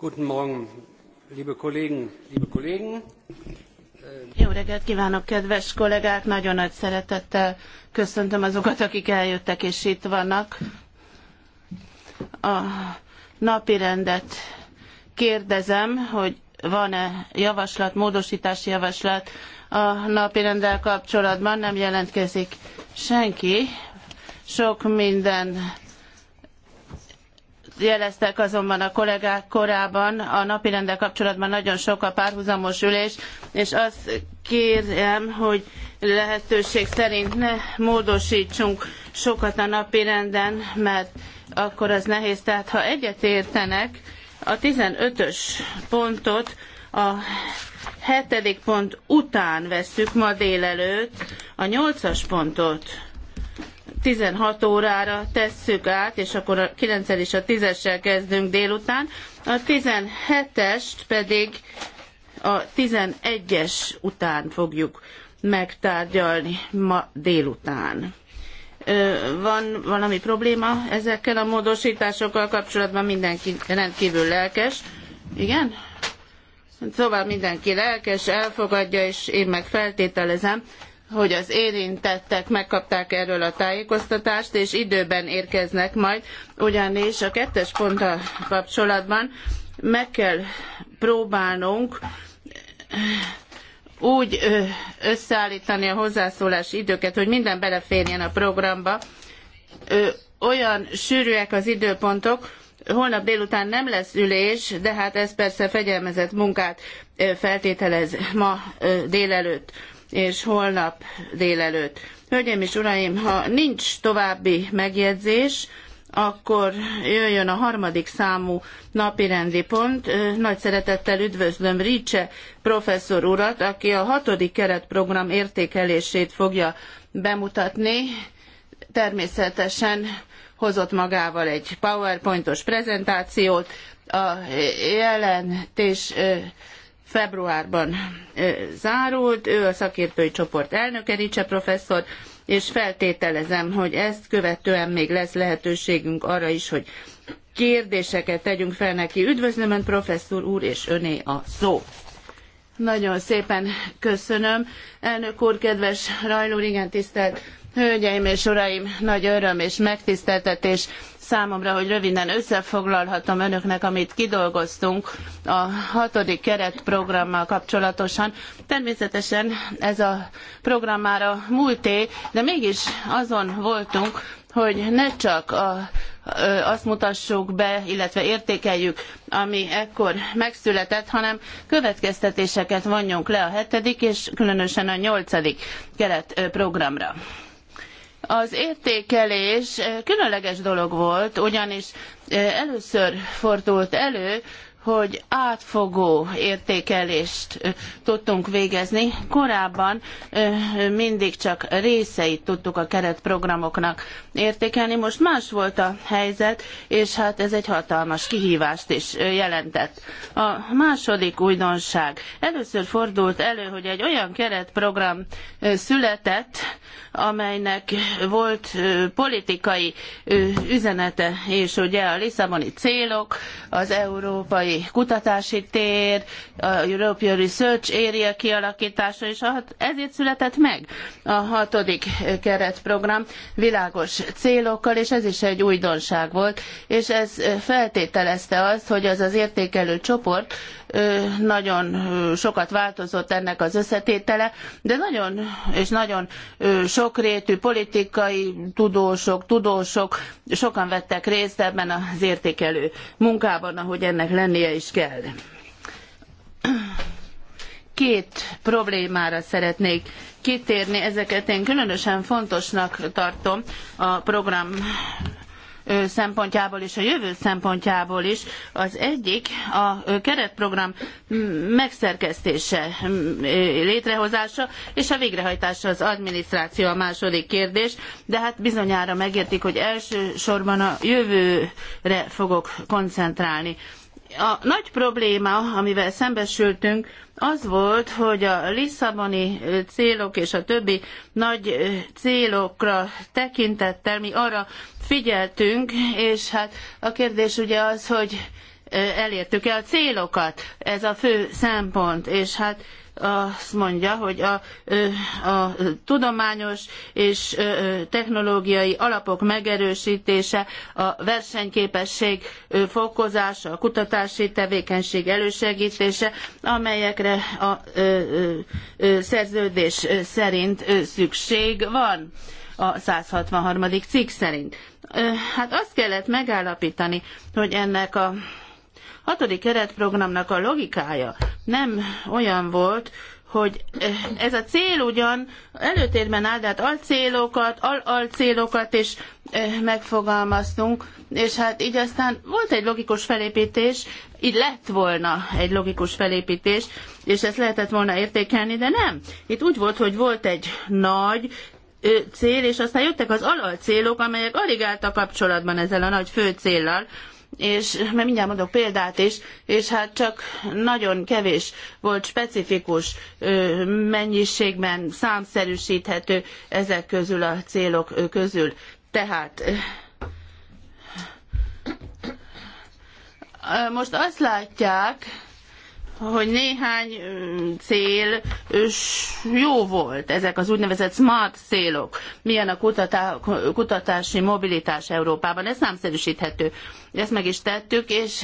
Guten Morgen, liebe Kollegen, liebe Kollegen. Jó reggelt kívánok, kedves kollégák! Nagyon nagy szeretettel köszöntöm azokat, akik eljöttek és itt vannak. A napirendet kérdezem, hogy van-e javaslat, módosítási javaslat a napirenddel kapcsolatban. Nem jelentkezik senki. Sok minden jeleztek azonban a kollégák korábban, a napirendel kapcsolatban nagyon sok a párhuzamos ülés, és azt kérem, hogy lehetőség szerint ne módosítsunk sokat a napirenden, mert akkor az nehéz. Tehát ha egyetértenek, a 15-ös pontot a hetedik pont után vesszük ma délelőtt, a nyolcas pontot 16 órára tesszük át, és akkor a 9 és a 10-essel kezdünk délután. A 17-est pedig a 11-es után fogjuk megtárgyalni ma délután. Van valami probléma ezekkel a módosításokkal kapcsolatban? Mindenki rendkívül lelkes. Igen? Szóval mindenki lelkes, elfogadja, és én meg feltételezem, hogy az érintettek megkapták erről a tájékoztatást, és időben érkeznek majd, ugyanis a kettes ponttal kapcsolatban meg kell próbálnunk eh, úgy eh, összeállítani a hozzászólási időket, hogy minden beleférjen a programba. Eh, olyan sűrűek az időpontok, holnap délután nem lesz ülés, de hát ez persze fegyelmezett munkát feltételez ma délelőtt és holnap délelőtt. Hölgyeim és uraim, ha nincs további megjegyzés, akkor jöjjön a harmadik számú napirendi pont. Nagy szeretettel üdvözlöm Ricse professzor urat, aki a hatodik keretprogram értékelését fogja bemutatni. Természetesen hozott magával egy PowerPointos prezentációt. A jelentés februárban zárult. Ő a szakértői csoport elnöke, Ricse professzor, és feltételezem, hogy ezt követően még lesz lehetőségünk arra is, hogy kérdéseket tegyünk fel neki. Üdvözlöm Ön, professzor úr, és Öné a szó. Nagyon szépen köszönöm. Elnök úr, kedves Rajló, igen, tisztelt Hölgyeim és Uraim, nagy öröm és megtiszteltetés számomra, hogy röviden összefoglalhatom önöknek, amit kidolgoztunk a hatodik keretprogrammal kapcsolatosan. Természetesen ez a program már a múlté, de mégis azon voltunk, hogy ne csak a azt mutassuk be, illetve értékeljük, ami ekkor megszületett, hanem következtetéseket vonjunk le a hetedik és különösen a nyolcadik keretprogramra. Az értékelés eh, különleges dolog volt, ugyanis eh, először fordult elő, hogy átfogó értékelést eh, tudtunk végezni. Korábban mindig csak részeit tudtuk a keretprogramoknak értékelni, most más volt a helyzet, és hát ez egy hatalmas kihívást is jelentett. A második újdonság. Először fordult elő, hogy egy olyan keretprogram született, amelynek volt politikai üzenete, és ugye a Lisszaboni célok, az európai kutatási tér, a European Research Area kialakítása, és ezért született meg a hatodik keretprogram világos célokkal, és ez is egy újdonság volt, és ez feltételezte azt, hogy az az értékelő csoport nagyon sokat változott ennek az összetétele, de nagyon és nagyon sokrétű politikai tudósok, tudósok sokan vettek részt ebben az értékelő munkában, ahogy ennek lennie is kell. Két problémára szeretnék kitérni, ezeket én különösen fontosnak tartom a program szempontjából és a jövő szempontjából is. Az egyik a keretprogram megszerkesztése, létrehozása, és a végrehajtása az adminisztráció a második kérdés, de hát bizonyára megértik, hogy elsősorban a jövőre fogok koncentrálni a nagy probléma, amivel szembesültünk, az volt, hogy a Lisszaboni célok és a többi nagy célokra tekintettel mi arra figyeltünk, és hát a kérdés ugye az, hogy elértük-e a célokat, ez a fő szempont, és hát azt mondja, hogy a, a tudományos és technológiai alapok megerősítése, a versenyképesség fokozása, a kutatási tevékenység elősegítése, amelyekre a szerződés szerint szükség van a 163. cikk szerint. Hát azt kellett megállapítani, hogy ennek a hatodik keretprogramnak a logikája nem olyan volt, hogy eh, ez a cél ugyan előtérben áll, tehát alcélokat, al-alcélokat is eh, megfogalmaztunk, és hát így aztán volt egy logikus felépítés, így lett volna egy logikus felépítés, és ezt lehetett volna értékelni, de nem. Itt úgy volt, hogy volt egy nagy cél, és aztán jöttek az alalcélok, amelyek alig álltak kapcsolatban ezzel a nagy fő céllal, és mert mindjárt mondok példát is, és hát csak nagyon kevés volt specifikus mennyiségben számszerűsíthető ezek közül a célok közül. Tehát most azt látják, hogy néhány cél jó volt, ezek az úgynevezett smart célok, milyen a kutatási mobilitás Európában, ez számszerűsíthető. Ezt meg is tettük, és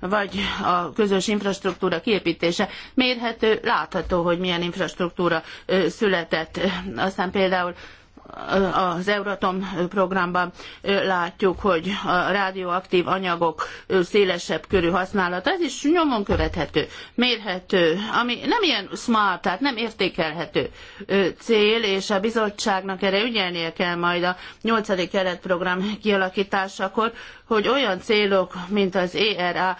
vagy a közös infrastruktúra kiépítése mérhető, látható, hogy milyen infrastruktúra született. Aztán például az Euratom programban látjuk, hogy a radioaktív anyagok szélesebb körű használata, ez is nyomon követhető, mérhető, ami nem ilyen smart, tehát nem értékelhető cél, és a bizottságnak erre ügyelnie kell majd a 8. keretprogram kialakításakor, hogy olyan célok, mint az ERA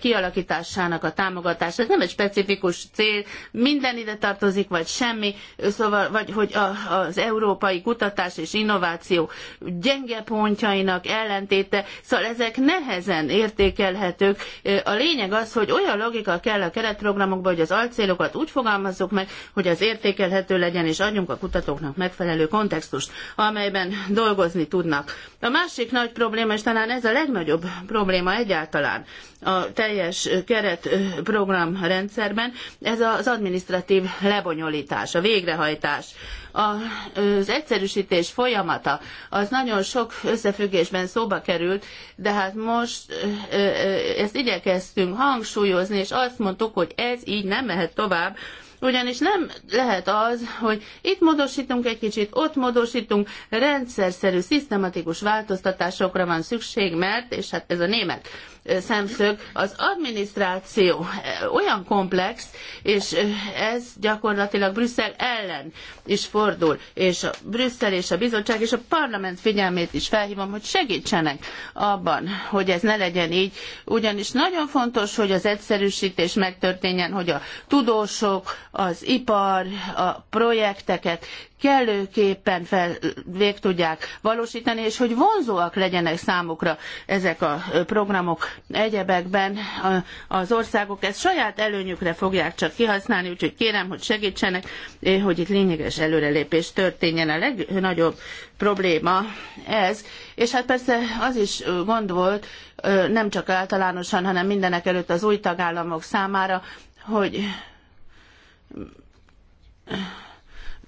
kialakításának a támogatása, ez nem egy specifikus cél, minden ide tartozik, vagy semmi, szóval, vagy hogy a, az európai kutatás és innováció gyenge pontjainak ellentéte, szóval ezek nehezen értékelhetők. A lényeg az, hogy olyan logika kell a keretprogramokba, hogy az alcélokat úgy fogalmazzuk meg, hogy az értékelhető legyen, és adjunk a kutatóknak megfelelő kontextust, amelyben dolgozni tudnak. A másik nagy probléma, és talán talán ez a legnagyobb probléma egyáltalán a teljes keretprogram rendszerben, ez az administratív lebonyolítás, a végrehajtás. Az egyszerűsítés folyamata az nagyon sok összefüggésben szóba került, de hát most ezt igyekeztünk hangsúlyozni, és azt mondtuk, hogy ez így nem mehet tovább, ugyanis nem lehet az, hogy itt módosítunk egy kicsit, ott módosítunk, rendszerszerű, szisztematikus változtatásokra van szükség, mert, és hát ez a német szemszög, az adminisztráció eh, olyan komplex, és eh, ez gyakorlatilag Brüsszel ellen is fordul, és a Brüsszel és a bizottság és a parlament figyelmét is felhívom, hogy segítsenek abban, hogy ez ne legyen így, ugyanis nagyon fontos, hogy az egyszerűsítés megtörténjen, hogy a tudósok, az ipar, a projekteket kellőképpen fel, vég tudják valósítani, és hogy vonzóak legyenek számukra ezek a programok egyebekben az országok. Ezt saját előnyükre fogják csak kihasználni, úgyhogy kérem, hogy segítsenek, eh, hogy itt lényeges előrelépés történjen. A legnagyobb probléma ez, és hát persze az is gond volt, nem csak általánosan, hanem mindenekelőtt az új tagállamok számára, hogy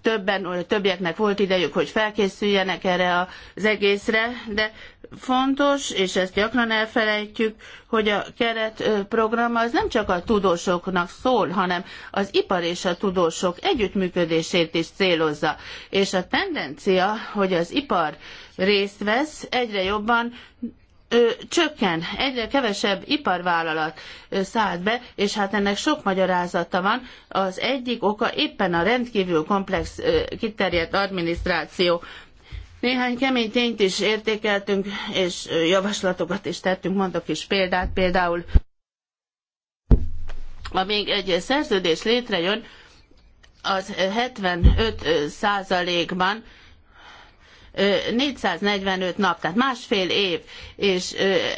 többen, többieknek volt idejük, hogy felkészüljenek erre az egészre, de fontos, és ezt gyakran elfelejtjük, hogy a keretprogram az nem csak a tudósoknak szól, hanem az ipar és a tudósok együttműködését is célozza. És a tendencia, hogy az ipar részt vesz, egyre jobban ö, csökken, egyre kevesebb iparvállalat ö, szállt be, és hát ennek sok magyarázata van. Az egyik oka éppen a rendkívül komplex, ö, kiterjedt adminisztráció. Néhány kemény tényt is értékeltünk, és javaslatokat is tettünk, mondok is példát, például amíg egy szerződés létrejön, az 75 százalékban 445 nap, tehát másfél év, és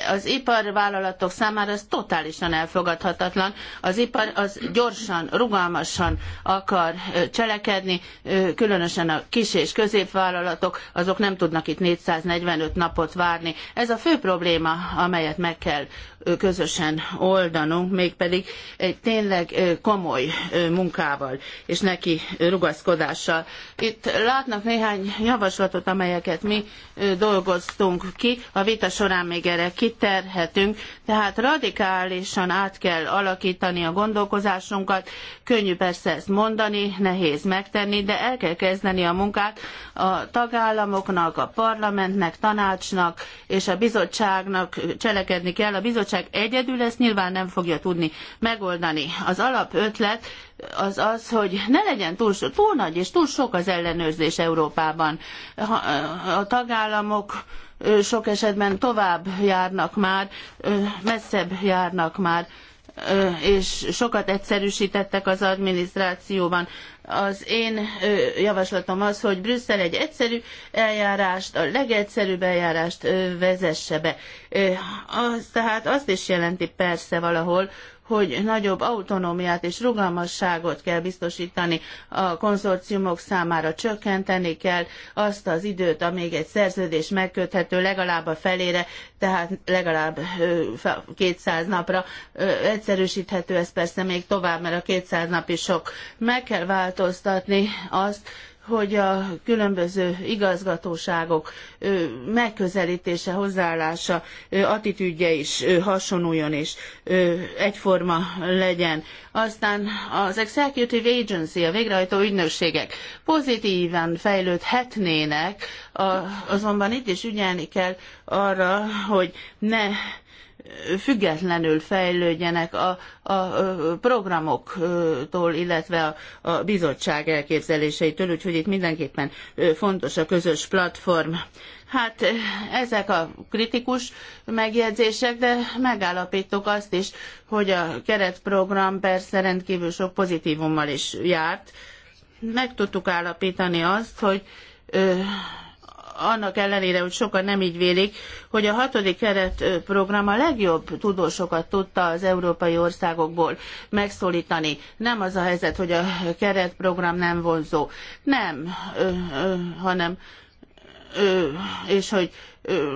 az iparvállalatok számára ez totálisan elfogadhatatlan. Az ipar az gyorsan, rugalmasan akar cselekedni, különösen a kis és középvállalatok, azok nem tudnak itt 445 napot várni. Ez a fő probléma, amelyet meg kell közösen oldanunk, mégpedig egy tényleg komoly munkával és neki rugaszkodással. Itt látnak néhány javaslatot, amelyeket mi dolgoztunk ki, a vita során még erre kiterhetünk, tehát radikálisan át kell alakítani a gondolkozásunkat, könnyű persze ezt mondani, nehéz megtenni, de el kell kezdeni a munkát a tagállamoknak, a parlamentnek, tanácsnak és a bizottságnak cselekedni kell. A bizottság bizottság egyedül ezt nyilván nem fogja tudni megoldani. Az alapötlet az az, hogy ne legyen túl, túl nagy és túl sok az ellenőrzés Európában. A tagállamok sok esetben tovább járnak már, messzebb járnak már és sokat egyszerűsítettek az adminisztrációban. Az én javaslatom az, hogy Brüsszel egy egyszerű eljárást, a legegyszerűbb eljárást vezesse be. Az tehát azt is jelenti persze valahol, hogy nagyobb autonómiát és rugalmasságot kell biztosítani a konzorciumok számára, csökkenteni kell azt az időt, amíg egy szerződés megköthető legalább a felére, tehát legalább 200 napra egyszerűsíthető ez persze még tovább, mert a 200 nap is sok. Meg kell változtatni azt, hogy a különböző igazgatóságok megközelítése, hozzáállása, attitűdje is hasonuljon és egyforma legyen. Aztán az Executive Agency, a végrehajtó ügynökségek pozitívan fejlődhetnének, azonban itt is ügyelni kell arra, hogy ne függetlenül fejlődjenek a, a, a programoktól, illetve a, a bizottság elképzeléseitől, úgyhogy itt mindenképpen fontos a közös platform. Hát ezek a kritikus megjegyzések, de megállapítok azt is, hogy a keretprogram persze rendkívül sok pozitívummal is járt. Meg tudtuk állapítani azt, hogy ö, annak ellenére, hogy sokan nem így vélik, hogy a hatodik keretprogram a legjobb tudósokat tudta az európai országokból megszólítani. Nem az a helyzet, hogy a keretprogram nem vonzó. Nem, hanem és hogy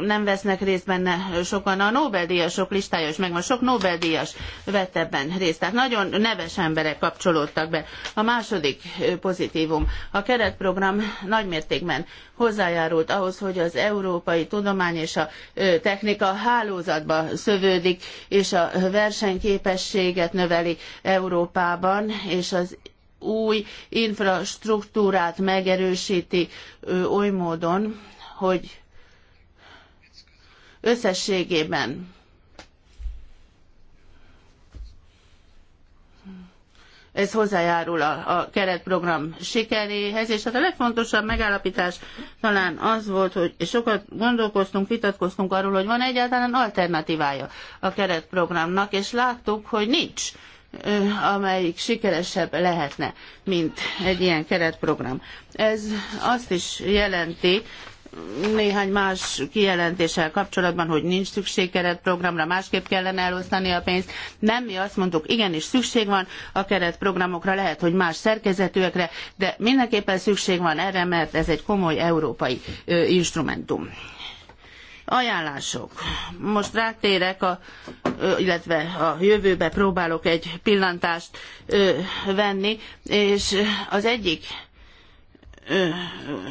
nem vesznek részt benne sokan. A Nobel-díjasok listája is megvan, sok Nobel-díjas vett ebben részt. Tehát nagyon neves emberek kapcsolódtak be. A második pozitívum. A keretprogram nagymértékben hozzájárult ahhoz, hogy az európai tudomány és a technika hálózatba szövődik, és a versenyképességet növeli Európában, és az új infrastruktúrát megerősíti oly módon, hogy összességében ez hozzájárul a, a keretprogram sikeréhez, és hát a legfontosabb megállapítás talán az volt, hogy sokat gondolkoztunk, vitatkoztunk arról, hogy van egyáltalán alternatívája a keretprogramnak, és láttuk, hogy nincs amelyik sikeresebb lehetne, mint egy ilyen keretprogram. Ez azt is jelenti, néhány más kijelentéssel kapcsolatban, hogy nincs szükség keretprogramra, másképp kellene elosztani a pénzt. Nem, mi azt mondtuk, igenis szükség van a keretprogramokra, lehet, hogy más szerkezetűekre, de mindenképpen szükség van erre, mert ez egy komoly európai ö, instrumentum. Ajánlások. Most rátérek, a, illetve a jövőbe próbálok egy pillantást venni, és az egyik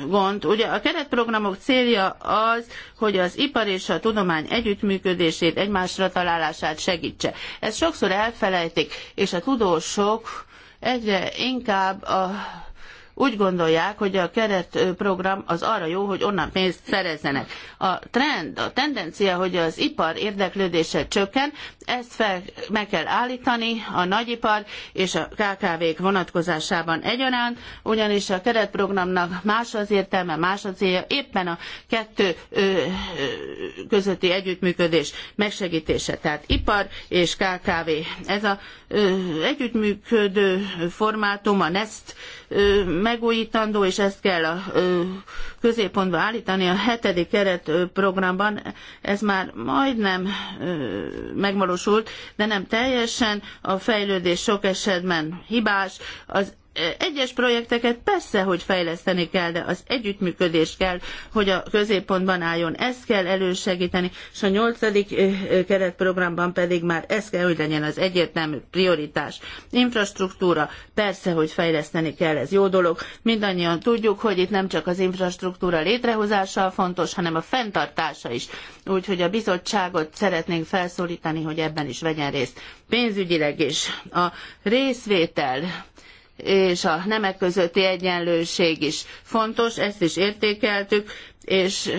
gond. Ugye a keretprogramok célja az, hogy az ipar és a tudomány együttműködését, egymásra találását segítse. Ezt sokszor elfelejtik, és a tudósok egyre inkább a úgy gondolják, hogy a keretprogram az arra jó, hogy onnan pénzt szerezzenek. A trend, a tendencia, hogy az ipar érdeklődése csökken, ezt fel, meg kell állítani a nagyipar és a KKV-k vonatkozásában egyaránt, ugyanis a keretprogramnak más az értelme, más a célja, éppen a kettő közötti együttműködés megsegítése, tehát ipar és KKV. Ez az együttműködő formátum, a NEST megújítandó, és ezt kell a középpontba állítani a hetedik keretprogramban. Ez már majdnem megvalósult, de nem teljesen. A fejlődés sok esetben hibás. Az egyes projekteket persze, hogy fejleszteni kell, de az együttműködés kell, hogy a középpontban álljon. Ezt kell elősegíteni, és a nyolcadik keretprogramban pedig már ez kell, hogy legyen az egyértelmű prioritás. Infrastruktúra, persze, hogy fejleszteni kell, ez jó dolog. Mindannyian tudjuk, hogy itt nem csak az infrastruktúra létrehozása fontos, hanem a fenntartása is. Úgyhogy a bizottságot szeretnénk felszólítani, hogy ebben is vegyen részt. Pénzügyileg is. A részvétel és a nemek közötti egyenlőség is fontos, ezt is értékeltük, és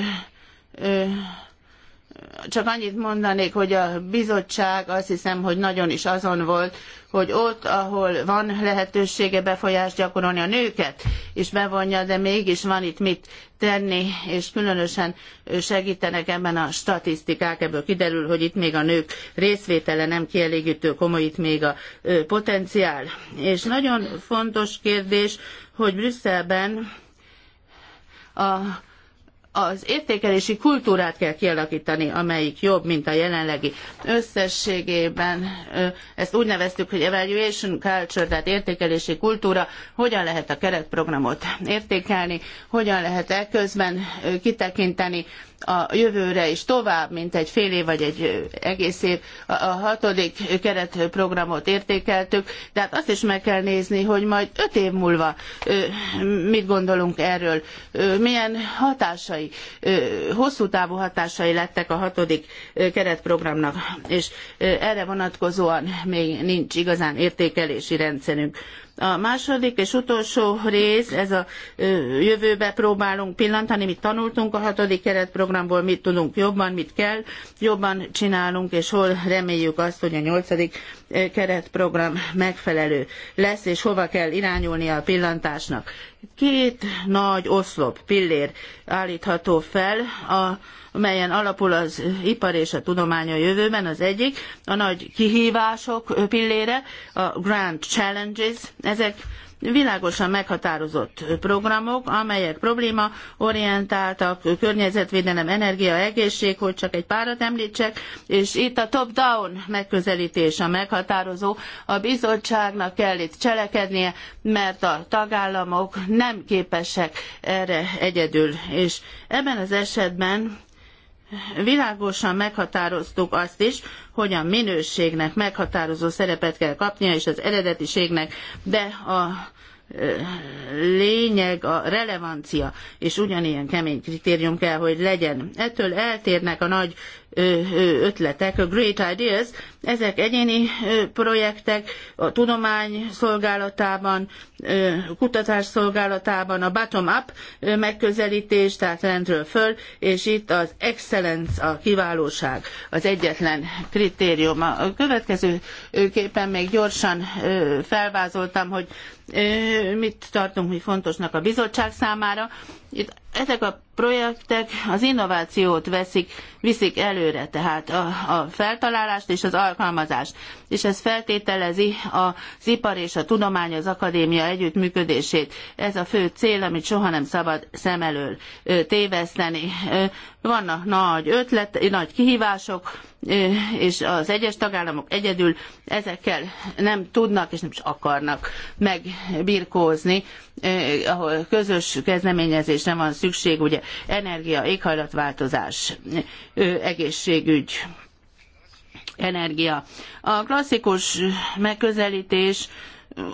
csak annyit mondanék, hogy a bizottság azt hiszem, hogy nagyon is azon volt, hogy ott, ahol van lehetősége befolyást gyakorolni a nőket, és bevonja, de mégis van itt mit tenni, és különösen segítenek ebben a statisztikák, ebből kiderül, hogy itt még a nők részvétele nem kielégítő, komoly itt még a potenciál. És nagyon fontos kérdés, hogy Brüsszelben a az értékelési kultúrát kell kialakítani, amelyik jobb, mint a jelenlegi. Összességében ezt úgy neveztük, hogy evaluation culture, tehát értékelési kultúra, hogyan lehet a keretprogramot értékelni, hogyan lehet ekközben kitekinteni a jövőre is tovább, mint egy fél év vagy egy egész év a hatodik keretprogramot értékeltük, de hát azt is meg kell nézni, hogy majd öt év múlva mit gondolunk erről, milyen hatásai, hosszú távú hatásai lettek a hatodik keretprogramnak, és erre vonatkozóan még nincs igazán értékelési rendszerünk. A második és utolsó rész, ez a jövőbe próbálunk pillantani, mit tanultunk a hatodik keretprogramból, mit tudunk jobban, mit kell, jobban csinálunk, és hol reméljük azt, hogy a nyolcadik keretprogram megfelelő lesz, és hova kell irányulnia a pillantásnak. Két nagy oszlop, pillér állítható fel, a, amelyen alapul az ipar és a tudomány a jövőben, az egyik, a nagy kihívások pillére, a Grand Challenges, ezek világosan meghatározott programok, amelyek probléma orientáltak, környezetvédelem, energia, egészség, hogy csak egy párat említsek, és itt a top-down megközelítés a meghatározó. A bizottságnak kell itt cselekednie, mert a tagállamok nem képesek erre egyedül. És ebben az esetben világosan meghatároztuk azt is, hogy a minőségnek meghatározó szerepet kell kapnia, és az eredetiségnek, de a lényeg a relevancia, és ugyanilyen kemény kritérium kell, hogy legyen. Ettől eltérnek a nagy ötletek, a great ideas, ezek egyéni projektek a tudomány szolgálatában, kutatás szolgálatában, a bottom-up megközelítés, tehát rendről föl, és itt az excellence, a kiválóság az egyetlen kritérium. A következő képen még gyorsan felvázoltam, hogy mit tartunk mi fontosnak a bizottság számára. Itt ezek a projektek az innovációt veszik, viszik előre, tehát a, a feltalálást és az alkalmazást. És ez feltételezi az ipar és a tudomány az akadémia együttműködését. Ez a fő cél, amit soha nem szabad szem elől téveszteni. Vannak nagy ötlet, nagy kihívások, és az egyes tagállamok egyedül ezekkel nem tudnak és nem is akarnak megbirkózni, ahol közös kezdeményezésre van szükség, ugye energia, éghajlatváltozás, egészségügy, energia. A klasszikus megközelítés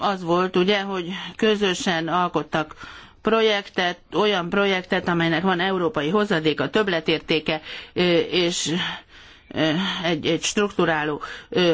az volt ugye, hogy közösen alkottak projektet, olyan projektet, amelynek van európai hozadéka, többletértéke, és egy, egy strukturáló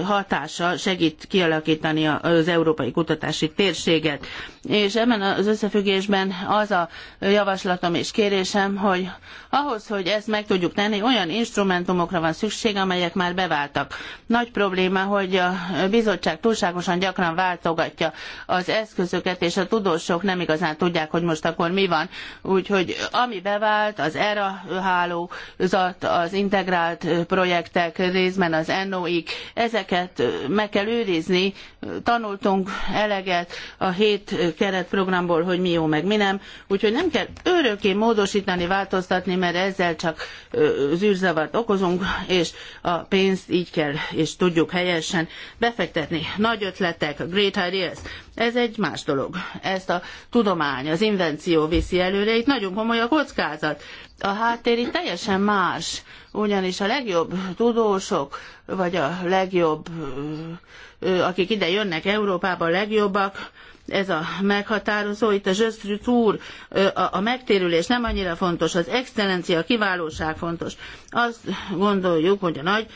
hatása segít kialakítani az európai kutatási térséget. És ebben az összefüggésben az a javaslatom és kérésem, hogy ahhoz, hogy ezt meg tudjuk tenni, olyan instrumentumokra van szükség, amelyek már beváltak. Nagy probléma, hogy a bizottság túlságosan gyakran váltogatja az eszközöket, és a tudósok nem igazán tudják, hogy most akkor mi van. Úgyhogy ami bevált, az ERA hálózat, az integrált projekt, projektek, részben az NOI-k, ezeket meg kell őrizni, tanultunk eleget a hét keretprogramból, hogy mi jó, meg mi nem, úgyhogy nem kell örökké módosítani, változtatni, mert ezzel csak zűrzavart okozunk, és a pénzt így kell, és tudjuk helyesen befektetni. Nagy ötletek, great ideas, ez egy más dolog. Ezt a tudomány, az invenció viszi előre, itt nagyon komoly a kockázat. A háttér itt teljesen más, ugyanis a legjobb tudósok, vagy a legjobb, akik ide jönnek Európába, a legjobbak, ez a meghatározó, itt a zsösztrutúr, a, a megtérülés nem annyira fontos, az excellencia, a kiválóság fontos. Azt gondoljuk, hogy a nagy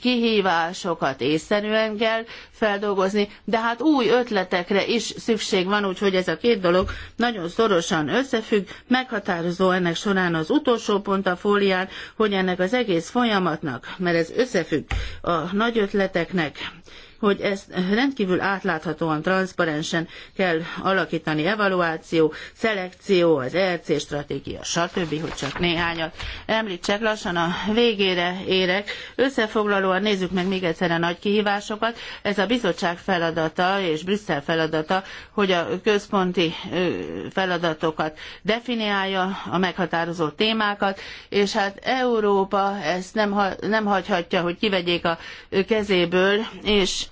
kihívásokat észszerűen kell feldolgozni, de hát új ötletekre is szükség van, úgyhogy ez a két dolog nagyon szorosan összefügg, meghatározó ennek során az utolsó pont a fólián, hogy ennek az egész folyamatnak, mert ez összefügg a nagy ötleteknek, hogy ezt rendkívül átláthatóan, transzparensen kell alakítani, evaluáció, szelekció, az ERC stratégia, stb., hogy csak néhányat említsek. Lassan a végére érek. Összefoglalóan nézzük meg még egyszer a nagy kihívásokat. Ez a bizottság feladata és Brüsszel feladata, hogy a központi feladatokat definiálja, a meghatározó témákat, és hát Európa ezt nem, ha, nem hagyhatja, hogy kivegyék a kezéből, és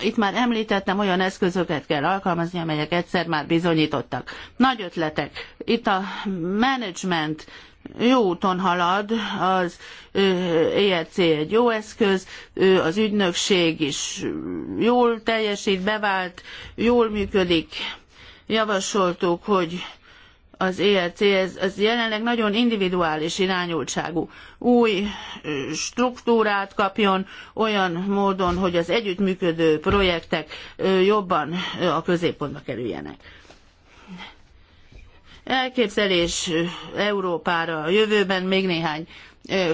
itt már említettem, olyan eszközöket kell alkalmazni, amelyek egyszer már bizonyítottak. Nagy ötletek. Itt a management jó úton halad, az ERC egy jó eszköz, az ügynökség is jól teljesít, bevált, jól működik. Javasoltuk, hogy az ELC, ez, ez jelenleg nagyon individuális irányultságú. Új struktúrát kapjon olyan módon, hogy az együttműködő projektek jobban a középpontba kerüljenek. Elképzelés Európára a jövőben még néhány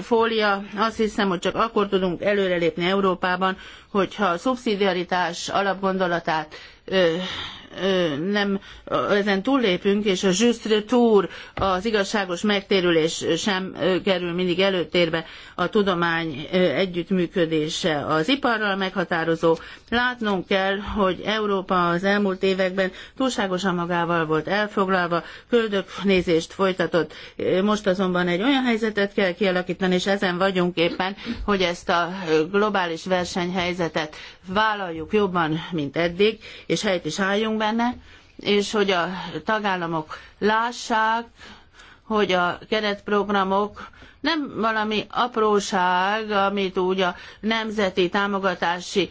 fólia. Azt hiszem, hogy csak akkor tudunk előrelépni Európában, hogyha a szubszidiaritás alapgondolatát nem ezen túllépünk, és a juste tour, az igazságos megtérülés sem kerül mindig előtérbe a tudomány együttműködése az iparral meghatározó. Látnunk kell, hogy Európa az elmúlt években túlságosan magával volt elfoglalva, köldöknézést folytatott. Most azonban egy olyan helyzetet kell kialakítani, és ezen vagyunk éppen, hogy ezt a globális versenyhelyzetet vállaljuk jobban, mint eddig, és helyt is álljunk be benne, és hogy a tagállamok lássák, hogy a keretprogramok nem valami apróság, amit úgy a nemzeti támogatási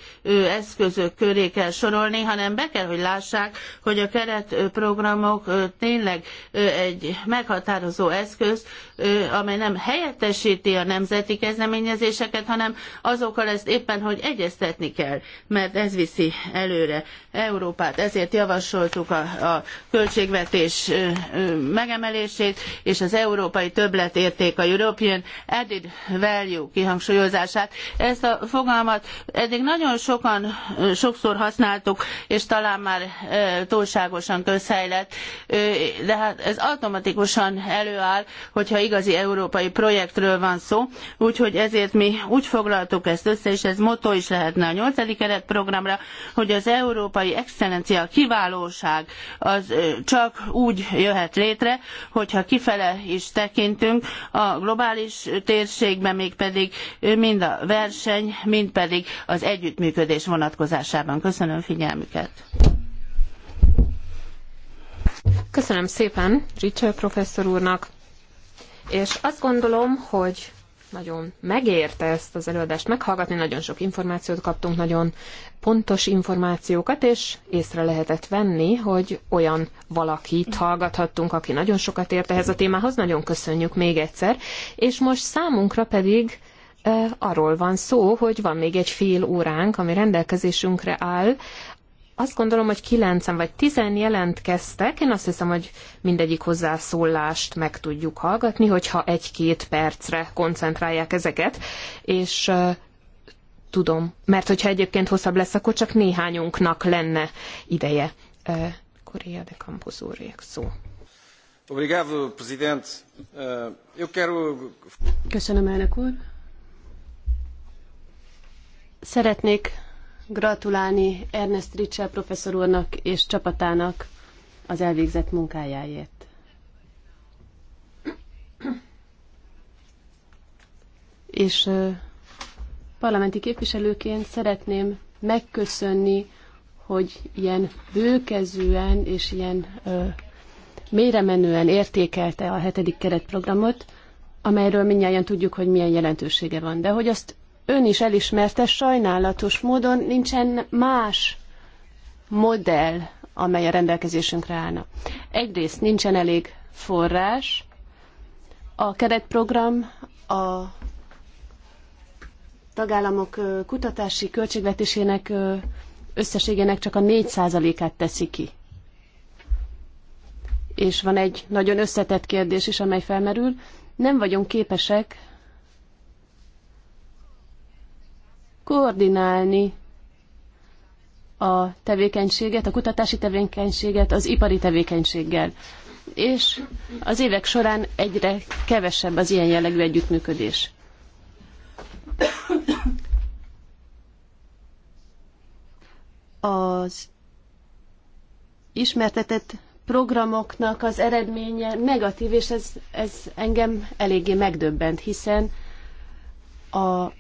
eszközök köré kell sorolni, hanem be kell, hogy lássák, hogy a keretprogramok tényleg egy meghatározó eszköz, amely nem helyettesíti a nemzeti kezdeményezéseket, hanem azokkal ezt éppen, hogy egyeztetni kell, mert ez viszi előre Európát. Ezért javasoltuk a, a költségvetés megemelését, és az európai többletérték a European Added Value kihangsúlyozását. Ezt a fogalmat eddig nagyon sokan sokszor használtuk, és talán már túlságosan közhelylet, de hát ez automatikusan előáll, hogyha igazi európai projektről van szó, úgyhogy ezért mi úgy foglaltuk ezt össze, és ez motto is lehetne a nyolcadik keretprogramra, hogy az európai excellencia, a kiválóság az csak úgy jöhet létre, hogyha kifele is tekintünk a globális globális térségben, még pedig mind a verseny, mind pedig az együttműködés vonatkozásában. Köszönöm figyelmüket. Köszönöm szépen Richard professzor úrnak, és azt gondolom, hogy nagyon megérte ezt az előadást meghallgatni, nagyon sok információt kaptunk, nagyon pontos információkat, és észre lehetett venni, hogy olyan valakit hallgathattunk, aki nagyon sokat ért ehhez a témához, nagyon köszönjük még egyszer, és most számunkra pedig eh, arról van szó, hogy van még egy fél óránk, ami rendelkezésünkre áll azt gondolom, hogy kilencen vagy tizen jelentkeztek. Én azt hiszem, hogy mindegyik hozzászólást meg tudjuk hallgatni, hogyha egy-két percre koncentrálják ezeket, és uh, tudom, mert hogyha egyébként hosszabb lesz, akkor csak néhányunknak lenne ideje. Uh, Korea de Campos úr, szó. Obrigado, presidente. Eu quero... Köszönöm, elnök úr. Szeretnék gratulálni Ernest Ritchell professzor úrnak és csapatának az elvégzett munkájáért. És parlamenti képviselőként szeretném megköszönni, hogy ilyen bőkezűen és ilyen ö, menően értékelte a hetedik keretprogramot, amelyről mindjárt tudjuk, hogy milyen jelentősége van. De hogy azt ön is elismerte, sajnálatos módon nincsen más modell, amely a rendelkezésünkre állna. Egyrészt nincsen elég forrás, a keretprogram a tagállamok kutatási költségvetésének összességének csak a 4%-át teszi ki. És van egy nagyon összetett kérdés is, amely felmerül. Nem vagyunk képesek koordinálni a tevékenységet, a kutatási tevékenységet az ipari tevékenységgel. És az évek során egyre kevesebb az ilyen jellegű együttműködés. Az ismertetett programoknak az eredménye negatív, és ez, ez engem eléggé megdöbbent, hiszen a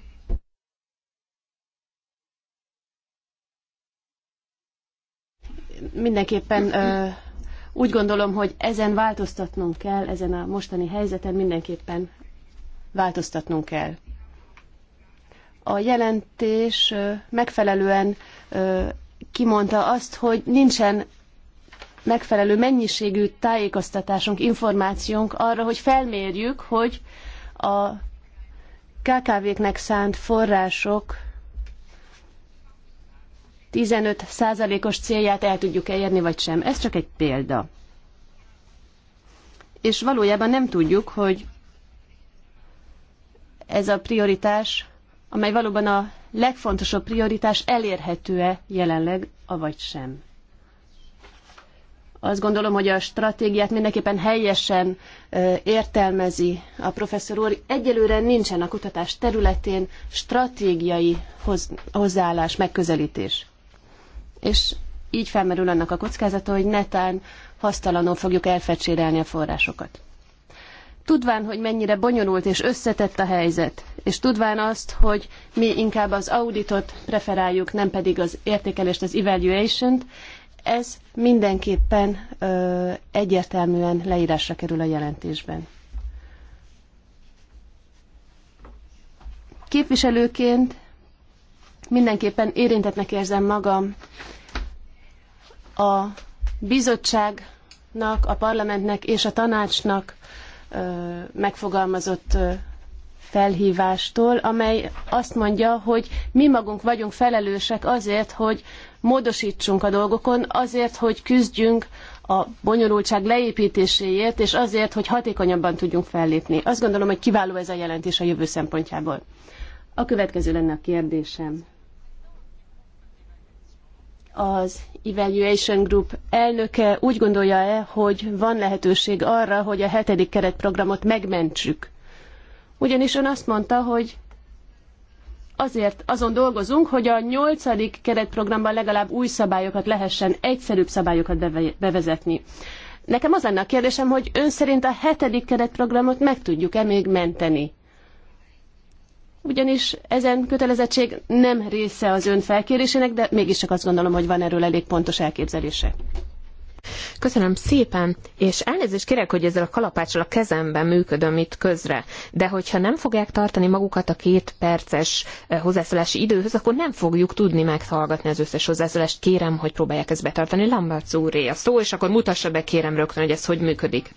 mindenképpen úgy gondolom, hogy ezen változtatnunk kell, ezen a mostani helyzeten mindenképpen változtatnunk kell. A jelentés megfelelően kimondta azt, hogy nincsen megfelelő mennyiségű tájékoztatásunk, információnk arra, hogy felmérjük, hogy a KKV-knek szánt források 15%-os célját el tudjuk elérni, vagy sem. Ez csak egy példa. És valójában nem tudjuk, hogy ez a prioritás, amely valóban a legfontosabb prioritás, elérhető-e jelenleg, avagy sem. Azt gondolom, hogy a stratégiát mindenképpen helyesen értelmezi a professzor úr. Egyelőre nincsen a kutatás területén stratégiai hozzáállás, megközelítés és így felmerül annak a kockázata, hogy netán hasztalanul fogjuk elfecsérelni a forrásokat. Tudván, hogy mennyire bonyolult és összetett a helyzet, és tudván azt, hogy mi inkább az auditot preferáljuk, nem pedig az értékelést, az evaluation-t, ez mindenképpen ö, egyértelműen leírásra kerül a jelentésben. Képviselőként mindenképpen érintetnek érzem magam a bizottságnak, a parlamentnek és a tanácsnak megfogalmazott felhívástól, amely azt mondja, hogy mi magunk vagyunk felelősek azért, hogy módosítsunk a dolgokon, azért, hogy küzdjünk a bonyolultság leépítéséért, és azért, hogy hatékonyabban tudjunk fellépni. Azt gondolom, hogy kiváló ez a jelentés a jövő szempontjából. A következő lenne a kérdésem az Evaluation Group elnöke úgy gondolja-e, hogy van lehetőség arra, hogy a hetedik keretprogramot megmentsük? Ugyanis ön azt mondta, hogy azért azon dolgozunk, hogy a nyolcadik keretprogramban legalább új szabályokat lehessen, egyszerűbb szabályokat bevezetni. Nekem az lenne a kérdésem, hogy ön szerint a hetedik keretprogramot meg tudjuk-e még menteni? ugyanis ezen kötelezettség nem része az ön felkérésének, de mégiscsak azt gondolom, hogy van erről elég pontos elképzelése. Köszönöm szépen, és elnézést kérek, hogy ezzel a kalapáccsal a kezemben működöm itt közre, de hogyha nem fogják tartani magukat a két perces eh, hozzászólási időhöz, akkor nem fogjuk tudni meghallgatni az összes hozzászólást. Kérem, hogy próbálják ezt betartani. Lambert úré a szó, és akkor mutassa be, kérem rögtön, hogy ez hogy működik.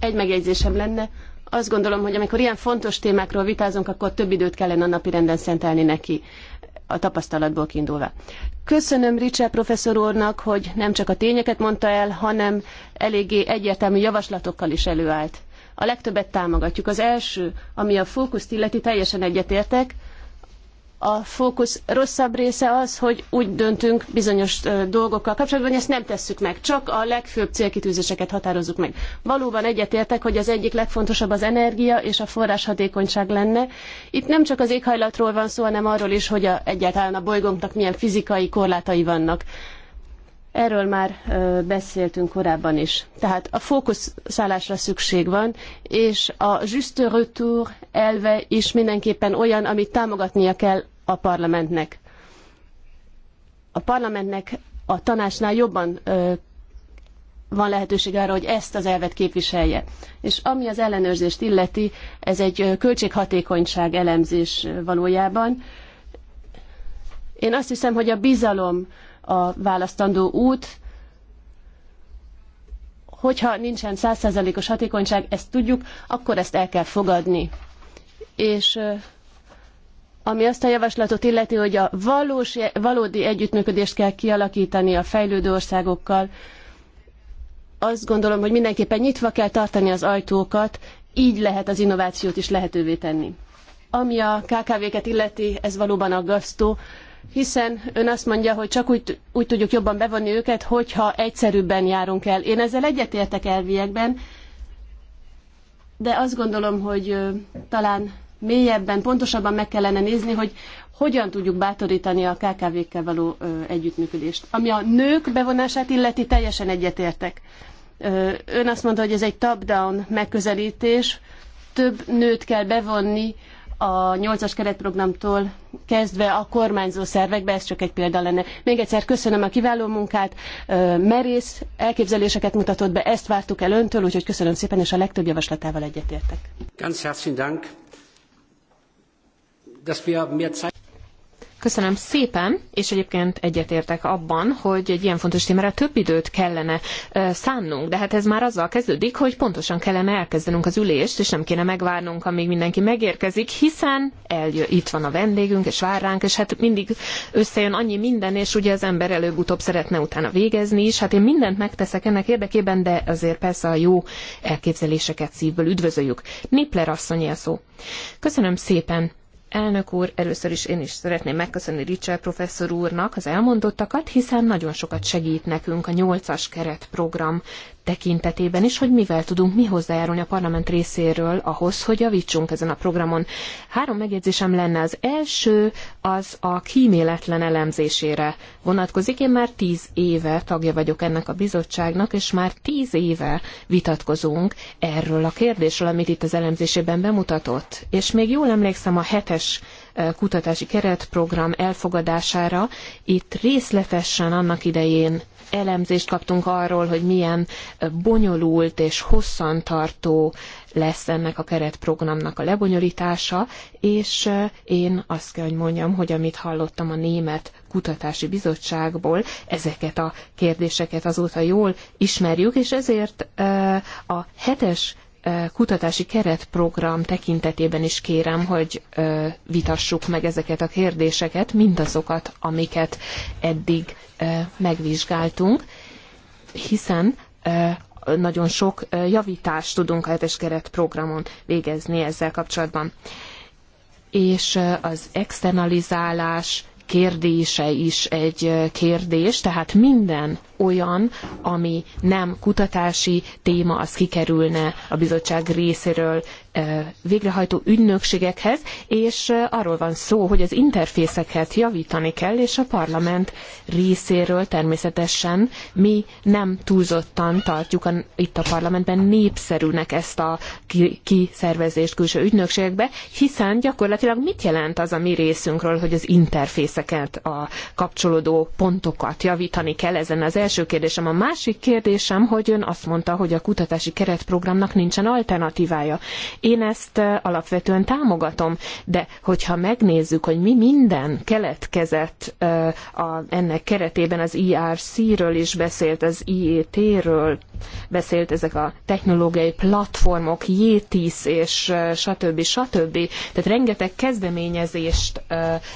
Egy megjegyzésem lenne, azt gondolom, hogy amikor ilyen fontos témákról vitázunk, akkor több időt kellene a napi renden szentelni neki a tapasztalatból kiindulva. Köszönöm Richard professzor úrnak, hogy nem csak a tényeket mondta el, hanem eléggé egyértelmű javaslatokkal is előállt. A legtöbbet támogatjuk. Az első, ami a fókuszt illeti, teljesen egyetértek, a fókusz rosszabb része az, hogy úgy döntünk bizonyos dolgokkal kapcsolatban, hogy ezt nem tesszük meg, csak a legfőbb célkitűzéseket határozzuk meg. Valóban egyetértek, hogy az egyik legfontosabb az energia és a forráshatékonyság lenne. Itt nem csak az éghajlatról van szó, hanem arról is, hogy a, egyáltalán a bolygónknak milyen fizikai korlátai vannak. Erről már beszéltünk korábban is. Tehát a fókuszálásra szükség van, és a juste retour elve is mindenképpen olyan, amit támogatnia kell a parlamentnek. A parlamentnek a tanácsnál jobban van lehetőség arra, hogy ezt az elvet képviselje. És ami az ellenőrzést illeti, ez egy költséghatékonyság elemzés valójában. Én azt hiszem, hogy a bizalom a választandó út. Hogyha nincsen százszerzelékos hatékonyság, ezt tudjuk, akkor ezt el kell fogadni. És ami azt a javaslatot illeti, hogy a valós, valódi együttműködést kell kialakítani a fejlődő országokkal, azt gondolom, hogy mindenképpen nyitva kell tartani az ajtókat, így lehet az innovációt is lehetővé tenni. Ami a KKV-ket illeti, ez valóban aggasztó hiszen ön azt mondja, hogy csak úgy, úgy tudjuk jobban bevonni őket, hogyha egyszerűbben járunk el. Én ezzel egyetértek elviekben, de azt gondolom, hogy talán mélyebben, pontosabban meg kellene nézni, hogy hogyan tudjuk bátorítani a KKV-kkel való együttműködést. Ami a nők bevonását illeti, teljesen egyetértek. Ön azt mondta, hogy ez egy top-down megközelítés, több nőt kell bevonni a nyolcas keretprogramtól kezdve a kormányzó szervekbe, ez csak egy példa lenne. Még egyszer köszönöm a kiváló munkát, merész elképzeléseket mutatott be, ezt vártuk el öntől, úgyhogy köszönöm szépen, és a legtöbb javaslatával egyetértek. Köszönöm szépen, és egyébként egyetértek abban, hogy egy ilyen fontos témára több időt kellene szánnunk, de hát ez már azzal kezdődik, hogy pontosan kellene elkezdenünk az ülést, és nem kéne megvárnunk, amíg mindenki megérkezik, hiszen eljö, itt van a vendégünk, és vár ránk, és hát mindig összejön annyi minden, és ugye az ember előbb-utóbb szeretne utána végezni is. Hát én mindent megteszek ennek érdekében, de azért persze a jó elképzeléseket szívből üdvözöljük. Nipler asszony szó. Köszönöm szépen Elnök úr, először is én is szeretném megköszönni Richard professzor úrnak az elmondottakat, hiszen nagyon sokat segít nekünk a nyolcas keretprogram tekintetében is, hogy mivel tudunk mi hozzájárulni a parlament részéről ahhoz, hogy javítsunk ezen a programon. Három megjegyzésem lenne. Az első az a kíméletlen elemzésére vonatkozik. Én már tíz éve tagja vagyok ennek a bizottságnak, és már tíz éve vitatkozunk erről a kérdésről, amit itt az elemzésében bemutatott. És még jól emlékszem a hetes e, kutatási keretprogram elfogadására, itt részletesen annak idején elemzést kaptunk arról, hogy milyen bonyolult és hosszantartó lesz ennek a keretprogramnak a lebonyolítása, és eh, én azt kell, hogy mondjam, hogy amit hallottam a Német Kutatási Bizottságból, ezeket a kérdéseket azóta jól ismerjük, és ezért eh, a hetes kutatási keretprogram tekintetében is kérem, hogy vitassuk meg ezeket a kérdéseket, mindazokat, amiket eddig megvizsgáltunk, hiszen nagyon sok javítást tudunk a hetes keretprogramon végezni ezzel kapcsolatban. És az externalizálás kérdése is egy kérdés, tehát minden olyan, ami nem kutatási téma, az kikerülne a bizottság részéről végrehajtó ügynökségekhez, és arról van szó, hogy az interfészeket javítani kell, és a parlament részéről természetesen mi nem túlzottan tartjuk a, itt a parlamentben népszerűnek ezt a kiszervezést külső ügynökségekbe, hiszen gyakorlatilag mit jelent az a mi részünkről, hogy az interfészeket, a kapcsolódó pontokat javítani kell ezen az első kérdésem. A másik kérdésem, hogy ön azt mondta, hogy a kutatási keretprogramnak nincsen alternatívája. Én ezt eh, alapvetően támogatom, de hogyha megnézzük, hogy mi minden keletkezett eh, a, ennek keretében az IRC-ről e is beszélt, az IET-ről, beszélt, ezek a technológiai platformok, Yetis és stb. stb. Tehát rengeteg kezdeményezést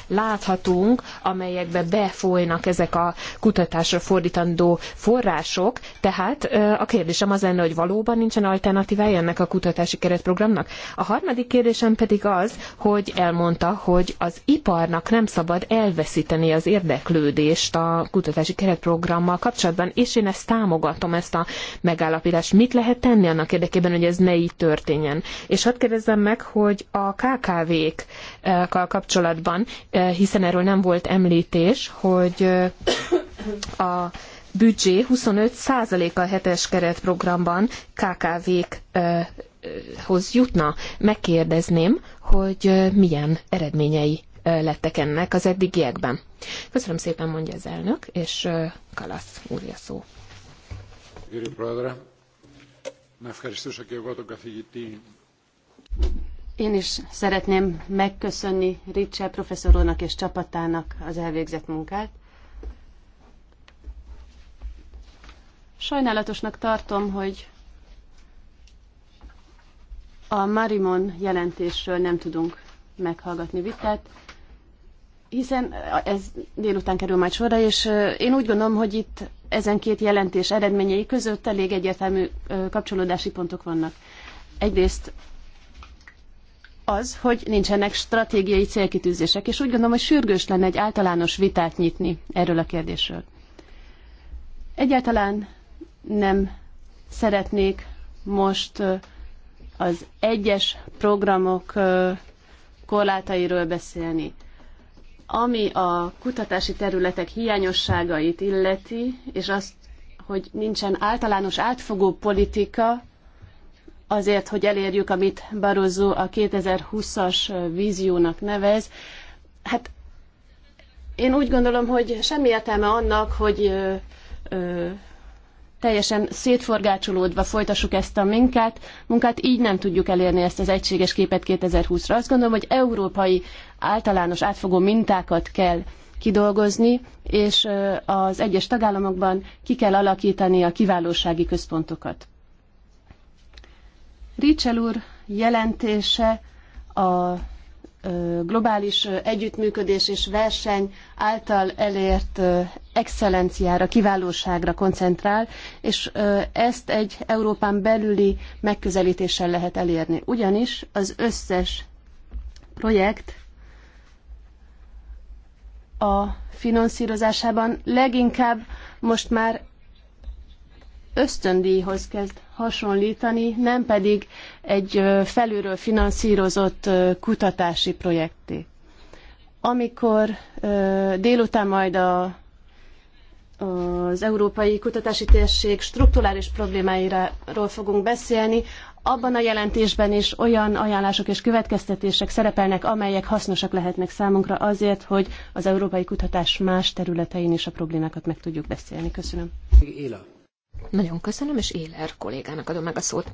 láthatunk, amelyekbe befolynak ezek a kutatásra fordítandó források, tehát a kérdésem az lenne, hogy valóban nincsen alternatívája ennek a kutatási keretprogramnak? A harmadik kérdésem pedig az, hogy elmondta, hogy az iparnak nem szabad elveszíteni az érdeklődést a kutatási keretprogrammal kapcsolatban, és én ezt támogatom, ezt a megállapítás. Mit lehet tenni annak érdekében, hogy ez ne így történjen? És hadd kérdezzem meg, hogy a KKV-kkal kapcsolatban, eh, hiszen erről nem volt említés, hogy eh, a büdzsé 25%-a hetes keretprogramban KKV-k hoz jutna, megkérdezném, hogy eh, milyen eredményei lettek ennek az eddigiekben. Köszönöm szépen, mondja az elnök, és Kalasz úrja szó κύριε Πρόεδρε. Να ευχαριστήσω και εγώ τον καθηγητή. Én is szeretném megköszönni Ritse professzorónak és csapatának az elvégzett munkát. Sajnálatosnak tartom, hogy a Marimon jelentésről nem tudunk meghallgatni vitát, hiszen ez délután kerül majd sorra, és én úgy gondolom, hogy itt ezen két jelentés eredményei között elég egyértelmű kapcsolódási pontok vannak. Egyrészt az, hogy nincsenek stratégiai célkitűzések, és úgy gondolom, hogy sürgős lenne egy általános vitát nyitni erről a kérdésről. Egyáltalán nem szeretnék most az egyes programok korlátairól beszélni. Ami a kutatási területek hiányosságait illeti, és azt, hogy nincsen általános átfogó politika azért, hogy elérjük, amit Barozó a 2020-as víziónak nevez, hát én úgy gondolom, hogy semmi értelme annak, hogy ö, ö, teljesen szétforgácsolódva folytassuk ezt a minket, munkát így nem tudjuk elérni ezt az egységes képet 2020-ra. Azt gondolom, hogy európai általános átfogó mintákat kell kidolgozni, és az egyes tagállamokban ki kell alakítani a kiválósági központokat. Richel úr jelentése a globális együttműködés és verseny által elért excellenciára, kiválóságra koncentrál, és ezt egy Európán belüli megközelítéssel lehet elérni. Ugyanis az összes projekt a finanszírozásában leginkább most már ösztöndíjhoz kezd hasonlítani, nem pedig egy felülről finanszírozott kutatási projekté. Amikor délután majd a az európai kutatási térség strukturális problémáiról fogunk beszélni. Abban a jelentésben is olyan ajánlások és következtetések szerepelnek, amelyek hasznosak lehetnek számunkra azért, hogy az európai kutatás más területein is a problémákat meg tudjuk beszélni. Köszönöm. Éla. Nagyon köszönöm, és Éler kollégának adom meg a szót.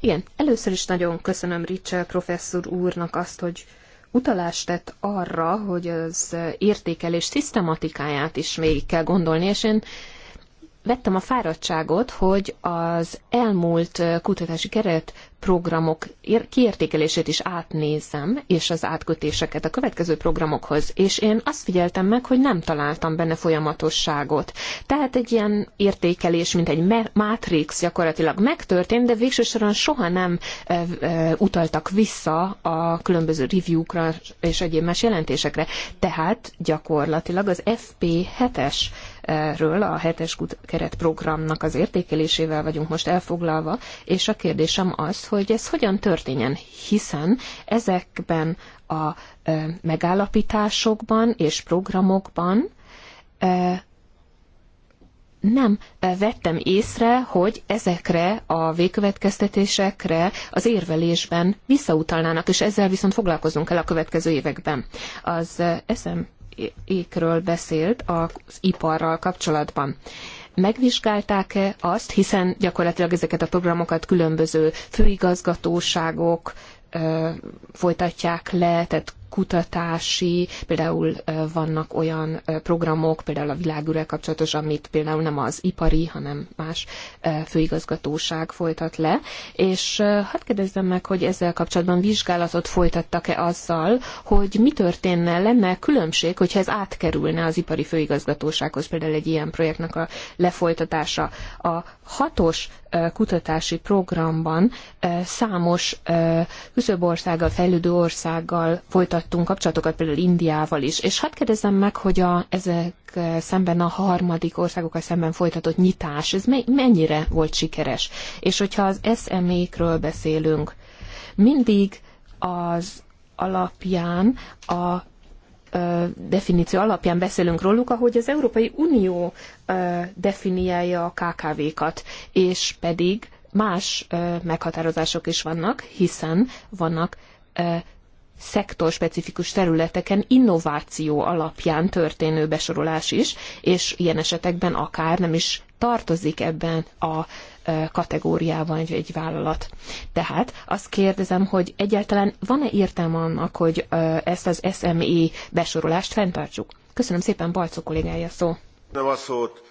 Igen, először is nagyon köszönöm Richel professzor úrnak azt, hogy utalást tett arra, hogy az értékelés szisztematikáját is még kell gondolni, és én vettem a fáradtságot, hogy az elmúlt kutatási keret programok kiértékelését is átnézem, és az átkötéseket a következő programokhoz, és én azt figyeltem meg, hogy nem találtam benne folyamatosságot. Tehát egy ilyen értékelés, mint egy mátrix gyakorlatilag megtörtént, de végső soron soha nem e, e, utaltak vissza a különböző review-kra és egyéb más jelentésekre. Tehát gyakorlatilag az FP7-es ről a hetes keretprogramnak az értékelésével vagyunk most elfoglalva, és a kérdésem az, hogy ez hogyan történjen, hiszen ezekben a megállapításokban és programokban nem vettem észre, hogy ezekre a végkövetkeztetésekre az érvelésben visszautalnának, és ezzel viszont foglalkozunk el a következő években. Az SM ékről beszélt az iparral kapcsolatban megvizsgálták-e azt, hiszen gyakorlatilag ezeket a programokat különböző főigazgatóságok folytatják le, tehát kutatási, például vannak olyan programok, például a világűrrel kapcsolatos, amit például nem az ipari, hanem más főigazgatóság folytat le, és hát kérdezzem meg, hogy ezzel kapcsolatban vizsgálatot folytattak-e azzal, hogy mi történne, lenne különbség, hogyha ez átkerülne az ipari főigazgatósághoz, például egy ilyen projektnek a lefolytatása. A hatos kutatási programban számos küszöbországgal, fejlődő országgal folytat tartunk kapcsolatokat például Indiával is, és hát kérdezem meg, hogy a, ezek szemben a harmadik országokkal szemben folytatott nyitás, ez mennyire volt sikeres? És hogyha az SME-kről beszélünk, mindig az alapján a definíció alapján beszélünk róluk, ahogy az Európai Unió definiálja a KKV-kat, és pedig más meghatározások is vannak, hiszen vannak szektorspecifikus területeken innováció alapján történő besorolás is, és ilyen esetekben akár nem is tartozik ebben a kategóriában egy, egy vállalat. Tehát azt kérdezem, hogy egyáltalán van-e értelme annak, hogy ezt az SME besorolást fenntartsuk? Köszönöm szépen, Balcó kollégája szó. Nem a szót.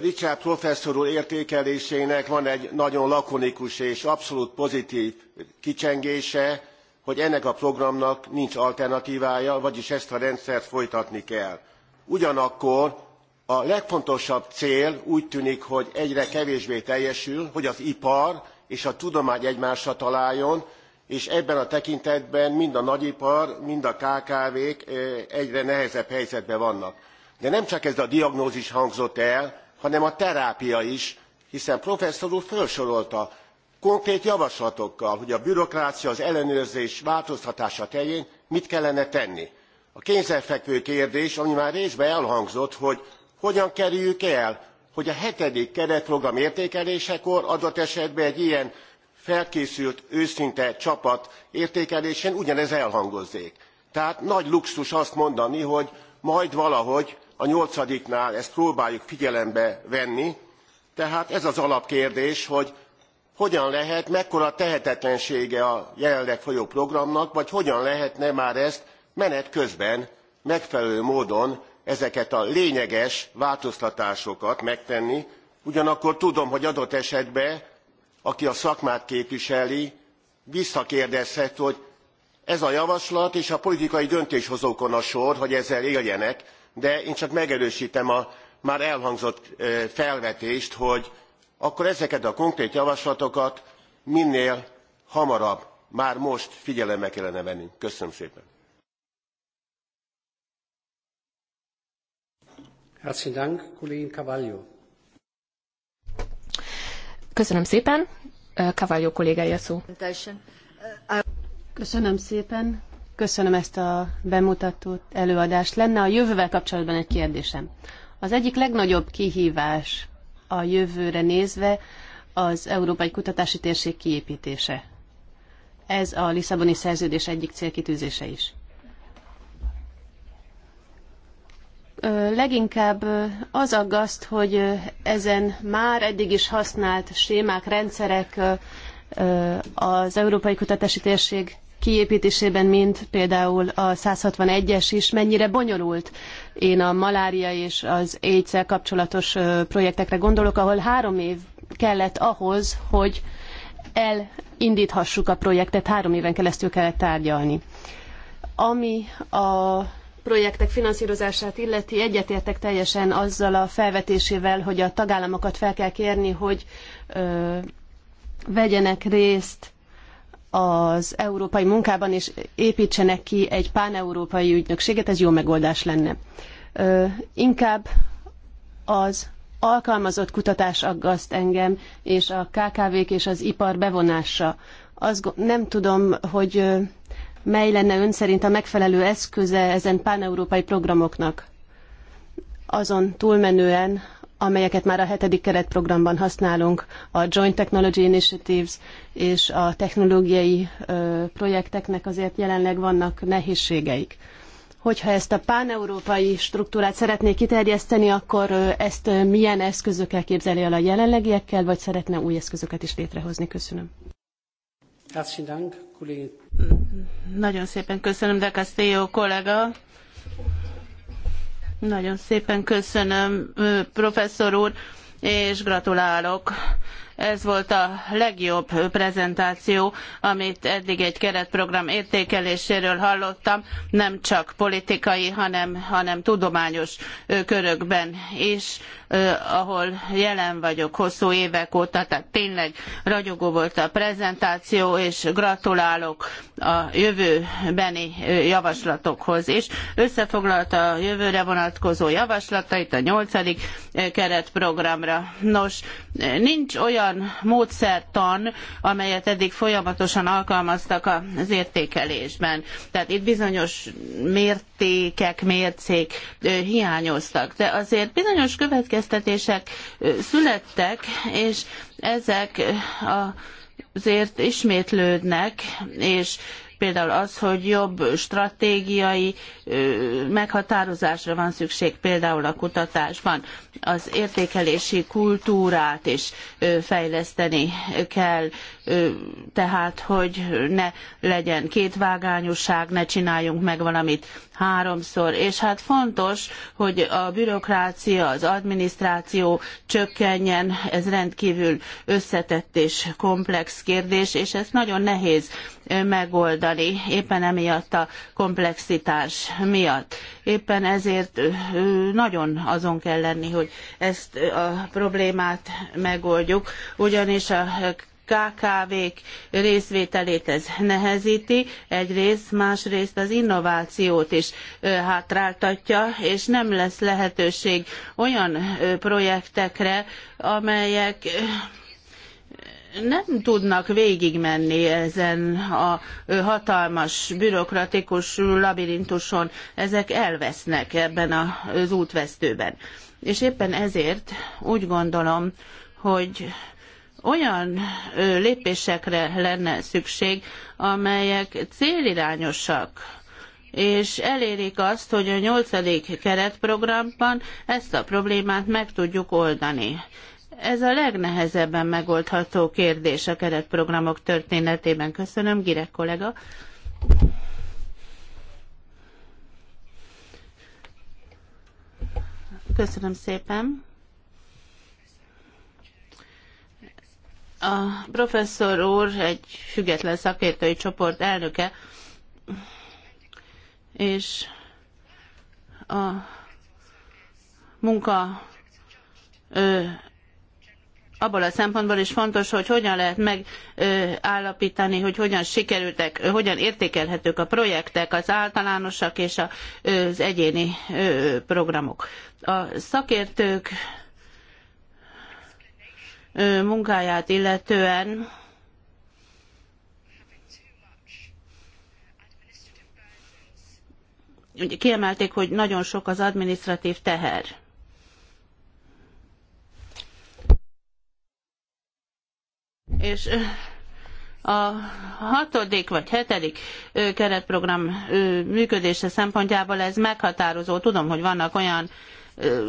Richard professzor úr értékelésének van egy nagyon lakonikus és abszolút pozitív kicsengése, hogy ennek a programnak nincs alternatvája vagyis ezt a rendszert folytatni kell. ugyanakkor a legfontosabb cél úgy tűnik hogy egyre kevésbé teljesül hogy az ipar és a tudomány egymásra találjon és ebben a tekintetben mind a nagyipar mind a kkv k egyre nehezebb helyzetben vannak. de nem csak ez a diagnózis hangzott el hanem a terápia is hiszen professzor úr fölsorolta konkrét javaslatokkal hogy a bürokrácia az ellenőrzés változtatása terén mit kellene tenni. a kézenfekvő kérdés ami már részben elhangzott hogy hogyan kerüljük el hogy a hetedik keretprogram értékelésekor adott esetben egy ilyen felkészült őszinte csapat értékelésén ugyanez elhangozzék. tehát nagy luxus azt mondani hogy majd valahogy a nyolcadiknál ezt próbáljuk figyelembe venni tehát ez az alapkérdés hogy hogyan lehet mekkora tehetetlensége a jelenleg folyó programnak vagy hogyan lehetne már ezt menet közben megfelelő módon ezeket a lényeges változtatásokat megtenni ugyanakkor tudom hogy adott esetben aki a szakmát képviseli visszakérdezhet hogy ez a javaslat és a politikai döntéshozókon a sor hogy ezzel éljenek de én csak megerőstem a már elhangzott eh, felvetést hogy akkor ezeket a konkrét javaslatokat minél hamarabb már most figyelembe kellene venni köszönöm szépen! dank, kollegin Köszönöm szépen. Cavallio kollégája szó. Köszönöm szépen. Köszönöm ezt a bemutatót, előadást. Lenne a jövővel kapcsolatban egy kérdésem. Az egyik legnagyobb kihívás a jövőre nézve az Európai Kutatási Térség kiépítése. Ez a Lisszaboni szerződés egyik célkitűzése is. Leginkább az aggaszt, hogy ezen már eddig is használt sémák, rendszerek az Európai Kutatási Térség kiépítésében, mint például a 161-es is, mennyire bonyolult én a malária és az aids kapcsolatos projektekre gondolok, ahol három év kellett ahhoz, hogy elindíthassuk a projektet, három éven keresztül kellett tárgyalni. Ami a projektek finanszírozását illeti, egyetértek teljesen azzal a felvetésével, hogy a tagállamokat fel kell kérni, hogy ö, vegyenek részt az európai munkában, és építsenek ki egy páneurópai ügynökséget, ez jó megoldás lenne. Ö, inkább az alkalmazott kutatás aggaszt engem, és a KKV-k és az ipar bevonása. Azt nem tudom, hogy mely lenne ön szerint a megfelelő eszköze ezen páneurópai programoknak. Azon túlmenően, amelyeket már a hetedik keretprogramban használunk, a Joint Technology Initiatives és a technológiai projekteknek azért jelenleg vannak nehézségeik. Hogyha ezt a páneurópai struktúrát szeretnék kiterjeszteni, akkor ezt milyen eszközökkel képzeli el a jelenlegiekkel, vagy szeretne új eszközöket is létrehozni? Köszönöm. Nagyon szépen köszönöm, de Castillo kollega. Nagyon szépen köszönöm, professzor úr, és gratulálok ez volt a legjobb prezentáció, amit eddig egy keretprogram értékeléséről hallottam, nem csak politikai, hanem, hanem tudományos körökben is, ahol jelen vagyok hosszú évek óta, tehát tényleg ragyogó volt a prezentáció, és gratulálok a jövőbeni javaslatokhoz is. Összefoglalta a jövőre vonatkozó javaslatait a nyolcadik keretprogramra. Nos, nincs olyan olyan módszertan, amelyet eddig folyamatosan alkalmaztak az értékelésben. Tehát itt bizonyos mértékek, mércék hiányoztak. De azért bizonyos következtetések születtek, és ezek a azért ismétlődnek, és például az, hogy jobb stratégiai meghatározásra van szükség például a kutatásban. Az értékelési kultúrát is fejleszteni kell, tehát hogy ne legyen kétvágányosság, ne csináljunk meg valamit háromszor. És hát fontos, hogy a bürokrácia, az adminisztráció csökkenjen, ez rendkívül összetett és komplex kérdés, és ezt nagyon nehéz megoldani, éppen emiatt a komplexitás miatt. Éppen ezért nagyon azon kell lenni, hogy ezt a problémát megoldjuk, ugyanis a KKV-k részvételét ez nehezíti, egyrészt, másrészt az innovációt is hátráltatja, és nem lesz lehetőség olyan projektekre, amelyek nem tudnak végigmenni ezen a hatalmas bürokratikus labirintuson, ezek elvesznek ebben az útvesztőben. És éppen ezért úgy gondolom, hogy olyan lépésekre lenne szükség, amelyek célirányosak és elérik azt, hogy a nyolcadik keretprogramban ezt a problémát meg tudjuk oldani. Ez a legnehezebben megoldható kérdés a keretprogramok történetében. Köszönöm, Girek kollega. Köszönöm szépen. A professzor úr egy független szakértői csoport elnöke, és a munka ö, abból a szempontból is fontos, hogy hogyan lehet megállapítani, hogy hogyan sikerültek, ö, hogyan értékelhetők a projektek, az általánosak és a, ö, az egyéni programok. A szakértők munkáját illetően kiemelték, hogy nagyon sok az administratív teher. És a hatodik vagy hetedik keretprogram működése szempontjából ez meghatározó. Tudom, hogy vannak olyan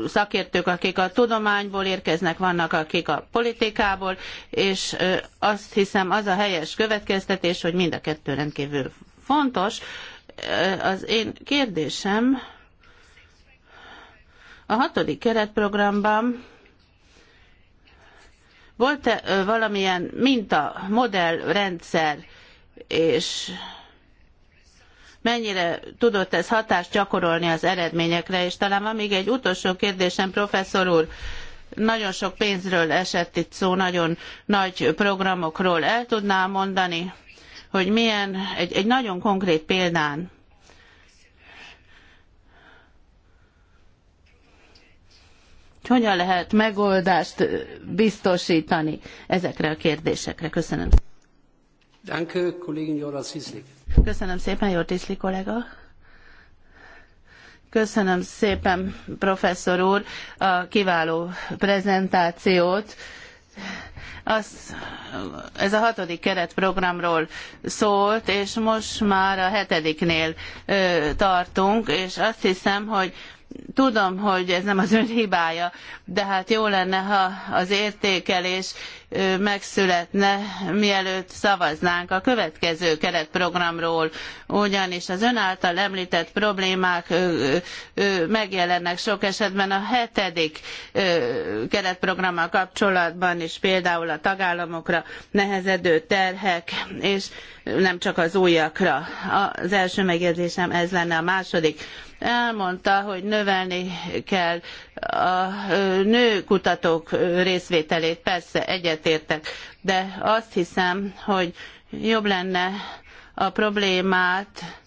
szakértők, akik a tudományból érkeznek, vannak akik a politikából, és azt hiszem az a helyes következtetés, hogy mind a kettő rendkívül fontos. Az én kérdésem a hatodik keretprogramban volt-e valamilyen minta, modell, rendszer, és mennyire tudott ez hatást gyakorolni az eredményekre, és talán van még egy utolsó kérdésem, professzor úr nagyon sok pénzről esett itt szó, nagyon nagy programokról. El tudná mondani, hogy milyen, egy, egy nagyon konkrét példán, hogy hogyan lehet megoldást biztosítani ezekre a kérdésekre. Köszönöm. Danke, Köszönöm szépen, Jortisli kollega. Köszönöm szépen, professzor úr, a kiváló prezentációt. Az, ez a hatodik keretprogramról szólt, és most már a hetediknél ö, tartunk, és azt hiszem, hogy tudom, hogy ez nem az ön hibája, de hát jó lenne, ha az értékelés megszületne, mielőtt szavaznánk a következő keretprogramról, ugyanis az ön által említett problémák megjelennek sok esetben a hetedik keretprogrammal kapcsolatban is, például a tagállamokra nehezedő terhek, és nem csak az újakra. Az első megjegyzésem ez lenne a második. Elmondta, hogy növelni kell a nőkutatók részvételét, persze egyet egyetértek, de azt hiszem, hogy jobb lenne a problémát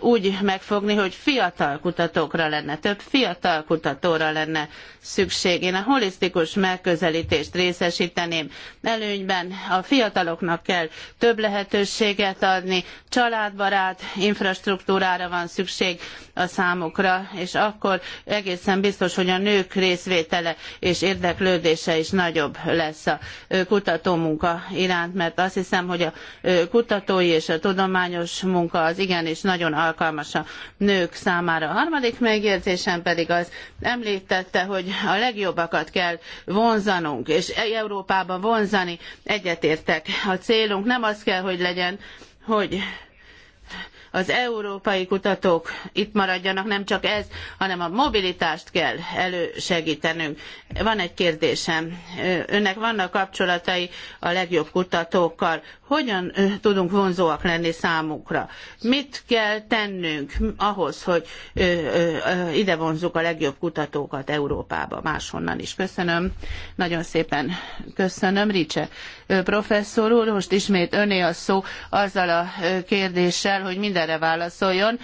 úgy megfogni, hogy fiatal kutatókra lenne, több fiatal kutatóra lenne szükség. Én a holisztikus megközelítést részesíteném előnyben. A fiataloknak kell több lehetőséget adni, családbarát infrastruktúrára van szükség a számukra, és akkor egészen biztos, hogy a nők részvétele és érdeklődése is nagyobb lesz a kutatómunka iránt, mert azt hiszem, hogy a kutatói és a tudományos munka az igenis nagy nagyon alkalmas a nők számára. A harmadik megjegyzésem pedig az említette, hogy a legjobbakat kell vonzanunk, és e- Európában vonzani egyetértek. A célunk nem az kell, hogy legyen, hogy az európai kutatók itt maradjanak, nem csak ez, hanem a mobilitást kell elősegítenünk. Van egy kérdésem. Önnek vannak kapcsolatai a legjobb kutatókkal. Hogyan tudunk vonzóak lenni számukra? Mit kell tennünk ahhoz, hogy ide vonzuk a legjobb kutatókat Európába, máshonnan is? Köszönöm. Nagyon szépen köszönöm. Ricse professzor úr, most ismét öné a szó azzal a kérdéssel, hogy minden erre válaszoljon.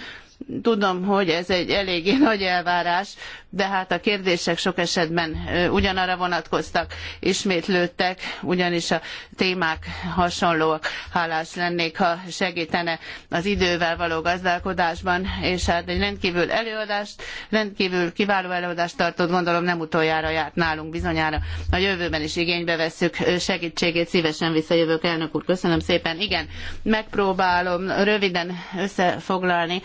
Tudom, hogy ez egy eléggé nagy elvárás, de hát a kérdések sok esetben ugyanarra vonatkoztak, ismétlődtek, ugyanis a témák hasonlóak. Hálás lennék, ha segítene az idővel való gazdálkodásban, és hát egy rendkívül előadást, rendkívül kiváló előadást tartott, gondolom nem utoljára járt nálunk bizonyára. A jövőben is igénybe vesszük segítségét, szívesen visszajövök, elnök úr, köszönöm szépen. Igen, megpróbálom röviden összefoglalni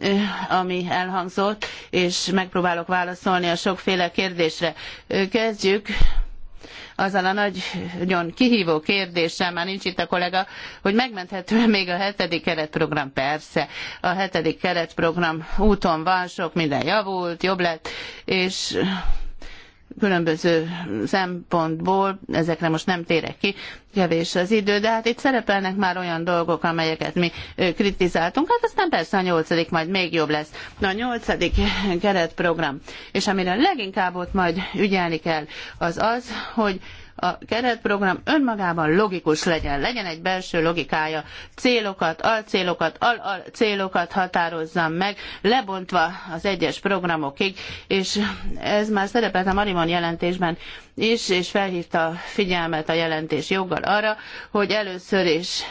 Eh, ami elhangzott, és megpróbálok válaszolni a sokféle kérdésre. Eh, kezdjük azzal a nagyon kihívó kérdéssel, már nincs itt a kollega, hogy megmenthető még a hetedik keretprogram? Persze, a hetedik keretprogram úton van, sok minden javult, jobb lett, és különböző szempontból, ezekre most nem térek ki, kevés az idő, de hát itt szerepelnek már olyan dolgok, amelyeket mi kritizáltunk, hát aztán persze a nyolcadik majd még jobb lesz. Na, a nyolcadik keretprogram, és amire leginkább ott majd ügyelni kell, az az, hogy a keretprogram önmagában logikus legyen, legyen egy belső logikája, célokat, alcélokat, al-al határozzam meg, lebontva az egyes programokig, és ez már szerepelt a Marimon jelentésben is, és felhívta a figyelmet a jelentés joggal arra, hogy először is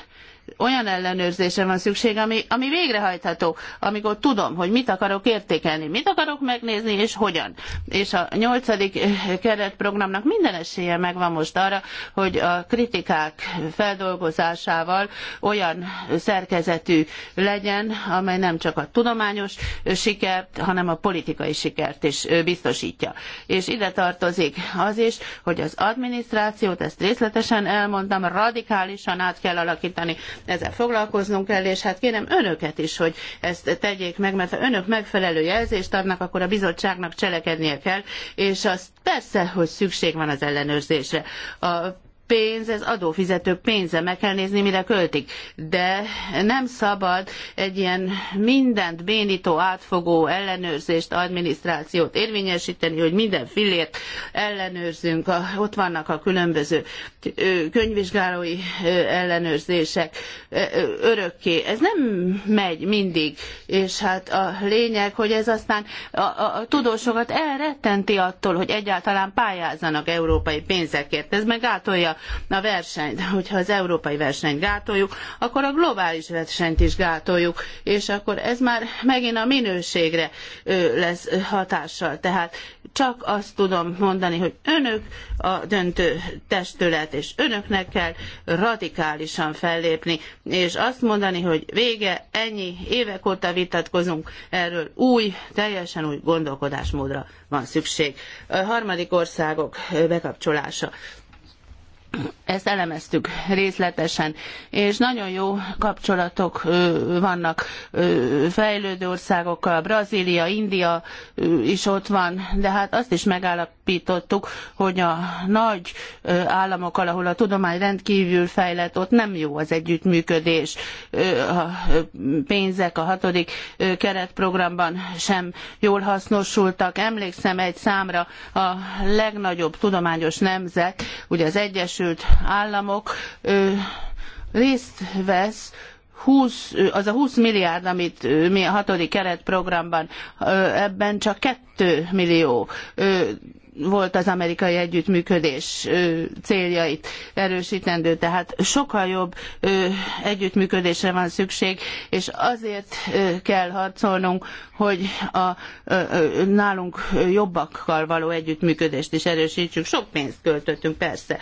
olyan ellenőrzésre van szükség, ami, ami végrehajtható, amikor tudom, hogy mit akarok értékelni, mit akarok megnézni, és hogyan. És a nyolcadik eh, keretprogramnak minden esélye megvan most arra, hogy a kritikák feldolgozásával olyan szerkezetű legyen, amely nem csak a tudományos sikert, hanem a politikai sikert is eh, biztosítja. És ide tartozik az is, hogy az adminisztrációt, ezt részletesen elmondtam, radikálisan át kell alakítani ezzel foglalkoznunk kell, és hát kérem önöket is, hogy ezt tegyék meg, mert ha önök megfelelő jelzést adnak, akkor a bizottságnak cselekednie kell, és az persze, hogy szükség van az ellenőrzésre. A pénz, ez adófizetők pénze, meg kell nézni, mire költik. De nem szabad egy ilyen mindent bénító, átfogó ellenőrzést, adminisztrációt érvényesíteni, hogy minden fillért ellenőrzünk. Ott vannak a különböző könyvvizsgálói ellenőrzések örökké. Ez nem megy mindig, és hát a lényeg, hogy ez aztán a, a tudósokat elrettenti attól, hogy egyáltalán pályázzanak európai pénzekért. Ez meg átolja a versenyt. Hogyha az európai versenyt gátoljuk, akkor a globális versenyt is gátoljuk, és akkor ez már megint a minőségre lesz hatással. Tehát csak azt tudom mondani, hogy önök a döntő testület, és önöknek kell radikálisan fellépni, és azt mondani, hogy vége, ennyi, évek óta vitatkozunk erről, új, teljesen új gondolkodásmódra van szükség. A harmadik országok bekapcsolása ezt elemeztük részletesen, és nagyon jó kapcsolatok vannak fejlődő országokkal, Brazília, India is ott van, de hát azt is megállapítottuk, hogy a nagy államokkal, ahol a tudomány rendkívül fejlett, ott nem jó az együttműködés. A pénzek a hatodik keretprogramban sem jól hasznosultak. Emlékszem egy számra, a legnagyobb tudományos nemzet, ugye az Egyesült Egyesült Államok részt vesz 20, az a 20 milliárd, amit mi a hatodik keretprogramban, ebben csak 2 millió volt az amerikai együttműködés céljait erősítendő, tehát sokkal jobb együttműködésre van szükség, és azért kell harcolnunk, hogy a nálunk jobbakkal való együttműködést is erősítsük. Sok pénzt költöttünk, persze.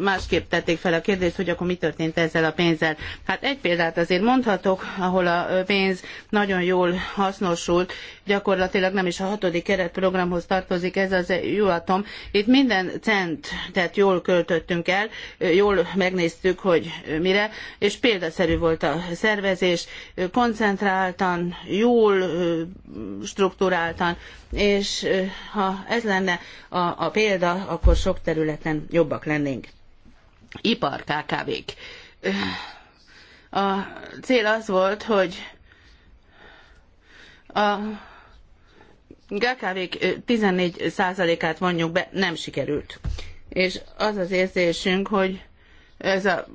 Másképp tették fel a kérdést, hogy akkor mi történt ezzel a pénzzel. Hát egy példát azért mondhatok, ahol a pénz nagyon jól hasznosult, gyakorlatilag nem is a hatodik keretprogramhoz tartozik ez az julatom. Itt minden centet jól költöttünk el, jól megnéztük, hogy mire, és példaszerű volt a szervezés, koncentráltan, jól strukturáltan, és ha ez lenne a, a példa, akkor sok területen jobbak lennénk. Ipar KKV-k. A cél az volt, hogy a KKV-k 14%-át vonjuk be, nem sikerült. És az az érzésünk, hogy ez a,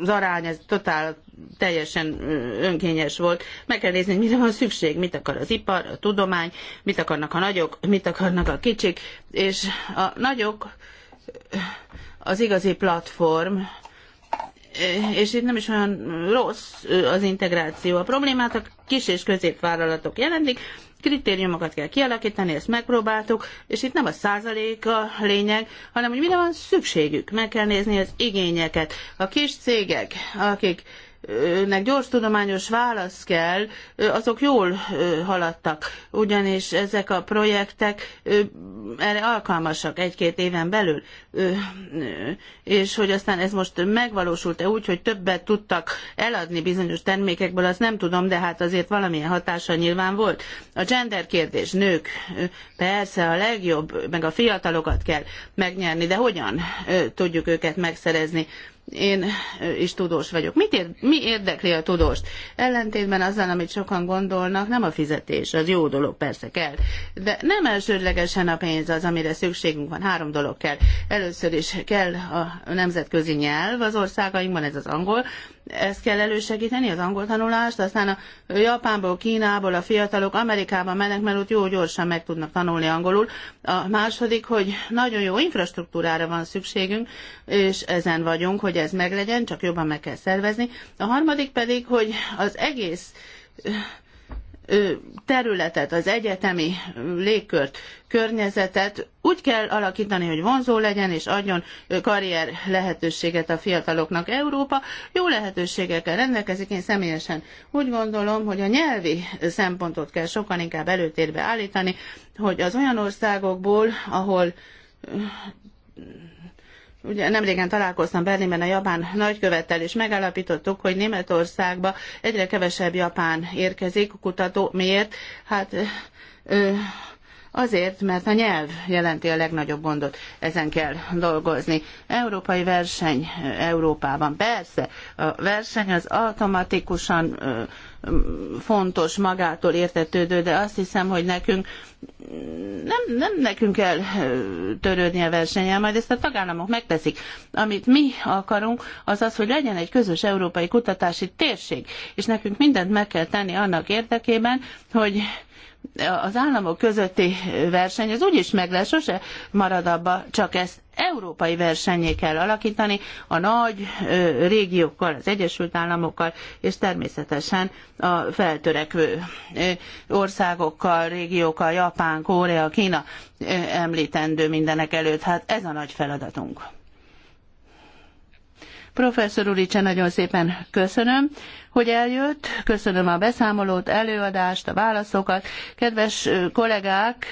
az arány, ez totál teljesen önkényes volt. Meg kell nézni, mire van szükség, mit akar az ipar, a tudomány, mit akarnak a nagyok, mit akarnak a kicsik, és a nagyok az igazi platform, és itt nem is olyan rossz az integráció. A problémát a kis és középvállalatok jelentik, kritériumokat kell kialakítani, ezt megpróbáltuk, és itt nem a százalék a lényeg, hanem hogy mire van szükségük. Meg kell nézni az igényeket. A kis cégek, akik nek gyors tudományos válasz kell, azok jól haladtak, ugyanis ezek a projektek erre alkalmasak egy-két éven belül, és hogy aztán ez most megvalósult-e úgy, hogy többet tudtak eladni bizonyos termékekből, azt nem tudom, de hát azért valamilyen hatása nyilván volt. A gender kérdés, nők, persze a legjobb, meg a fiatalokat kell megnyerni, de hogyan tudjuk őket megszerezni? én is tudós vagyok. Mit ér, mi érdekli a tudóst? Ellentétben azzal, amit sokan gondolnak, nem a fizetés, az jó dolog, persze kell, de nem elsődlegesen a pénz az, amire szükségünk van. Három dolog kell. Először is kell a nemzetközi nyelv az országainkban, ez az angol, ezt kell elősegíteni, az angol tanulást, aztán a Japánból, Kínából a fiatalok Amerikába mennek, mert ott jó gyorsan meg tudnak tanulni angolul. A második, hogy nagyon jó infrastruktúrára van szükségünk, és ezen vagyunk, hogy ez meglegyen, csak jobban meg kell szervezni. A harmadik pedig, hogy az egész területet, az egyetemi légkört, környezetet úgy kell alakítani, hogy vonzó legyen, és adjon karrier lehetőséget a fiataloknak. Európa jó lehetőségekkel rendelkezik, én személyesen úgy gondolom, hogy a nyelvi szempontot kell sokan inkább előtérbe állítani, hogy az olyan országokból, ahol ugye nem régen találkoztam Berlinben a japán nagykövettel, és megállapítottuk, hogy Németországba egyre kevesebb japán érkezik. Kutató miért? Hát ö, Azért, mert a nyelv jelenti a legnagyobb gondot, ezen kell dolgozni. Európai verseny Európában. Persze, a verseny az automatikusan fontos, magától értetődő, de azt hiszem, hogy nekünk nem, nem nekünk kell törődni a versenyen, majd ezt a tagállamok megteszik. Amit mi akarunk, az az, hogy legyen egy közös európai kutatási térség, és nekünk mindent meg kell tenni annak érdekében, hogy az államok közötti verseny az úgyis meg lesz, sose marad abba, csak ezt európai versenyé kell alakítani a nagy régiókkal, az Egyesült Államokkal, és természetesen a feltörekvő országokkal, régiókkal, Japán, Korea, Kína ö, említendő mindenek előtt. Hát ez a nagy feladatunk. Professzor Uricse, nagyon szépen köszönöm, hogy eljött, köszönöm a beszámolót, előadást, a válaszokat. Kedves kollégák,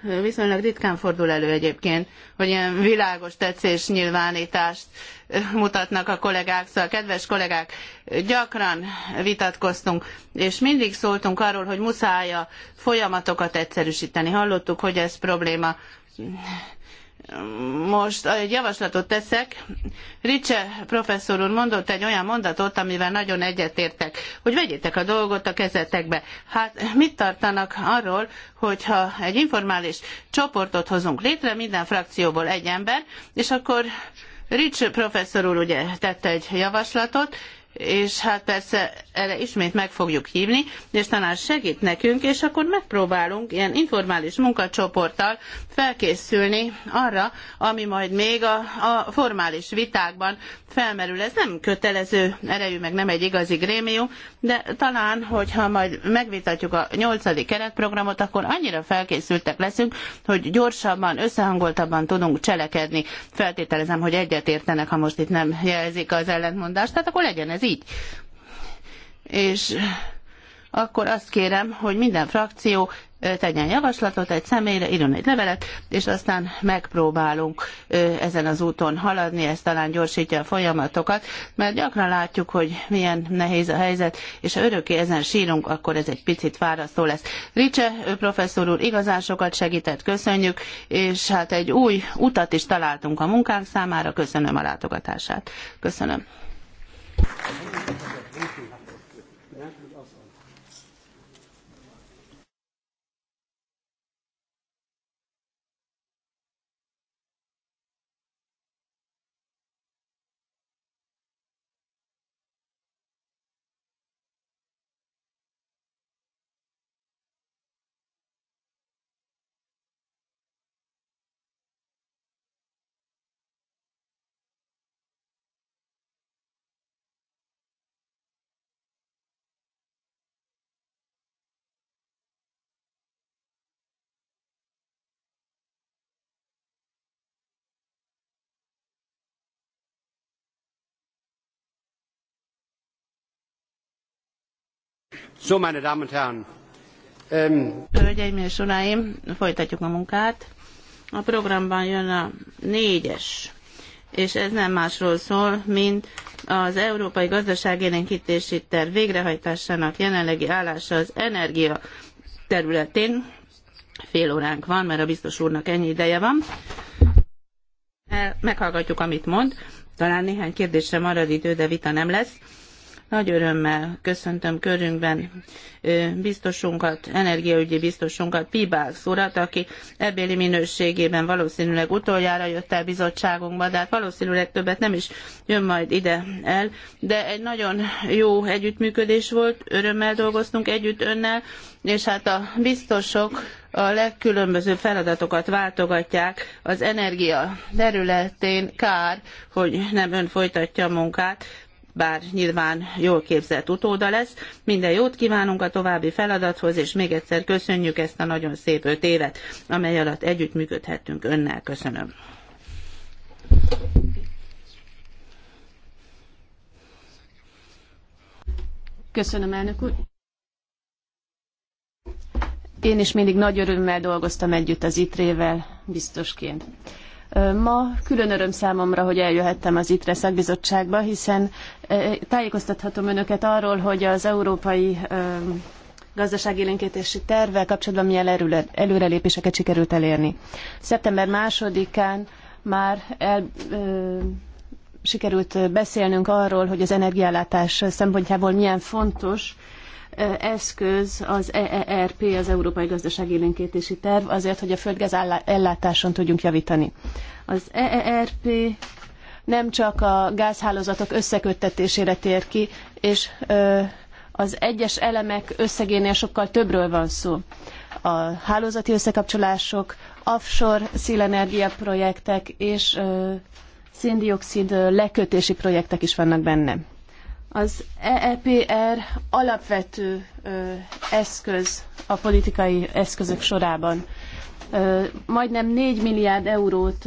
Viszonylag ritkán fordul elő egyébként, hogy ilyen világos tetszés nyilvánítást mutatnak a kollégák. Szóval, kedves kollégák, gyakran vitatkoztunk, és mindig szóltunk arról, hogy muszáj a folyamatokat egyszerűsíteni. Hallottuk, hogy ez probléma most egy javaslatot teszek. Ricse professzor úr mondott egy olyan mondatot, amivel nagyon egyetértek, hogy vegyétek a dolgot a kezetekbe. Hát mit tartanak arról, hogyha egy informális csoportot hozunk létre, minden frakcióból egy ember, és akkor Rich professzor úr ugye tette egy javaslatot, és hát persze erre ismét meg fogjuk hívni, és talán segít nekünk, és akkor megpróbálunk ilyen informális munkacsoporttal felkészülni arra, ami majd még a, a formális vitákban felmerül. Ez nem kötelező erejű, meg nem egy igazi grémium, de talán, hogyha majd megvitatjuk a nyolcadik keretprogramot, akkor annyira felkészültek leszünk, hogy gyorsabban, összehangoltabban tudunk cselekedni. Feltételezem, hogy egyetértenek, ha most itt nem jelzik az ellentmondást, tehát akkor legyen ez ez így. És akkor azt kérem, hogy minden frakció tegyen javaslatot egy személyre, írjon egy levelet, és aztán megpróbálunk ezen az úton haladni, ez talán gyorsítja a folyamatokat, mert gyakran látjuk, hogy milyen nehéz a helyzet, és ha örökké ezen sírunk, akkor ez egy picit fárasztó lesz. Ricse professzor úr igazán sokat segített, köszönjük, és hát egy új utat is találtunk a munkánk számára, köszönöm a látogatását. Köszönöm. Köszönöm. Ähm, Hölgyeim és uraim, folytatjuk a munkát. A programban jön a négyes, és ez nem másról szól, mint az Európai Gazdaságélénkítési Terv végrehajtásának jelenlegi állása az energia területén. Fél óránk van, mert a biztos úrnak ennyi ideje van. E, meghallgatjuk, amit mond. Talán néhány kérdésre marad idő, de vita nem lesz nagy örömmel köszöntöm körünkben biztosunkat, energiaügyi biztosunkat, Pibász urat, aki ebéli minőségében valószínűleg utoljára jött el bizottságunkba, de hát valószínűleg többet nem is jön majd ide el. De egy nagyon jó együttműködés volt, örömmel dolgoztunk együtt önnel, és hát a biztosok a legkülönbözőbb feladatokat váltogatják az energia területén. Kár, hogy nem ön folytatja a munkát, bár nyilván jól képzett utóda lesz. Minden jót kívánunk a további feladathoz, és még egyszer köszönjük ezt a nagyon szép öt évet, amely alatt együttműködhettünk önnel. Köszönöm. Köszönöm, elnök úr. Én is mindig nagy örömmel dolgoztam együtt az ITRÉ-vel, biztosként. Ma külön öröm számomra, hogy eljöhettem az ITRE szakbizottságba, hiszen tájékoztathatom önöket arról, hogy az európai gazdaságélénkítési tervvel kapcsolatban milyen előrelépéseket sikerült elérni. Szeptember másodikán már el, ö, sikerült beszélnünk arról, hogy az energiállátás szempontjából milyen fontos eszköz az EERP, az Európai Gazdasági Élénkítési Terv, azért, hogy a földgáz ellátáson tudjunk javítani. Az EERP nem csak a gázhálózatok összeköttetésére tér ki, és az egyes elemek összegénél sokkal többről van szó. A hálózati összekapcsolások, offshore szélenergia projektek és széndiokszid lekötési projektek is vannak benne. Az EEPR alapvető eszköz a politikai eszközök sorában. majdnem 4 milliárd eurót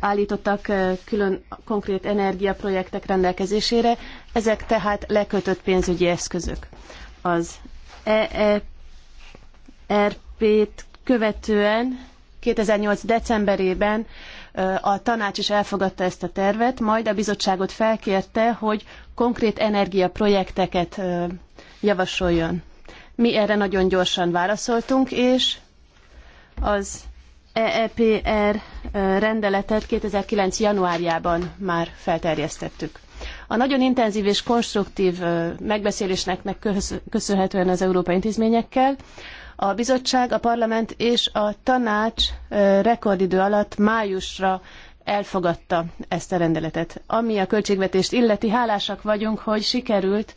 állítottak külön konkrét energiaprojektek rendelkezésére, ezek tehát lekötött pénzügyi eszközök. Az eepr t követően 2008. decemberében a tanács is elfogadta ezt a tervet, majd a bizottságot felkérte, hogy konkrét energiaprojekteket javasoljon. Mi erre nagyon gyorsan válaszoltunk, és az EEPR rendeletet 2009. januárjában már felterjesztettük. A nagyon intenzív és konstruktív megbeszélésnek köszönhetően az európai intézményekkel a bizottság, a parlament és a tanács rekordidő alatt májusra elfogadta ezt a rendeletet. Ami a költségvetést illeti, hálásak vagyunk, hogy sikerült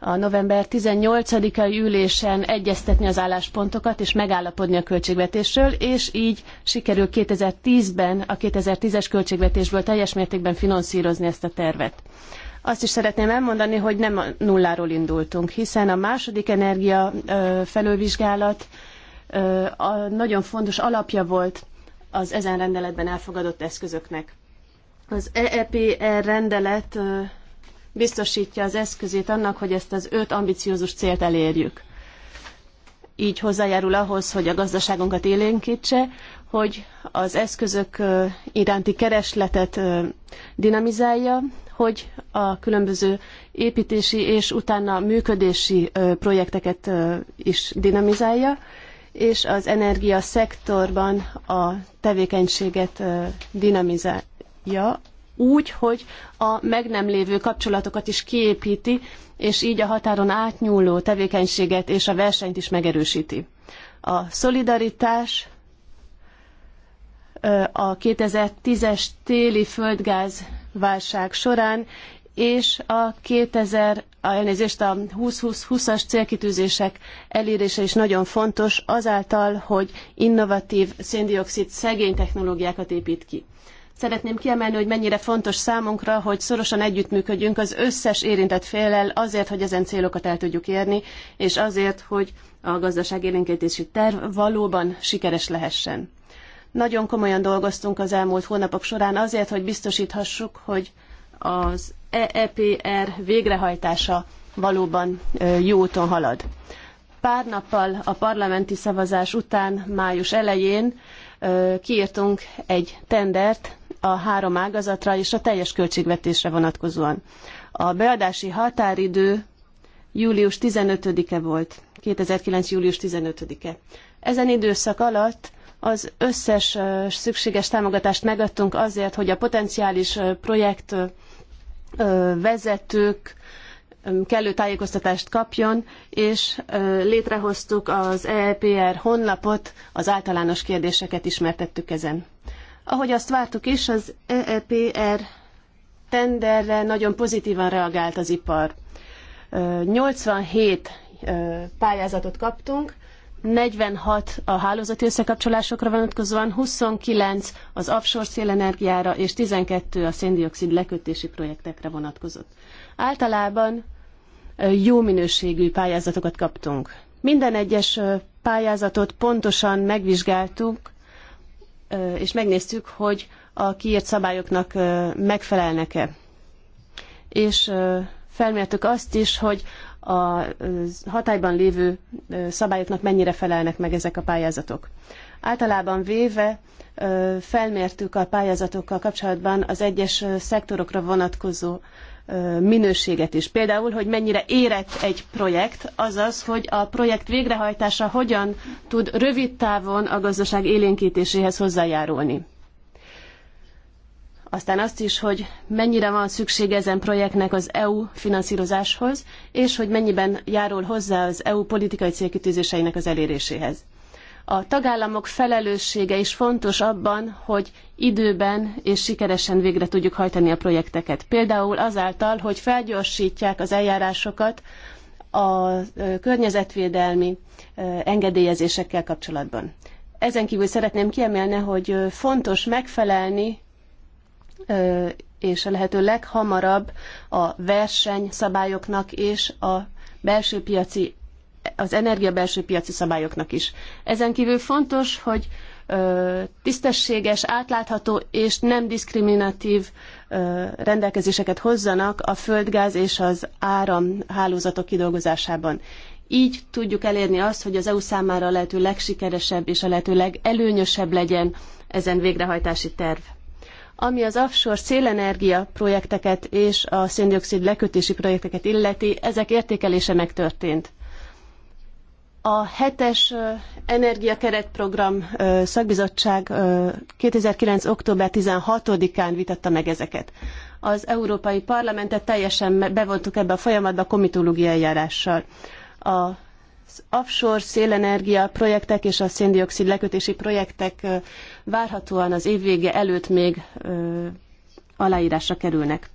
a november 18-ai ülésen egyeztetni az álláspontokat és megállapodni a költségvetésről, és így sikerül 2010-ben a 2010-es költségvetésből teljes mértékben finanszírozni ezt a tervet. Azt is szeretném elmondani, hogy nem a nulláról indultunk, hiszen a második energia felülvizsgálat a nagyon fontos alapja volt az ezen rendeletben elfogadott eszközöknek. Az EEPR rendelet biztosítja az eszközét annak, hogy ezt az öt ambiciózus célt elérjük. Így hozzájárul ahhoz, hogy a gazdaságunkat élénkítse, hogy az eszközök iránti keresletet dinamizálja, hogy a különböző építési és utána működési projekteket is dinamizálja, és az energiaszektorban a tevékenységet dinamizálja úgy, hogy a meg nem lévő kapcsolatokat is kiépíti, és így a határon átnyúló tevékenységet és a versenyt is megerősíti. A szolidaritás a 2010-es téli földgáz válság során, és a 2000, a, elnézést, a 20 20 as célkitűzések elérése is nagyon fontos azáltal, hogy innovatív széndiokszid szegény technológiákat épít ki. Szeretném kiemelni, hogy mennyire fontos számunkra, hogy szorosan együttműködjünk az összes érintett félel azért, hogy ezen célokat el tudjuk érni, és azért, hogy a gazdaságélénkítési terv valóban sikeres lehessen. Nagyon komolyan dolgoztunk az elmúlt hónapok során azért, hogy biztosíthassuk, hogy az EEPR végrehajtása valóban jó úton halad. Pár nappal a parlamenti szavazás után, május elején kiírtunk egy tendert a három ágazatra és a teljes költségvetésre vonatkozóan. A beadási határidő július 15-e volt, 2009. július 15-e. Ezen időszak alatt az összes szükséges támogatást megadtunk azért, hogy a potenciális projekt vezetők kellő tájékoztatást kapjon, és létrehoztuk az EEPR honlapot, az általános kérdéseket ismertettük ezen. Ahogy azt vártuk is, az EEPR tenderre nagyon pozitívan reagált az ipar. 87 pályázatot kaptunk, 46 a hálózati összekapcsolásokra vonatkozóan, 29 az offshore szélenergiára és 12 a széndiokszid lekötési projektekre vonatkozott. Általában jó minőségű pályázatokat kaptunk. Minden egyes pályázatot pontosan megvizsgáltuk, és megnéztük, hogy a kiírt szabályoknak megfelelnek-e. És felmértük azt is, hogy a hatályban lévő szabályoknak mennyire felelnek meg ezek a pályázatok. Általában véve felmértük a pályázatokkal kapcsolatban az egyes szektorokra vonatkozó minőséget is. Például, hogy mennyire érett egy projekt, azaz, hogy a projekt végrehajtása hogyan tud rövid távon a gazdaság élénkítéséhez hozzájárulni aztán azt is, hogy mennyire van szüksége ezen projektnek az EU finanszírozáshoz, és hogy mennyiben járul hozzá az EU politikai célkitűzéseinek az eléréséhez. A tagállamok felelőssége is fontos abban, hogy időben és sikeresen végre tudjuk hajtani a projekteket. Például azáltal, hogy felgyorsítják az eljárásokat a környezetvédelmi engedélyezésekkel kapcsolatban. Ezen kívül szeretném kiemelni, hogy fontos megfelelni és a lehető leghamarabb a versenyszabályoknak és a belső piaci, az energia belső piaci szabályoknak is. Ezen kívül fontos, hogy tisztességes, átlátható és nem diszkriminatív rendelkezéseket hozzanak a földgáz és az áram hálózatok kidolgozásában. Így tudjuk elérni azt, hogy az EU számára a lehető legsikeresebb és a lehető legelőnyösebb legyen ezen végrehajtási terv. Ami az offshore szélenergia projekteket és a széndiokszid lekötési projekteket illeti, ezek értékelése megtörtént. A hetes energiakeretprogram szakbizottság 2009. október 16-án vitatta meg ezeket. Az Európai Parlamentet teljesen bevontuk ebbe a folyamatba komitológiai eljárással. A az offshore szélenergia projektek és a széndiokszid lekötési projektek várhatóan az év vége előtt még aláírásra kerülnek.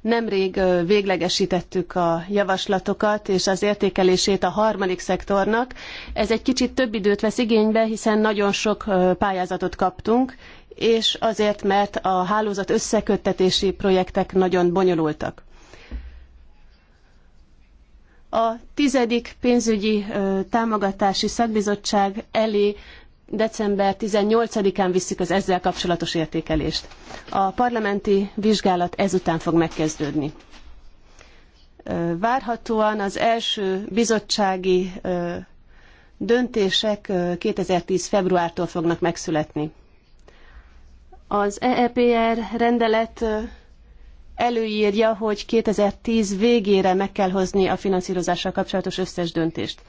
Nemrég véglegesítettük a javaslatokat és az értékelését a harmadik szektornak. Ez egy kicsit több időt vesz igénybe, hiszen nagyon sok pályázatot kaptunk, és azért, mert a hálózat összeköttetési projektek nagyon bonyolultak a tizedik pénzügyi támogatási szakbizottság elé december 18-án visszük az ezzel kapcsolatos értékelést. A parlamenti vizsgálat ezután fog megkezdődni. Várhatóan az első bizottsági döntések 2010. februártól fognak megszületni. Az EEPR rendelet előírja, hogy 2010 végére meg kell hozni a finanszírozással kapcsolatos összes döntést.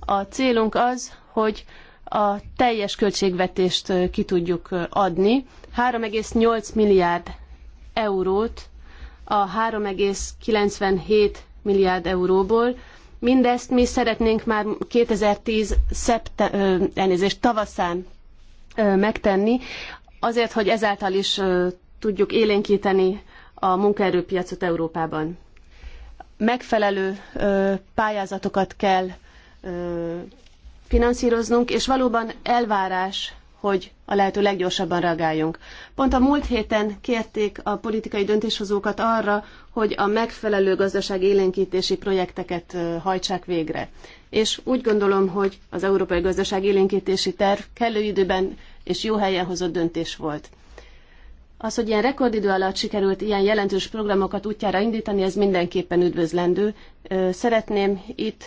A célunk az, hogy a teljes költségvetést ki tudjuk adni. 3,8 milliárd eurót a 3,97 milliárd euróból. Mindezt mi szeretnénk már 2010 szepte, elnézést, tavaszán megtenni, azért, hogy ezáltal is tudjuk élénkíteni a munkaerőpiacot Európában. Megfelelő pályázatokat kell finanszíroznunk, és valóban elvárás, hogy a lehető leggyorsabban reagáljunk. Pont a múlt héten kérték a politikai döntéshozókat arra, hogy a megfelelő gazdaság élénkítési projekteket hajtsák végre. És úgy gondolom, hogy az Európai Gazdaság élénkítési terv kellő időben és jó helyen hozott döntés volt. Az, hogy ilyen rekordidő alatt sikerült ilyen jelentős programokat útjára indítani, ez mindenképpen üdvözlendő. Szeretném itt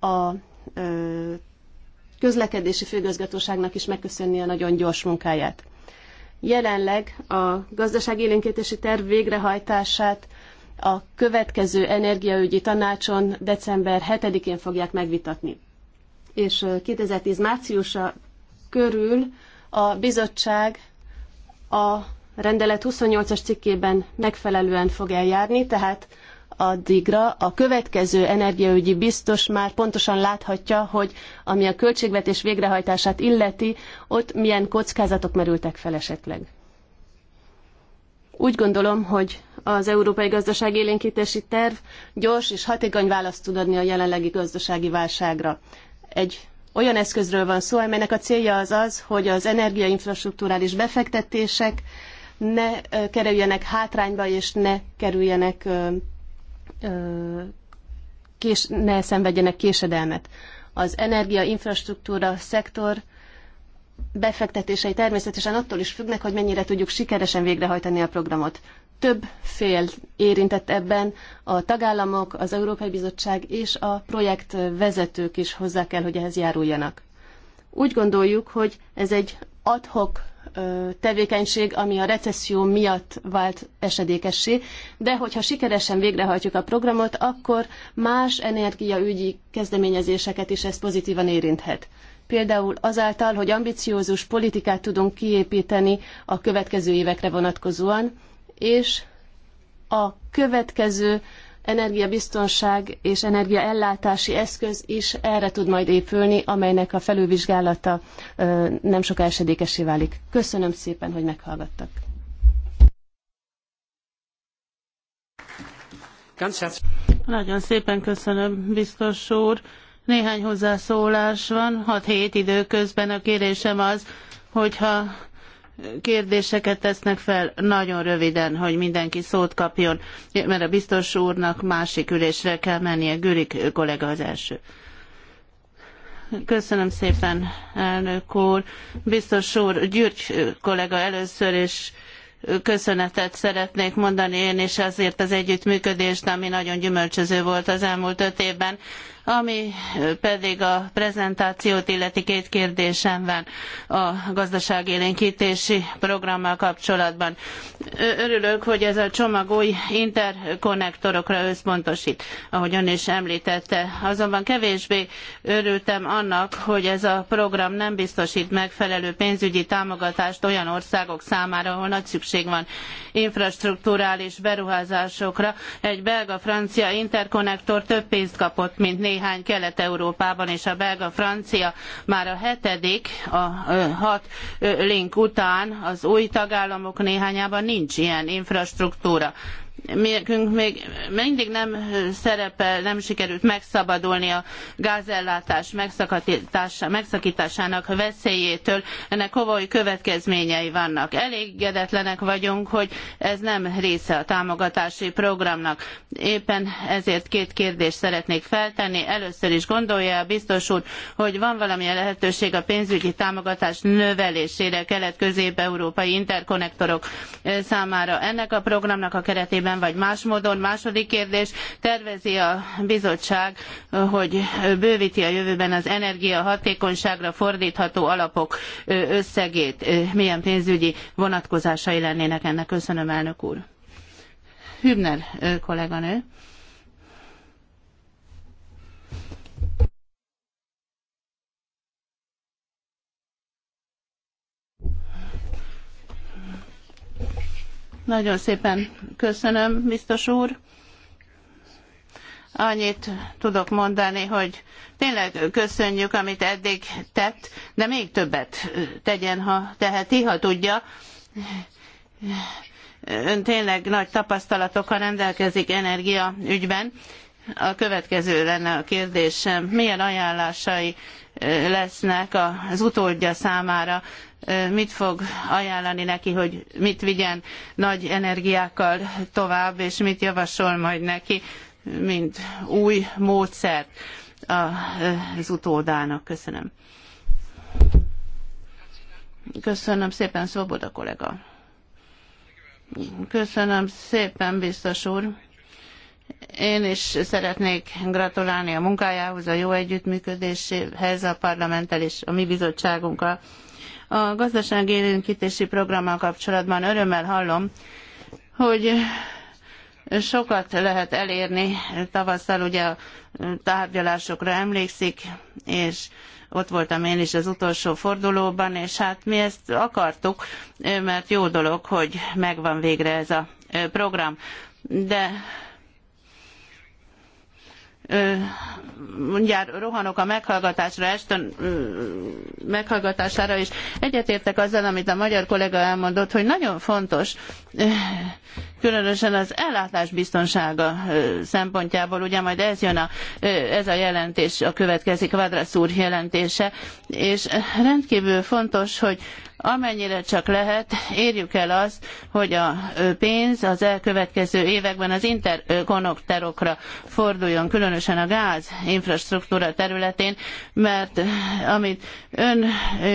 a közlekedési főgazgatóságnak is megköszönni a nagyon gyors munkáját. Jelenleg a gazdaságélénkítési terv végrehajtását a következő energiaügyi tanácson december 7-én fogják megvitatni. És 2010 márciusa körül a bizottság a rendelet 28-as cikkében megfelelően fog eljárni, tehát addigra a következő energiaügyi biztos már pontosan láthatja, hogy ami a költségvetés végrehajtását illeti, ott milyen kockázatok merültek fel esetleg. Úgy gondolom, hogy az európai gazdaság élénkítési terv gyors és hatékony választ tud adni a jelenlegi gazdasági válságra. Egy olyan eszközről van szó, amelynek a célja az az, hogy az energiainfrastruktúrális befektetések ne kerüljenek hátrányba, és ne kerüljenek, kés, ne szenvedjenek késedelmet. Az energia, infrastruktúra, szektor befektetései természetesen attól is függnek, hogy mennyire tudjuk sikeresen végrehajtani a programot. Több fél érintett ebben, a tagállamok, az Európai Bizottság és a projekt vezetők is hozzá kell, hogy ehhez járuljanak. Úgy gondoljuk, hogy ez egy adhok tevékenység, ami a recesszió miatt vált esedékessé, de hogyha sikeresen végrehajtjuk a programot, akkor más energiaügyi kezdeményezéseket is ez pozitívan érinthet. Például azáltal, hogy ambiciózus politikát tudunk kiépíteni a következő évekre vonatkozóan, és a következő energiabiztonság és energiaellátási eszköz is erre tud majd épülni, amelynek a felülvizsgálata nem sok esedékesé válik. Köszönöm szépen, hogy meghallgattak. Nagyon szépen köszönöm, biztos úr. Néhány hozzászólás van, 6-7 időközben a kérésem az, hogyha kérdéseket tesznek fel, nagyon röviden, hogy mindenki szót kapjon, mert a biztos úrnak másik ülésre kell mennie, Gürik kollega az első. Köszönöm szépen, elnök úr. Biztos úr, György kollega először, és köszönetet szeretnék mondani én is azért az együttműködést, ami nagyon gyümölcsöző volt az elmúlt öt évben ami pedig a prezentációt illeti két kérdésem van a gazdaságélénkítési programmal kapcsolatban. Örülök, hogy ez a csomag új interkonnektorokra összpontosít, ahogy ön is említette. Azonban kevésbé örültem annak, hogy ez a program nem biztosít megfelelő pénzügyi támogatást olyan országok számára, ahol nagy szükség van infrastrukturális beruházásokra. Egy belga-francia interkonnektor több pénzt kapott, mint négy néhány Kelet-Európában, és a belga francia már a hetedik, a hat link után az új tagállamok néhányában nincs ilyen infrastruktúra. Mégünk még mindig nem szerepel, nem sikerült megszabadulni a gázellátás megszakításának veszélyétől. Ennek komoly következményei vannak. Elégedetlenek vagyunk, hogy ez nem része a támogatási programnak. Éppen ezért két kérdést szeretnék feltenni. Először is gondolja a biztos úr, hogy van valamilyen lehetőség a pénzügyi támogatás növelésére kelet-közép-európai interkonnektorok számára. Ennek a programnak a keretében esetében, vagy más módon. Második kérdés, tervezi a bizottság, hogy bővíti a jövőben az energiahatékonyságra fordítható alapok összegét. Milyen pénzügyi vonatkozásai lennének ennek? Köszönöm, elnök úr. Hübner kolléganő. Nagyon szépen köszönöm, biztos úr. Annyit tudok mondani, hogy tényleg köszönjük, amit eddig tett, de még többet tegyen, ha teheti, ha tudja. Ön tényleg nagy tapasztalatokkal rendelkezik energia ügyben, a következő lenne a kérdésem, milyen ajánlásai lesznek az utódja számára, mit fog ajánlani neki, hogy mit vigyen nagy energiákkal tovább, és mit javasol majd neki, mint új módszert az utódának. Köszönöm. Köszönöm szépen, Szoboda kollega. Köszönöm szépen, biztos úr. Én is szeretnék gratulálni a munkájához, a jó együttműködéséhez a parlamenttel és a mi bizottságunkkal. A gazdasági élénkítési programmal kapcsolatban örömmel hallom, hogy sokat lehet elérni. Tavasszal ugye a tárgyalásokra emlékszik, és ott voltam én is az utolsó fordulóban, és hát mi ezt akartuk, mert jó dolog, hogy megvan végre ez a program. De mindjárt rohanok a meghallgatásra, este meghallgatására, és egyetértek azzal, amit a magyar kollega elmondott, hogy nagyon fontos, különösen az ellátás biztonsága szempontjából, ugye majd ez jön a, ez a jelentés, a következik Vadrasz úr jelentése, és rendkívül fontos, hogy amennyire csak lehet, érjük el azt, hogy a pénz az elkövetkező években az interkonnektorokra forduljon, különösen különösen a gáz infrastruktúra területén, mert amit ön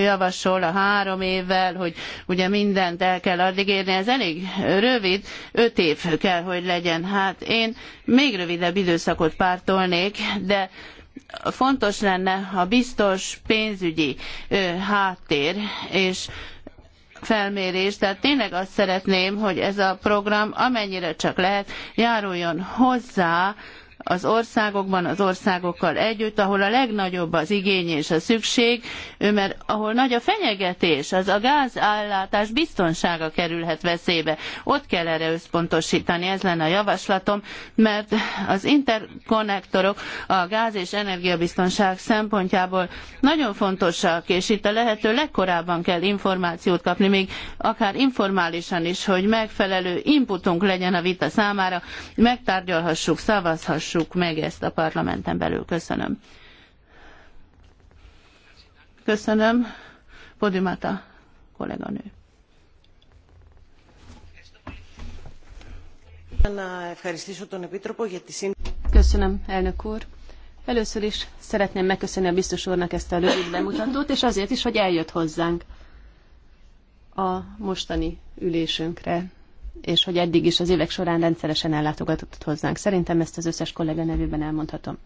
javasol a három évvel, hogy ugye mindent el kell addig érni, ez elég rövid, öt év kell, hogy legyen. Hát én még rövidebb időszakot pártolnék, de fontos lenne a biztos pénzügyi háttér, és felmérés, tehát tényleg azt szeretném, hogy ez a program amennyire csak lehet járuljon hozzá az országokban, az országokkal együtt, ahol a legnagyobb az igény és a szükség, mert ahol nagy a fenyegetés, az a gázállátás biztonsága kerülhet veszélybe. Ott kell erre összpontosítani, ez lenne a javaslatom, mert az interkonnektorok a gáz és energiabiztonság szempontjából nagyon fontosak, és itt a lehető legkorábban kell információt kapni, még akár informálisan is, hogy megfelelő inputunk legyen a vita számára, megtárgyalhassuk, szavazhassuk vitassuk meg ezt a parlamenten belül. Köszönöm. Köszönöm. Podimata kolléganő. Köszönöm, elnök úr. Először is szeretném megköszönni a biztos úrnak ezt a rövid bemutatót, és azért is, hogy eljött hozzánk a mostani ülésünkre és hogy eddig is az évek során rendszeresen ellátogatott hozzánk. Szerintem ezt az összes kollega nevében elmondhatom.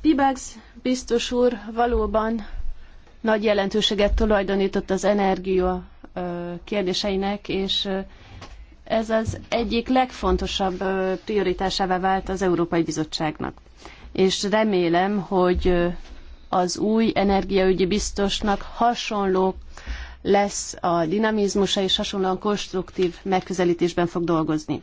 Pibags biztos úr valóban nagy jelentőséget tulajdonított az energia kérdéseinek, és ez az egyik legfontosabb prioritásává vált az Európai Bizottságnak. És remélem, hogy az új energiaügyi biztosnak hasonló lesz a dinamizmusa, és hasonlóan konstruktív megközelítésben fog dolgozni.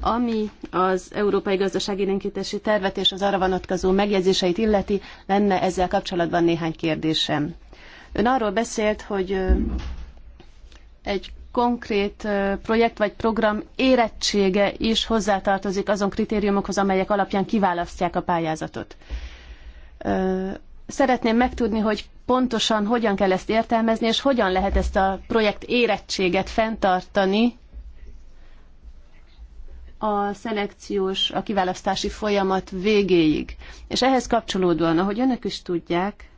Ami az Európai Gazdaságélénkítési Tervet és az arra vonatkozó megjegyzéseit illeti, lenne ezzel kapcsolatban néhány kérdésem. Ön arról beszélt, hogy egy konkrét projekt vagy program érettsége is hozzátartozik azon kritériumokhoz, amelyek alapján kiválasztják a pályázatot. Szeretném megtudni, hogy pontosan hogyan kell ezt értelmezni, és hogyan lehet ezt a projekt érettséget fenntartani a szelekciós, a kiválasztási folyamat végéig. És ehhez kapcsolódóan, ahogy önök is tudják,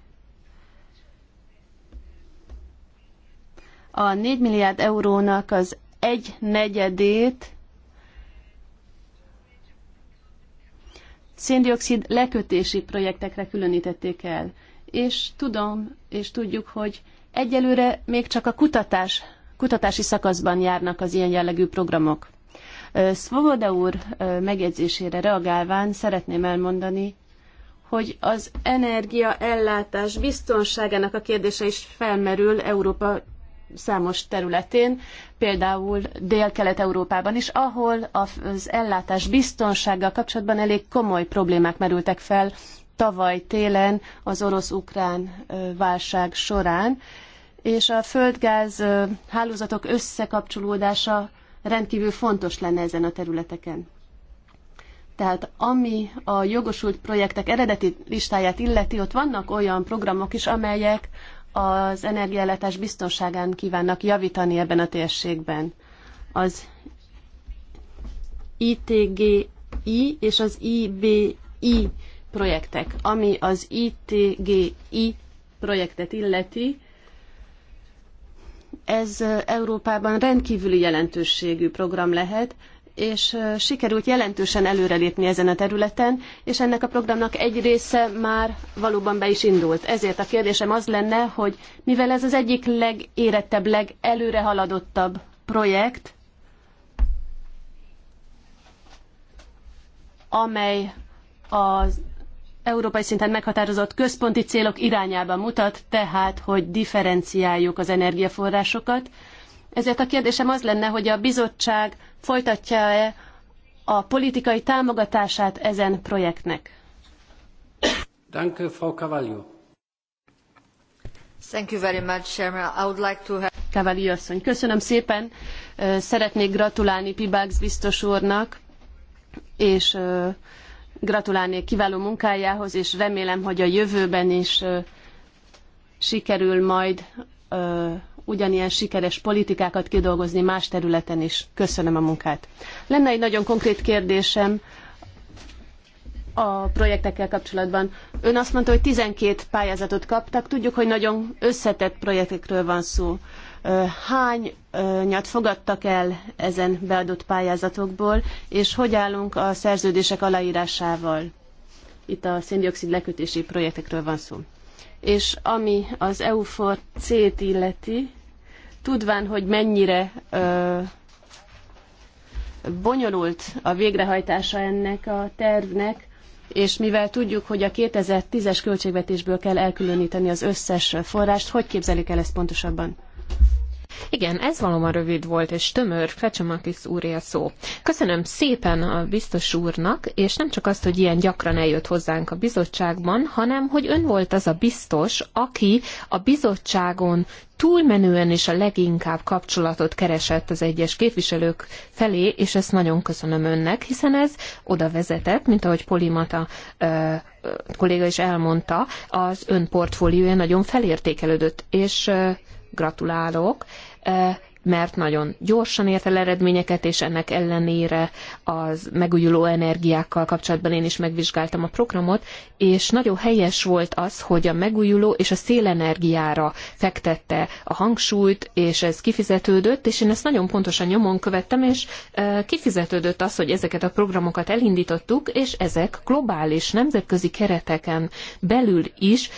a 4 milliárd eurónak az egy negyedét széndiokszid lekötési projektekre különítették el. És tudom, és tudjuk, hogy egyelőre még csak a kutatás, kutatási szakaszban járnak az ilyen jellegű programok. Svoboda úr megjegyzésére reagálván szeretném elmondani, hogy az energiaellátás biztonságának a kérdése is felmerül Európa számos területén, például Dél-Kelet-Európában is, ahol az ellátás biztonsággal kapcsolatban elég komoly problémák merültek fel tavaly télen az orosz-ukrán válság során, és a földgáz hálózatok összekapcsolódása rendkívül fontos lenne ezen a területeken. Tehát ami a jogosult projektek eredeti listáját illeti, ott vannak olyan programok is, amelyek az energiállátás biztonságán kívánnak javítani ebben a térségben. Az ITGI és az IBI projektek, ami az ITGI projektet illeti, ez Európában rendkívüli jelentőségű program lehet, és sikerült jelentősen előrelépni ezen a területen, és ennek a programnak egy része már valóban be is indult. Ezért a kérdésem az lenne, hogy mivel ez az egyik legérettebb, legelőre haladottabb projekt, amely az európai szinten meghatározott központi célok irányába mutat, tehát hogy differenciáljuk az energiaforrásokat, ezért a kérdésem az lenne, hogy a bizottság folytatja-e a politikai támogatását ezen projektnek. Danke, Frau Thank you very much, Chairman. I would like to have... asszony, köszönöm szépen. Szeretnék gratulálni Pibax biztos úrnak, és gratulálni kiváló munkájához, és remélem, hogy a jövőben is sikerül majd ugyanilyen sikeres politikákat kidolgozni más területen is. Köszönöm a munkát. Lenne egy nagyon konkrét kérdésem a projektekkel kapcsolatban. Ön azt mondta, hogy 12 pályázatot kaptak. Tudjuk, hogy nagyon összetett projektekről van szó. Hány nyat fogadtak el ezen beadott pályázatokból, és hogy állunk a szerződések aláírásával? Itt a széndiokszid lekötési projektekről van szó és ami az EUFOR C-t illeti, tudván, hogy mennyire ö, bonyolult a végrehajtása ennek a tervnek, és mivel tudjuk, hogy a 2010-es költségvetésből kell elkülöníteni az összes forrást, hogy képzelik el ezt pontosabban? Igen, ez valóban rövid volt és tömör. Krecsemakis úré a szó. Köszönöm szépen a biztos úrnak, és nem csak azt, hogy ilyen gyakran eljött hozzánk a bizottságban, hanem hogy ön volt az a biztos, aki a bizottságon túlmenően és a leginkább kapcsolatot keresett az egyes képviselők felé, és ezt nagyon köszönöm önnek, hiszen ez oda vezetett, mint ahogy Polimata ö, kolléga is elmondta, az ön portfóliója nagyon felértékelődött, és ö, gratulálok mert nagyon gyorsan ért el eredményeket, és ennek ellenére az megújuló energiákkal kapcsolatban én is megvizsgáltam a programot, és nagyon helyes volt az, hogy a megújuló és a szélenergiára fektette a hangsúlyt, és ez kifizetődött, és én ezt nagyon pontosan nyomon követtem, és kifizetődött az, hogy ezeket a programokat elindítottuk, és ezek globális, nemzetközi kereteken belül is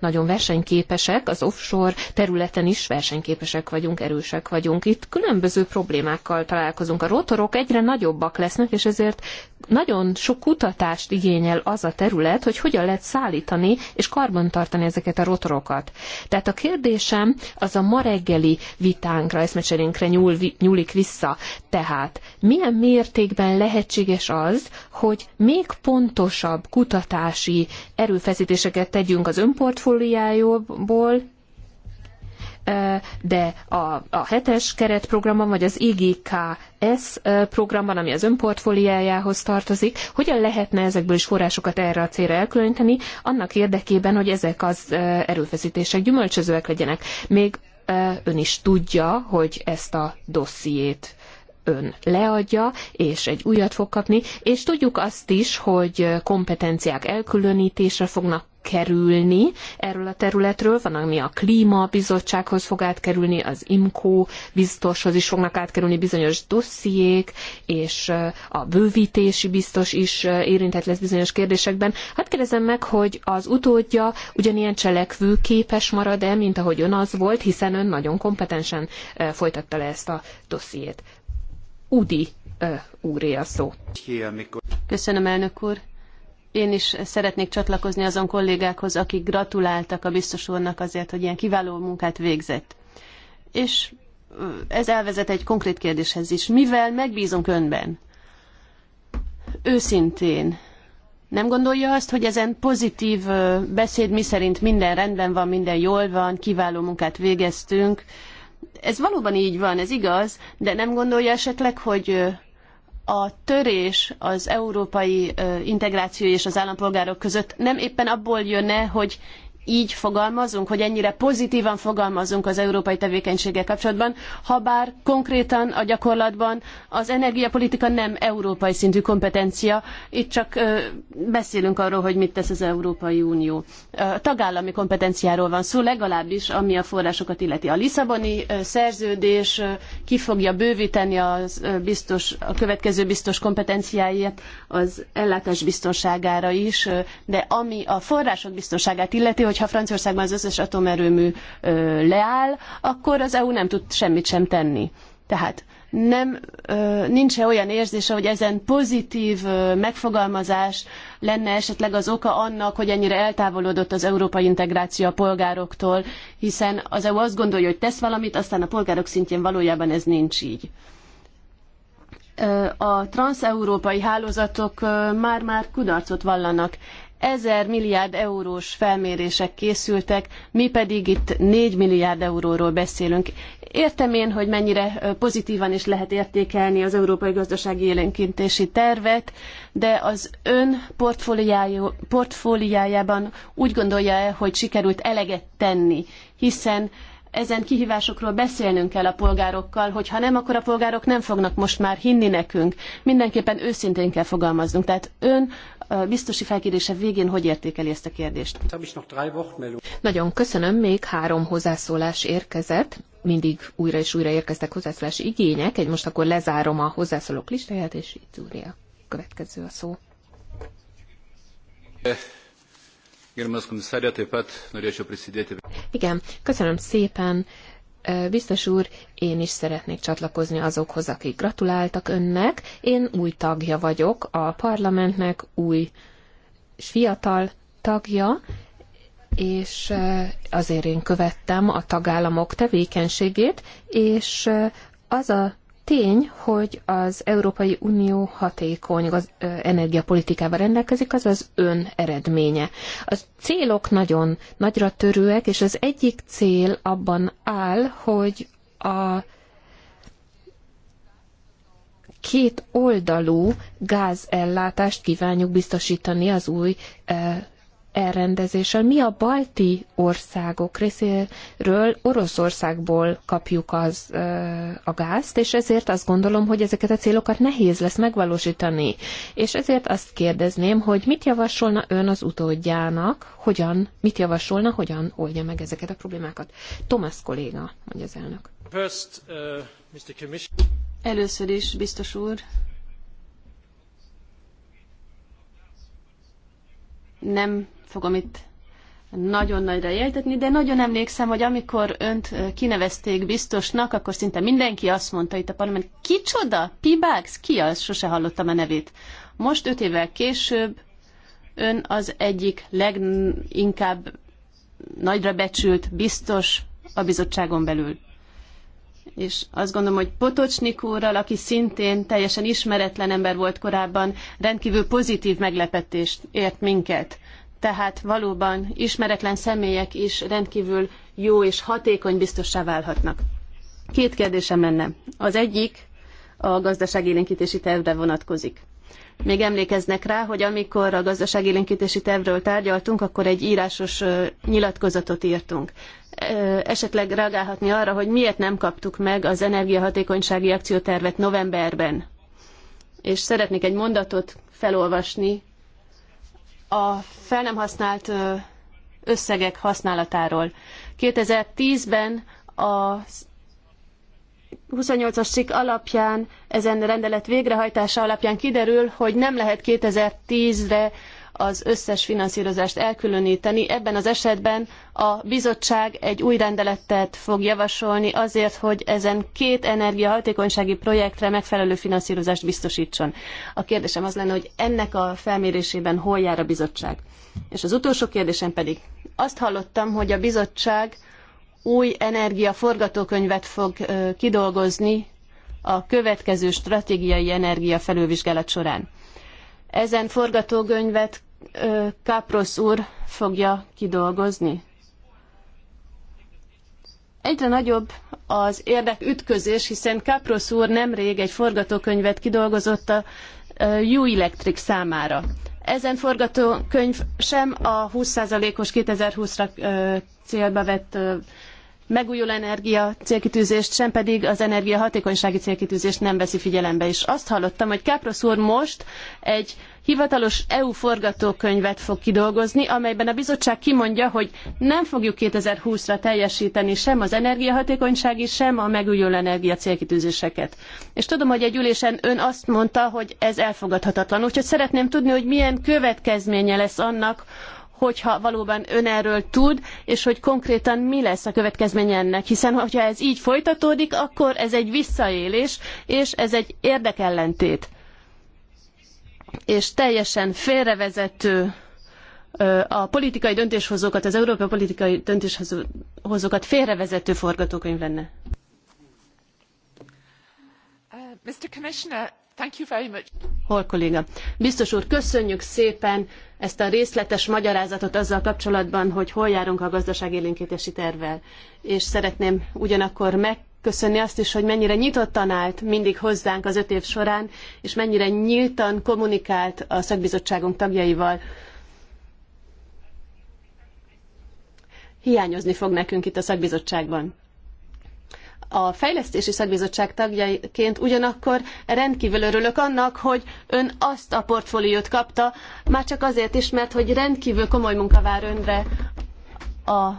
nagyon versenyképesek, az offshore területen is versenyképesek vagyunk, erősek gazdák vagyunk. Itt különböző problémákkal találkozunk. A rotorok egyre nagyobbak lesznek, és ezért nagyon sok kutatást igényel az a terület, hogy hogyan lehet szállítani és karbantartani ezeket a rotorokat. Tehát a kérdésem az a ma reggeli vitánkra, eszmecserénkre nyúl, nyúlik vissza. Tehát milyen mértékben lehetséges az, hogy még pontosabb kutatási erőfeszítéseket tegyünk az önportfóliájából, de a, a hetes keretprogramban, vagy az IGKS programban, ami az önportfóliájához tartozik, hogyan lehetne ezekből is forrásokat erre a célra elkülöníteni, annak érdekében, hogy ezek az erőfeszítések gyümölcsözőek legyenek. Még ön is tudja, hogy ezt a dossziét ön leadja, és egy újat fog kapni, és tudjuk azt is, hogy kompetenciák elkülönítésre fognak kerülni erről a területről, van, ami a klímabizottsághoz fog átkerülni, az IMCO biztoshoz is fognak átkerülni bizonyos dossziék, és a bővítési biztos is érintett lesz bizonyos kérdésekben. Hát kérdezem meg, hogy az utódja ugyanilyen cselekvő képes marad-e, mint ahogy ön az volt, hiszen ön nagyon kompetensen folytatta le ezt a dossziét. Udi úré a szó. Köszönöm, elnök úr. Én is szeretnék csatlakozni azon kollégákhoz, akik gratuláltak a biztos úrnak azért, hogy ilyen kiváló munkát végzett. És ez elvezet egy konkrét kérdéshez is. Mivel megbízunk önben? Őszintén, nem gondolja azt, hogy ezen pozitív beszéd miszerint minden rendben van, minden jól van, kiváló munkát végeztünk, ez valóban így van, ez igaz, de nem gondolja esetleg, hogy a törés az európai integráció és az állampolgárok között nem éppen abból jönne, hogy így fogalmazunk, hogy ennyire pozitívan fogalmazunk az európai tevékenységgel kapcsolatban, habár konkrétan a gyakorlatban az energiapolitika nem európai szintű kompetencia, itt csak beszélünk arról, hogy mit tesz az Európai Unió. A tagállami kompetenciáról van szó, legalábbis ami a forrásokat illeti. A Lisszaboni szerződés ki fogja bővíteni az biztos, a következő biztos kompetenciáját az ellátás biztonságára is, de ami a források biztonságát illeti, hogy hogyha Franciaországban az összes atomerőmű leáll, akkor az EU nem tud semmit sem tenni. Tehát nem, nincs-e olyan érzése, hogy ezen pozitív megfogalmazás lenne esetleg az oka annak, hogy ennyire eltávolodott az európai integráció a polgároktól, hiszen az EU azt gondolja, hogy tesz valamit, aztán a polgárok szintjén valójában ez nincs így. A transeurópai hálózatok már-már kudarcot vallanak ezer milliárd eurós felmérések készültek, mi pedig itt 4 milliárd euróról beszélünk. Értem én, hogy mennyire pozitívan is lehet értékelni az európai gazdasági élénkítési tervet, de az ön portfóliájában úgy gondolja-e, hogy sikerült eleget tenni, hiszen ezen kihívásokról beszélnünk kell a polgárokkal, hogy ha nem, akkor a polgárok nem fognak most már hinni nekünk. Mindenképpen őszintén kell fogalmaznunk. Tehát ön biztosi felkérése végén hogy értékeli ezt a kérdést? Nagyon köszönöm, még három hozzászólás érkezett. Mindig újra és újra érkeztek hozzászólási igények. Egy most akkor lezárom a hozzászólók listáját, és itt úrja. Következő a szó. Eh, Igen, köszönöm szépen. Biztos úr, én is szeretnék csatlakozni azokhoz, akik gratuláltak önnek. Én új tagja vagyok a parlamentnek, új és fiatal tagja, és azért én követtem a tagállamok tevékenységét, és az a Tény, hogy az Európai Unió hatékony az energiapolitikával rendelkezik, az az ön eredménye. A célok nagyon nagyra törőek, és az egyik cél abban áll, hogy a két oldalú gázellátást kívánjuk biztosítani az új elrendezéssel. Mi a balti országok részéről Oroszországból kapjuk az, a gázt, és ezért azt gondolom, hogy ezeket a célokat nehéz lesz megvalósítani. És ezért azt kérdezném, hogy mit javasolna ön az utódjának, hogyan, mit javasolna, hogyan oldja meg ezeket a problémákat. Tomasz kolléga, mondja az elnök. First, uh, Mr. Először is, biztos úr, nem fogom itt nagyon nagyra jegytetni, de nagyon emlékszem, hogy amikor önt kinevezték biztosnak, akkor szinte mindenki azt mondta itt a parlament, kicsoda, Pibax, ki az? Sose hallottam a nevét. Most öt évvel később ön az egyik leginkább nagyra becsült biztos a bizottságon belül és azt gondolom, hogy Potocsnik úrral, aki szintén teljesen ismeretlen ember volt korábban, rendkívül pozitív meglepetést ért minket. Tehát valóban ismeretlen személyek is rendkívül jó és hatékony biztossá válhatnak. Két kérdésem lenne. Az egyik a gazdaságélénkítési tervre vonatkozik még emlékeznek rá, hogy amikor a gazdaságélénkítési tervről tárgyaltunk, akkor egy írásos nyilatkozatot írtunk. Esetleg reagálhatni arra, hogy miért nem kaptuk meg az energiahatékonysági akciótervet novemberben. És szeretnék egy mondatot felolvasni a fel nem használt összegek használatáról. 2010-ben az 28-as cikk alapján, ezen rendelet végrehajtása alapján kiderül, hogy nem lehet 2010-re az összes finanszírozást elkülöníteni. Ebben az esetben a bizottság egy új rendeletet fog javasolni azért, hogy ezen két energiahatékonysági projektre megfelelő finanszírozást biztosítson. A kérdésem az lenne, hogy ennek a felmérésében hol jár a bizottság. És az utolsó kérdésem pedig. Azt hallottam, hogy a bizottság új energiaforgatókönyvet fog kidolgozni a következő stratégiai energia felülvizsgálat során. Ezen forgatókönyvet Káprosz úr fogja kidolgozni. Egyre nagyobb az érdekütközés, hiszen Káprosz úr nemrég egy forgatókönyvet kidolgozott a U Electric számára. Ezen forgatókönyv sem a 20%-os 2020-ra célba vett megújuló energia célkitűzést, sem pedig az energiahatékonysági célkitűzést nem veszi figyelembe. És azt hallottam, hogy Kápros úr most egy hivatalos EU forgatókönyvet fog kidolgozni, amelyben a bizottság kimondja, hogy nem fogjuk 2020-ra teljesíteni sem az energiahatékonysági, sem a megújuló energia célkitűzéseket. És tudom, hogy egy ülésen ön azt mondta, hogy ez elfogadhatatlan. Úgyhogy szeretném tudni, hogy milyen következménye lesz annak, hogyha valóban ön erről tud, és hogy konkrétan mi lesz a következménye ennek. Hiszen, hogyha ez így folytatódik, akkor ez egy visszaélés, és ez egy érdekellentét. És teljesen félrevezető a politikai döntéshozókat, az európai politikai döntéshozókat félrevezető forgatókönyv lenne. Uh, Mr. Commissioner, Thank kolléga? Biztos úr, köszönjük szépen ezt a részletes magyarázatot azzal kapcsolatban, hogy hol járunk a gazdaságélénktési tervvel. És szeretném ugyanakkor megköszönni azt is, hogy mennyire nyitottan állt mindig hozzánk az öt év során, és mennyire nyíltan kommunikált a szakbizottságunk tagjaival. Hiányozni fog nekünk itt a szakbizottságban a Fejlesztési Szakbizottság tagjaként ugyanakkor rendkívül örülök annak, hogy ön azt a portfóliót kapta, már csak azért is, mert hogy rendkívül komoly munka vár önre a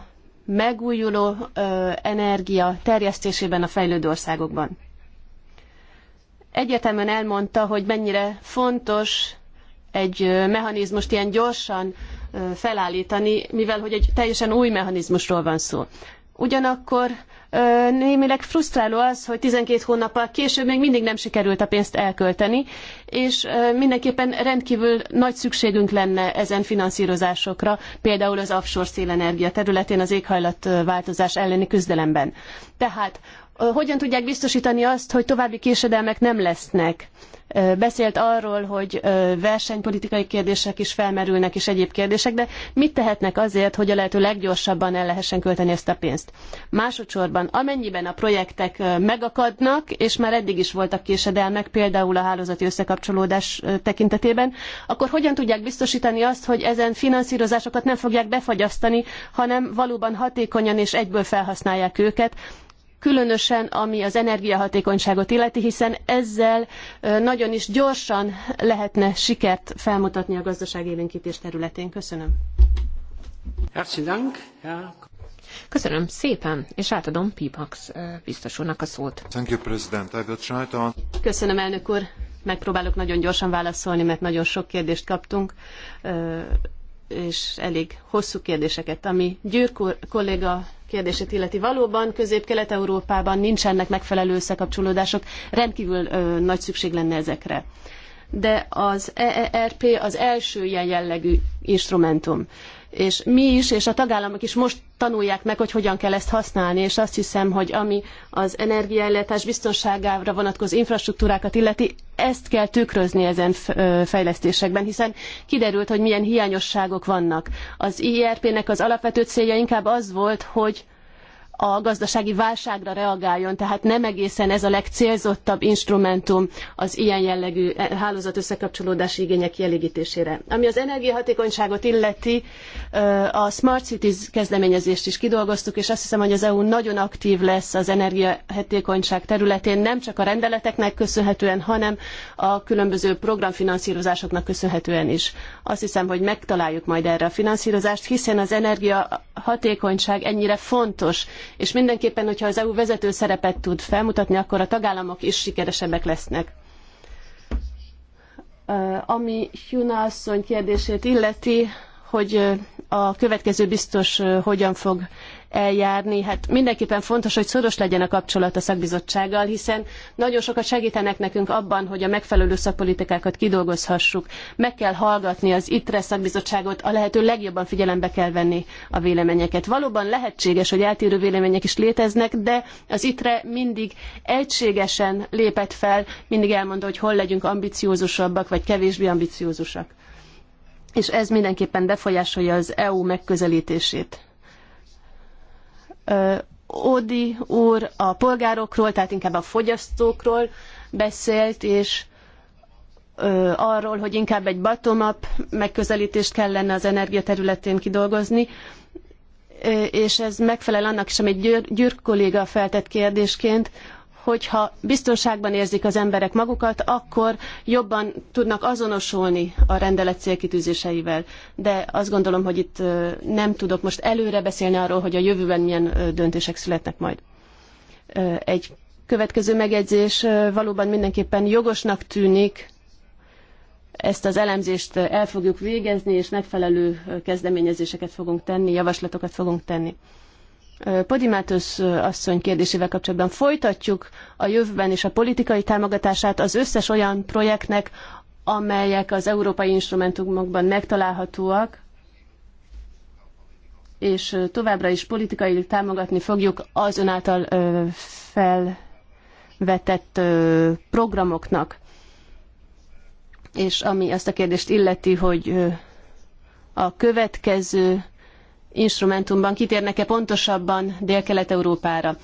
megújuló ö, energia terjesztésében a fejlődő országokban. Egyetemen elmondta, hogy mennyire fontos egy mechanizmust ilyen gyorsan felállítani, mivel hogy egy teljesen új mechanizmusról van szó. Ugyanakkor némileg frusztráló az, hogy 12 hónappal később még mindig nem sikerült a pénzt elkölteni, és mindenképpen rendkívül nagy szükségünk lenne ezen finanszírozásokra, például az offshore szélenergia területén az éghajlatváltozás elleni küzdelemben. Tehát hogyan tudják biztosítani azt, hogy további késedelmek nem lesznek? Beszélt arról, hogy versenypolitikai kérdések is felmerülnek, és egyéb kérdések, de mit tehetnek azért, hogy a lehető leggyorsabban el lehessen költeni ezt a pénzt? Másodszorban, amennyiben a projektek megakadnak, és már eddig is voltak késedelmek, például a hálózati összekapcsolódás tekintetében, akkor hogyan tudják biztosítani azt, hogy ezen finanszírozásokat nem fogják befagyasztani, hanem valóban hatékonyan és egyből felhasználják őket, különösen ami az energiahatékonyságot illeti, hiszen ezzel nagyon is gyorsan lehetne sikert felmutatni a gazdaságélénkítés területén. Köszönöm. Köszönöm szépen, és átadom Pipax biztosulnak a szót. Köszönöm, elnök úr. Megpróbálok nagyon gyorsan válaszolni, mert nagyon sok kérdést kaptunk és elég hosszú kérdéseket, ami Győr kolléga kérdését illeti. Valóban Közép-Kelet-Európában nincsenek megfelelő összekapcsolódások, rendkívül ö, nagy szükség lenne ezekre. De az EERP az első ilyen jellegű instrumentum és mi is, és a tagállamok is most tanulják meg, hogy hogyan kell ezt használni, és azt hiszem, hogy ami az energiaellátás biztonságára vonatkozó infrastruktúrákat illeti, ezt kell tükrözni ezen fejlesztésekben, hiszen kiderült, hogy milyen hiányosságok vannak. Az IRP-nek e az alapvető célja inkább az volt, hogy a gazdasági válságra reagáljon, tehát nem egészen ez a legcélzottabb instrumentum az ilyen jellegű e, hálózat összekapcsolódási igények kielégítésére. Ami az energiahatékonyságot illeti, a Smart Cities kezdeményezést is kidolgoztuk, és azt hiszem, hogy az EU nagyon aktív lesz az energiahatékonyság területén, nem csak a rendeleteknek köszönhetően, hanem a különböző programfinanszírozásoknak köszönhetően is. Azt hiszem, hogy megtaláljuk majd erre a finanszírozást, hiszen az energiahatékonyság ennyire fontos, és mindenképpen, hogyha az EU vezető szerepet tud felmutatni, akkor a tagállamok is sikeresebbek lesznek. Ami Hjuna asszony kérdését illeti, hogy a következő biztos hogyan fog eljárni. Hát mindenképpen fontos, hogy szoros legyen a kapcsolat a szakbizottsággal, hiszen nagyon sokat segítenek nekünk abban, hogy a megfelelő szakpolitikákat kidolgozhassuk. Meg kell hallgatni az ITRE szakbizottságot, a lehető legjobban figyelembe kell venni a véleményeket. Valóban lehetséges, hogy eltérő vélemények is léteznek, de az ITRE mindig egységesen lépett fel, mindig elmondta, hogy hol legyünk ambiciózusabbak, vagy kevésbé ambiciózusak és ez mindenképpen befolyásolja az EU megközelítését. Odi úr a polgárokról, tehát inkább a fogyasztókról beszélt, és arról, hogy inkább egy bottom-up megközelítést kellene az energia területén kidolgozni, és ez megfelel annak is, amit Győr, Győr kolléga feltett kérdésként, hogyha biztonságban érzik az emberek magukat, akkor jobban tudnak azonosulni a rendelet célkitűzéseivel. De azt gondolom, hogy itt nem tudok most előre beszélni arról, hogy a jövőben milyen döntések születnek majd. Egy következő megjegyzés valóban mindenképpen jogosnak tűnik, ezt az elemzést el fogjuk végezni, és megfelelő kezdeményezéseket fogunk tenni, javaslatokat fogunk tenni. Podimátus asszony kérdésével kapcsolatban folytatjuk a jövőben is a politikai támogatását az összes olyan projektnek, amelyek az európai instrumentumokban megtalálhatóak, és továbbra is politikai támogatni fogjuk az ön által felvetett programoknak. És ami azt a kérdést illeti, hogy a következő instrumentumban kitérnek-e pontosabban Dél-Kelet-Európára.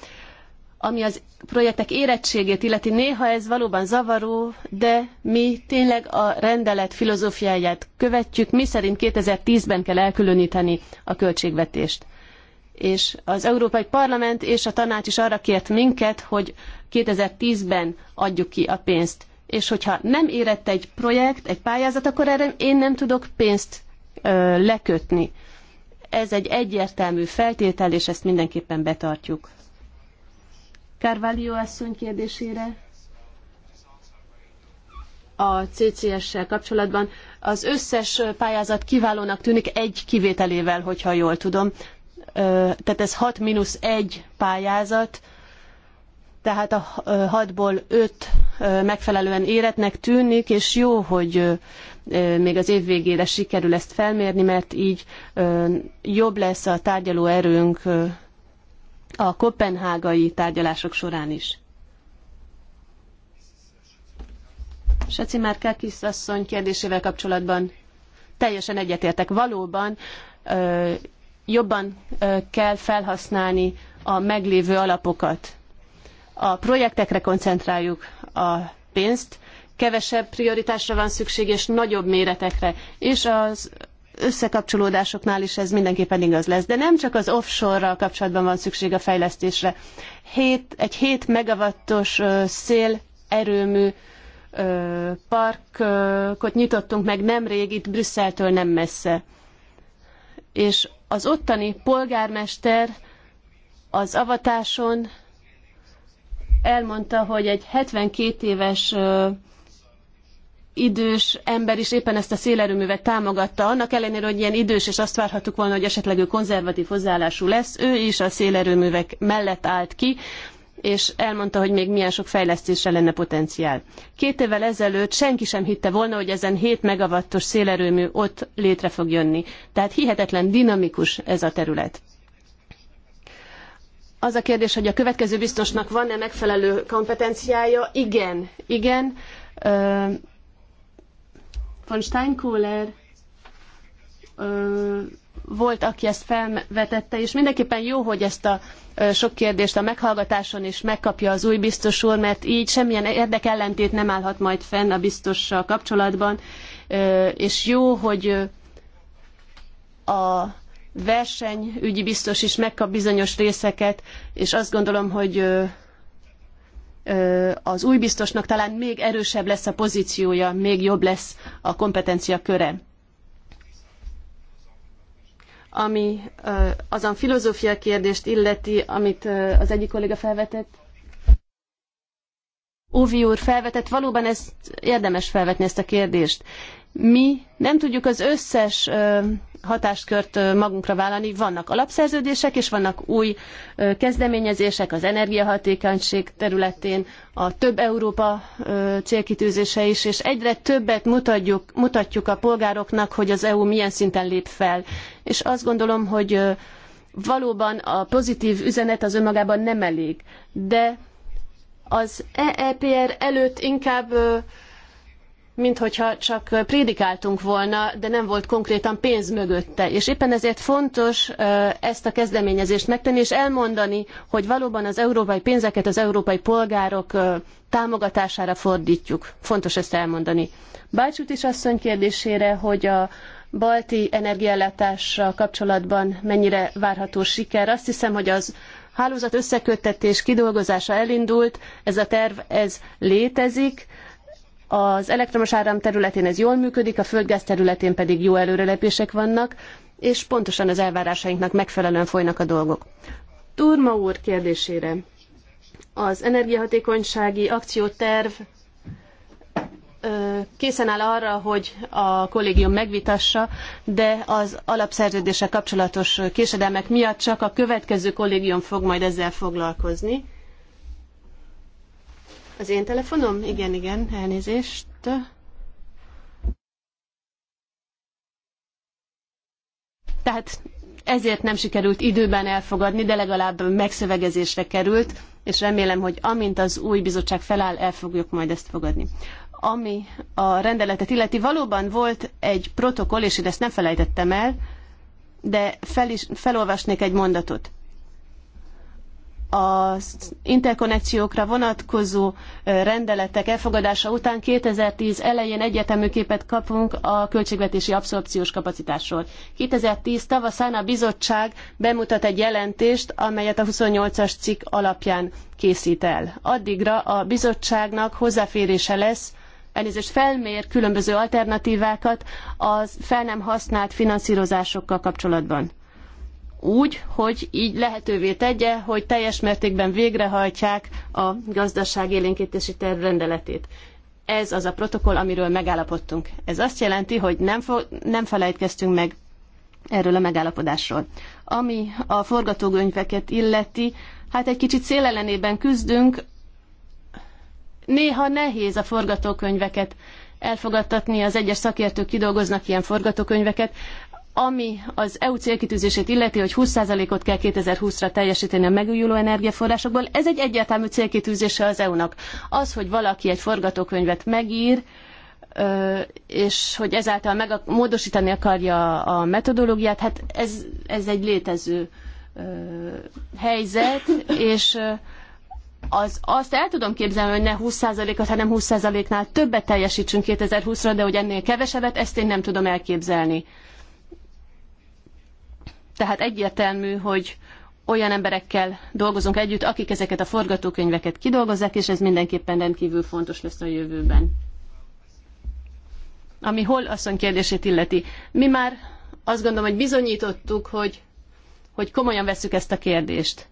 Ami az projektek érettségét illeti, néha ez valóban zavaró, de mi tényleg a rendelet filozófiáját követjük, mi szerint 2010-ben kell elkülöníteni a költségvetést. És az Európai Parlament és a tanács is arra kért minket, hogy 2010-ben adjuk ki a pénzt. És hogyha nem érett egy projekt, egy pályázat, akkor erre én nem tudok pénzt ö, lekötni. Ez egy egyértelmű feltétel, és ezt mindenképpen betartjuk. Carvalho asszony kérdésére a CCS-sel kapcsolatban. Az összes pályázat kiválónak tűnik egy kivételével, hogyha jól tudom. Tehát ez 6 mínusz 1 pályázat, tehát a 6-ból 5 megfelelően éretnek tűnik, és jó, hogy még az év végére sikerül ezt felmérni, mert így jobb lesz a tárgyaló erőnk a kopenhágai tárgyalások során is. Seci Márkákis asszony kérdésével kapcsolatban teljesen egyetértek. Valóban jobban kell felhasználni a meglévő alapokat. A projektekre koncentráljuk a pénzt, kevesebb prioritásra van szükség, és nagyobb méretekre. És az összekapcsolódásoknál is ez mindenképpen igaz lesz. De nem csak az offshore-ral kapcsolatban van szükség a fejlesztésre. Hét, egy 7 megawattos erőmű parkot nyitottunk meg nemrég itt Brüsszeltől nem messze. És az ottani polgármester az avatáson elmondta, hogy egy 72 éves idős ember is éppen ezt a szélerőművet támogatta, annak ellenére, hogy ilyen idős, és azt várhattuk volna, hogy esetleg ő konzervatív hozzáállású lesz, ő is a szélerőművek mellett állt ki, és elmondta, hogy még milyen sok fejlesztésre lenne potenciál. Két évvel ezelőtt senki sem hitte volna, hogy ezen 7 megawattos szélerőmű ott létre fog jönni. Tehát hihetetlen dinamikus ez a terület. Az a kérdés, hogy a következő biztosnak van-e megfelelő kompetenciája? Igen, igen. Ö- von Steinkohler ö, volt, aki ezt felvetette, és mindenképpen jó, hogy ezt a ö, sok kérdést a meghallgatáson is megkapja az új biztos úr, mert így semmilyen érdekellentét nem állhat majd fenn a biztossal kapcsolatban, ö, és jó, hogy a versenyügyi biztos is megkap bizonyos részeket, és azt gondolom, hogy az új biztosnak talán még erősebb lesz a pozíciója, még jobb lesz a kompetencia köre. Ami a filozófia kérdést illeti, amit az egyik kolléga felvetett, Óvi úr felvetett, valóban ezt, érdemes felvetni ezt a kérdést mi nem tudjuk az összes hatáskört magunkra vállalni. Vannak alapszerződések, és vannak új kezdeményezések az energiahatékonyság területén, a több Európa célkitűzése is, és egyre többet mutatjuk, mutatjuk a polgároknak, hogy az EU milyen szinten lép fel. És azt gondolom, hogy valóban a pozitív üzenet az önmagában nem elég, de az EEPR előtt inkább minthogyha csak prédikáltunk volna, de nem volt konkrétan pénz mögötte. És éppen ezért fontos ezt a kezdeményezést megtenni, és elmondani, hogy valóban az európai pénzeket az európai polgárok támogatására fordítjuk. Fontos ezt elmondani. Bácsút is asszony kérdésére, hogy a balti energiállátással kapcsolatban mennyire várható siker. Azt hiszem, hogy az hálózat összeköttetés kidolgozása elindult, ez a terv, ez létezik az elektromos áram területén ez jól működik, a földgáz területén pedig jó előrelépések vannak, és pontosan az elvárásainknak megfelelően folynak a dolgok. Turma úr kérdésére. Az energiahatékonysági akcióterv készen áll arra, hogy a kollégium megvitassa, de az alapszerződéssel kapcsolatos késedelmek miatt csak a következő kollégium fog majd ezzel foglalkozni. Az én telefonom? Igen, igen, elnézést. Tehát ezért nem sikerült időben elfogadni, de legalább megszövegezésre került, és remélem, hogy amint az új bizottság feláll, el fogjuk majd ezt fogadni. Ami a rendeletet illeti, valóban volt egy protokoll, és én ezt nem felejtettem el, de fel is, felolvasnék egy mondatot az interkonnekciókra vonatkozó rendeletek elfogadása után 2010 elején egyetemű képet kapunk a költségvetési abszorpciós kapacitásról. 2010 tavaszán a bizottság bemutat egy jelentést, amelyet a 28-as cikk alapján készít el. Addigra a bizottságnak hozzáférése lesz elnézést felmér különböző alternatívákat az fel nem használt finanszírozásokkal kapcsolatban úgy, hogy így lehetővé tegye, hogy teljes mértékben végrehajtsák a gazdaságélénkítési terv rendeletét. Ez az a protokoll, amiről megállapodtunk. Ez azt jelenti, hogy nem, fo- nem felejtkeztünk meg erről a megállapodásról. Ami a forgatókönyveket illeti, hát egy kicsit szélellenében küzdünk. Néha nehéz a forgatókönyveket elfogadtatni, az egyes szakértők kidolgoznak ilyen forgatókönyveket ami az EU célkitűzését illeti, hogy 20%-ot kell 2020-ra teljesíteni a megújuló energiaforrásokból, ez egy egyértelmű célkitűzése az EU-nak. Az, hogy valaki egy forgatókönyvet megír, és hogy ezáltal meg módosítani akarja a metodológiát, hát ez, ez egy létező helyzet, és az, azt el tudom képzelni, hogy ne 20%-ot, hanem 20%-nál többet teljesítsünk 2020-ra, de hogy ennél kevesebbet, ezt én nem tudom elképzelni. Tehát egyértelmű, hogy olyan emberekkel dolgozunk együtt, akik ezeket a forgatókönyveket kidolgozzák, és ez mindenképpen rendkívül fontos lesz a jövőben. Ami hol asszony kérdését illeti. Mi már azt gondolom, hogy bizonyítottuk, hogy, hogy komolyan veszük ezt a kérdést.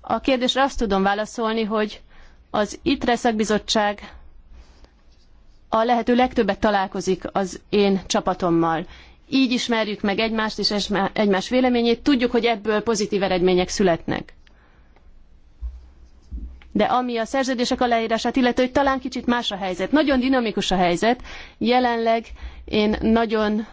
A kérdésre azt tudom válaszolni, hogy az ITRE szakbizottság a lehető legtöbbet találkozik az én csapatommal, így ismerjük meg egymást és egymás véleményét, tudjuk, hogy ebből pozitív eredmények születnek. De ami a szerződések aláírását illeti, hogy talán kicsit más a helyzet. Nagyon dinamikus a helyzet. Jelenleg én nagyon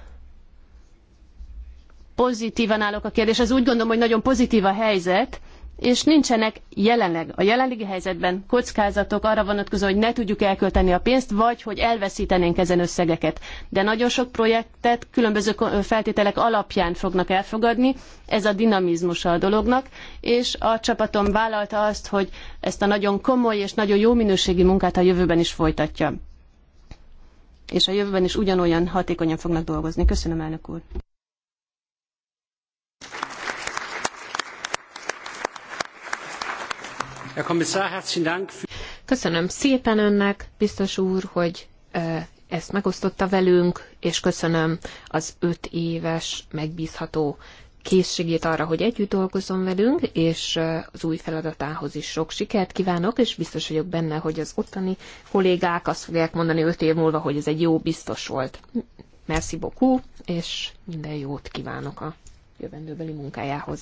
pozitívan állok a kérdés. Ez úgy gondolom, hogy nagyon pozitív a helyzet, és nincsenek jelenleg a jelenlegi helyzetben kockázatok arra vonatkozó, hogy ne tudjuk elkölteni a pénzt, vagy hogy elveszítenénk ezen összegeket. De nagyon sok projektet különböző feltételek alapján fognak elfogadni, ez a dinamizmusa a dolognak, és a csapatom vállalta azt, hogy ezt a nagyon komoly és nagyon jó minőségi munkát a jövőben is folytatja. És a jövőben is ugyanolyan hatékonyan fognak dolgozni. Köszönöm, elnök úr! Köszönöm szépen önnek, biztos úr, hogy ezt megosztotta velünk, és köszönöm az öt éves megbízható készségét arra, hogy együtt dolgozom velünk, és az új feladatához is sok sikert kívánok, és biztos vagyok benne, hogy az ottani kollégák azt fogják mondani öt év múlva, hogy ez egy jó biztos volt. Merci beaucoup, és minden jót kívánok a jövendőbeli munkájához.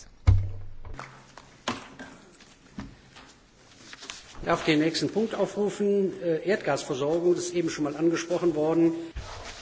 Ich darf den nächsten Punkt aufrufen. Äh, Erdgasversorgung, das ist eben schon mal angesprochen worden.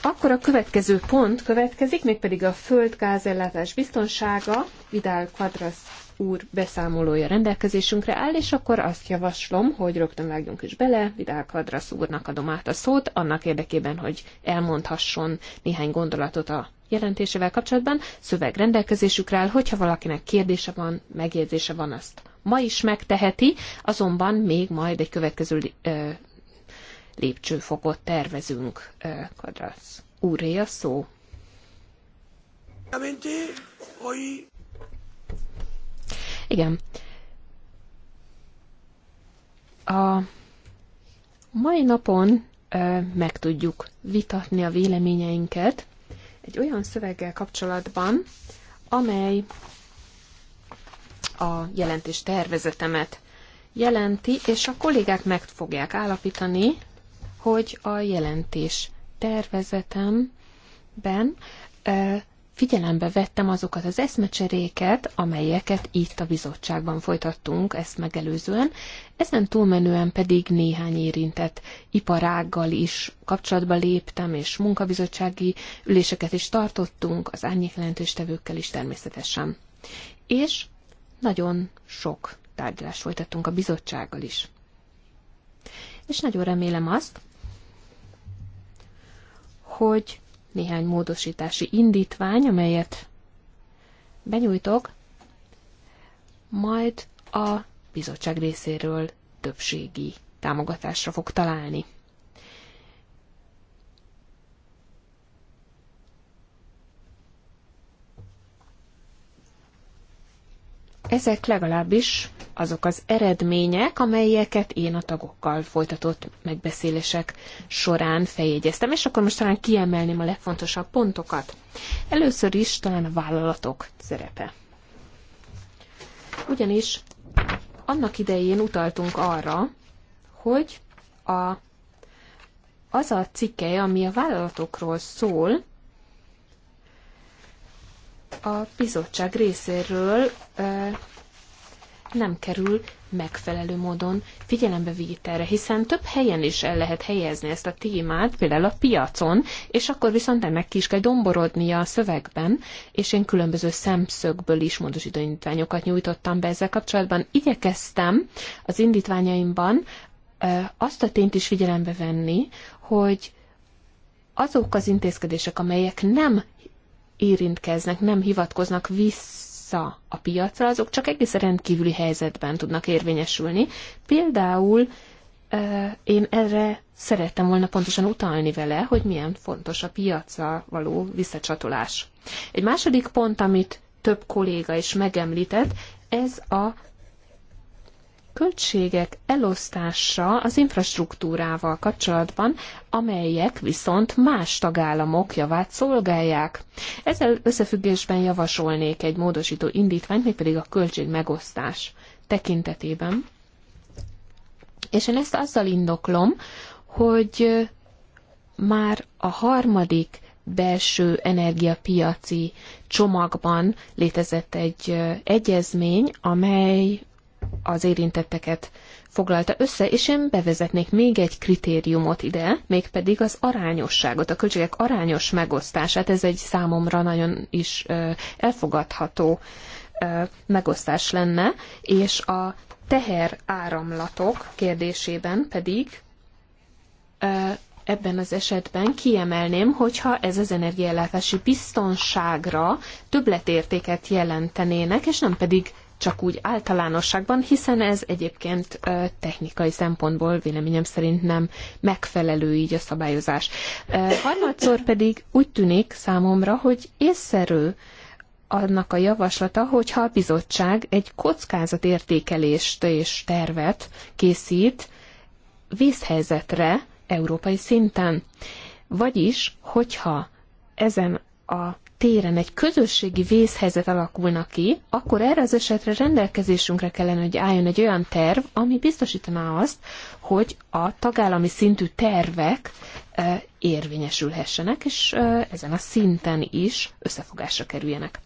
Akkor a következő pont következik, mégpedig a földgázellátás biztonsága. Vidal Quadras úr beszámolója rendelkezésünkre áll, és akkor azt javaslom, hogy rögtön vágjunk is bele. Vidal Quadras úrnak adom át a szót, annak érdekében, hogy elmondhasson néhány gondolatot a jelentésével kapcsolatban. Szöveg rendelkezésükre áll, hogyha valakinek kérdése van, megjegyzése van, azt ma is megteheti, azonban még majd egy következő lépcsőfokot tervezünk. Kadrasz úré a szó. Igen. A mai napon meg tudjuk vitatni a véleményeinket egy olyan szöveggel kapcsolatban, amely a jelentés tervezetemet jelenti, és a kollégák meg fogják állapítani, hogy a jelentés tervezetemben figyelembe vettem azokat az eszmecseréket, amelyeket itt a bizottságban folytattunk ezt megelőzően, ezen túlmenően pedig néhány érintett iparággal is kapcsolatba léptem, és munkabizottsági üléseket is tartottunk, az árnyékjelentéstevőkkel is természetesen. És nagyon sok tárgyalást folytattunk a bizottsággal is. És nagyon remélem azt, hogy néhány módosítási indítvány, amelyet benyújtok, majd a bizottság részéről többségi támogatásra fog találni. Ezek legalábbis azok az eredmények, amelyeket én a tagokkal folytatott megbeszélések során feljegyeztem, és akkor most talán kiemelném a legfontosabb pontokat. Először is talán a vállalatok szerepe. Ugyanis annak idején utaltunk arra, hogy a, az a cikke, ami a vállalatokról szól, a bizottság részéről nem kerül megfelelő módon figyelembe vételre, hiszen több helyen is el lehet helyezni ezt a témát, például a piacon, és akkor viszont ennek ki is kell domborodnia a szövegben, és én különböző szemszögből is módosító indítványokat nyújtottam be ezzel kapcsolatban. Igyekeztem az indítványaimban azt a tényt is figyelembe venni, hogy azok az intézkedések, amelyek nem érintkeznek, nem hivatkoznak vissza a piacra, azok csak egész rendkívüli helyzetben tudnak érvényesülni. Például én erre szerettem volna pontosan utalni vele, hogy milyen fontos a piacra való visszacsatolás. Egy második pont, amit több kolléga is megemlített, ez a költségek elosztása az infrastruktúrával kapcsolatban, amelyek viszont más tagállamok javát szolgálják. Ezzel összefüggésben javasolnék egy módosító indítványt, mégpedig a költség megosztás tekintetében. És én ezt azzal indoklom, hogy már a harmadik belső energiapiaci csomagban létezett egy egyezmény, amely az érintetteket foglalta össze, és én bevezetnék még egy kritériumot ide, mégpedig az arányosságot, a költségek arányos megosztását. Ez egy számomra nagyon is elfogadható megosztás lenne, és a teher áramlatok kérdésében pedig ebben az esetben kiemelném, hogyha ez az energiállátási biztonságra többletértéket jelentenének, és nem pedig csak úgy általánosságban, hiszen ez egyébként technikai szempontból véleményem szerint nem megfelelő így a szabályozás. Harmadszor pedig úgy tűnik számomra, hogy észszerű annak a javaslata, hogyha a bizottság egy kockázatértékelést és tervet készít vízhelyzetre európai szinten. Vagyis, hogyha ezen a téren egy közösségi vészhelyzet alakulna ki, akkor erre az esetre rendelkezésünkre kellene, hogy álljon egy olyan terv, ami biztosítaná azt, hogy a tagállami szintű tervek érvényesülhessenek, és ezen a szinten is összefogásra kerüljenek.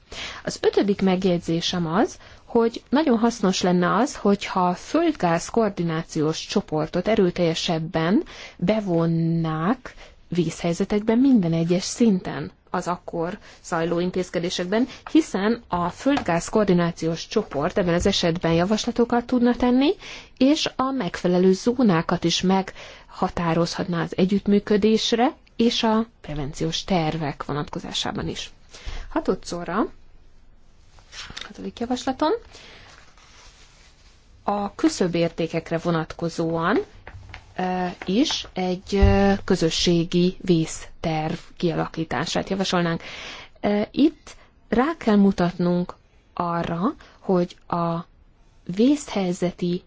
Az ötödik megjegyzésem az, hogy nagyon hasznos lenne az, hogyha a földgáz koordinációs csoportot erőteljesebben bevonnák vízhelyzetekben minden egyes szinten az akkor zajló intézkedésekben, hiszen a földgáz koordinációs csoport ebben az esetben javaslatokat tudna tenni, és a megfelelő zónákat is meghatározhatná az együttműködésre és a prevenciós tervek vonatkozásában is. Hatodszorra, hatodik javaslaton, a küszöbértékekre vonatkozóan is egy közösségi vízterv kialakítását javasolnánk. Itt rá kell mutatnunk arra, hogy a vészhelyzeti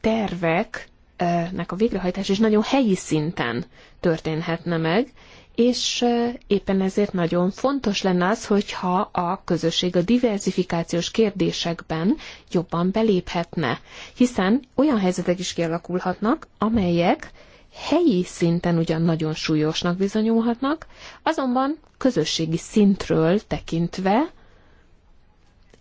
terveknek a végrehajtás is nagyon helyi szinten történhetne meg, és éppen ezért nagyon fontos lenne az, hogyha a közösség a diversifikációs kérdésekben jobban beléphetne, hiszen olyan helyzetek is kialakulhatnak, amelyek helyi szinten ugyan nagyon súlyosnak bizonyulhatnak, azonban közösségi szintről tekintve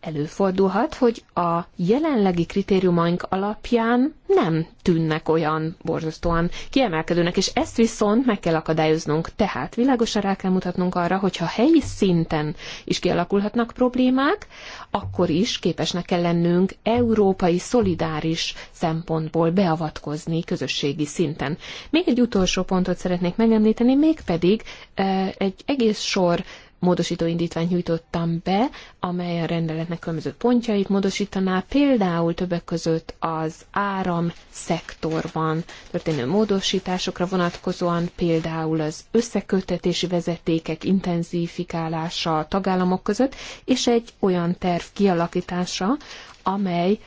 előfordulhat, hogy a jelenlegi kritériumaink alapján nem tűnnek olyan borzasztóan kiemelkedőnek, és ezt viszont meg kell akadályoznunk. Tehát világosan rá kell mutatnunk arra, hogyha helyi szinten is kialakulhatnak problémák, akkor is képesnek kell lennünk európai szolidáris szempontból beavatkozni közösségi szinten. Még egy utolsó pontot szeretnék megemlíteni, mégpedig eh, egy egész sor módosító indítványt nyújtottam be, amely a rendeletnek különböző pontjait módosítaná, például többek között az áram szektorban történő módosításokra vonatkozóan, például az összekötetési vezetékek intenzifikálása a tagállamok között, és egy olyan terv kialakítása, amely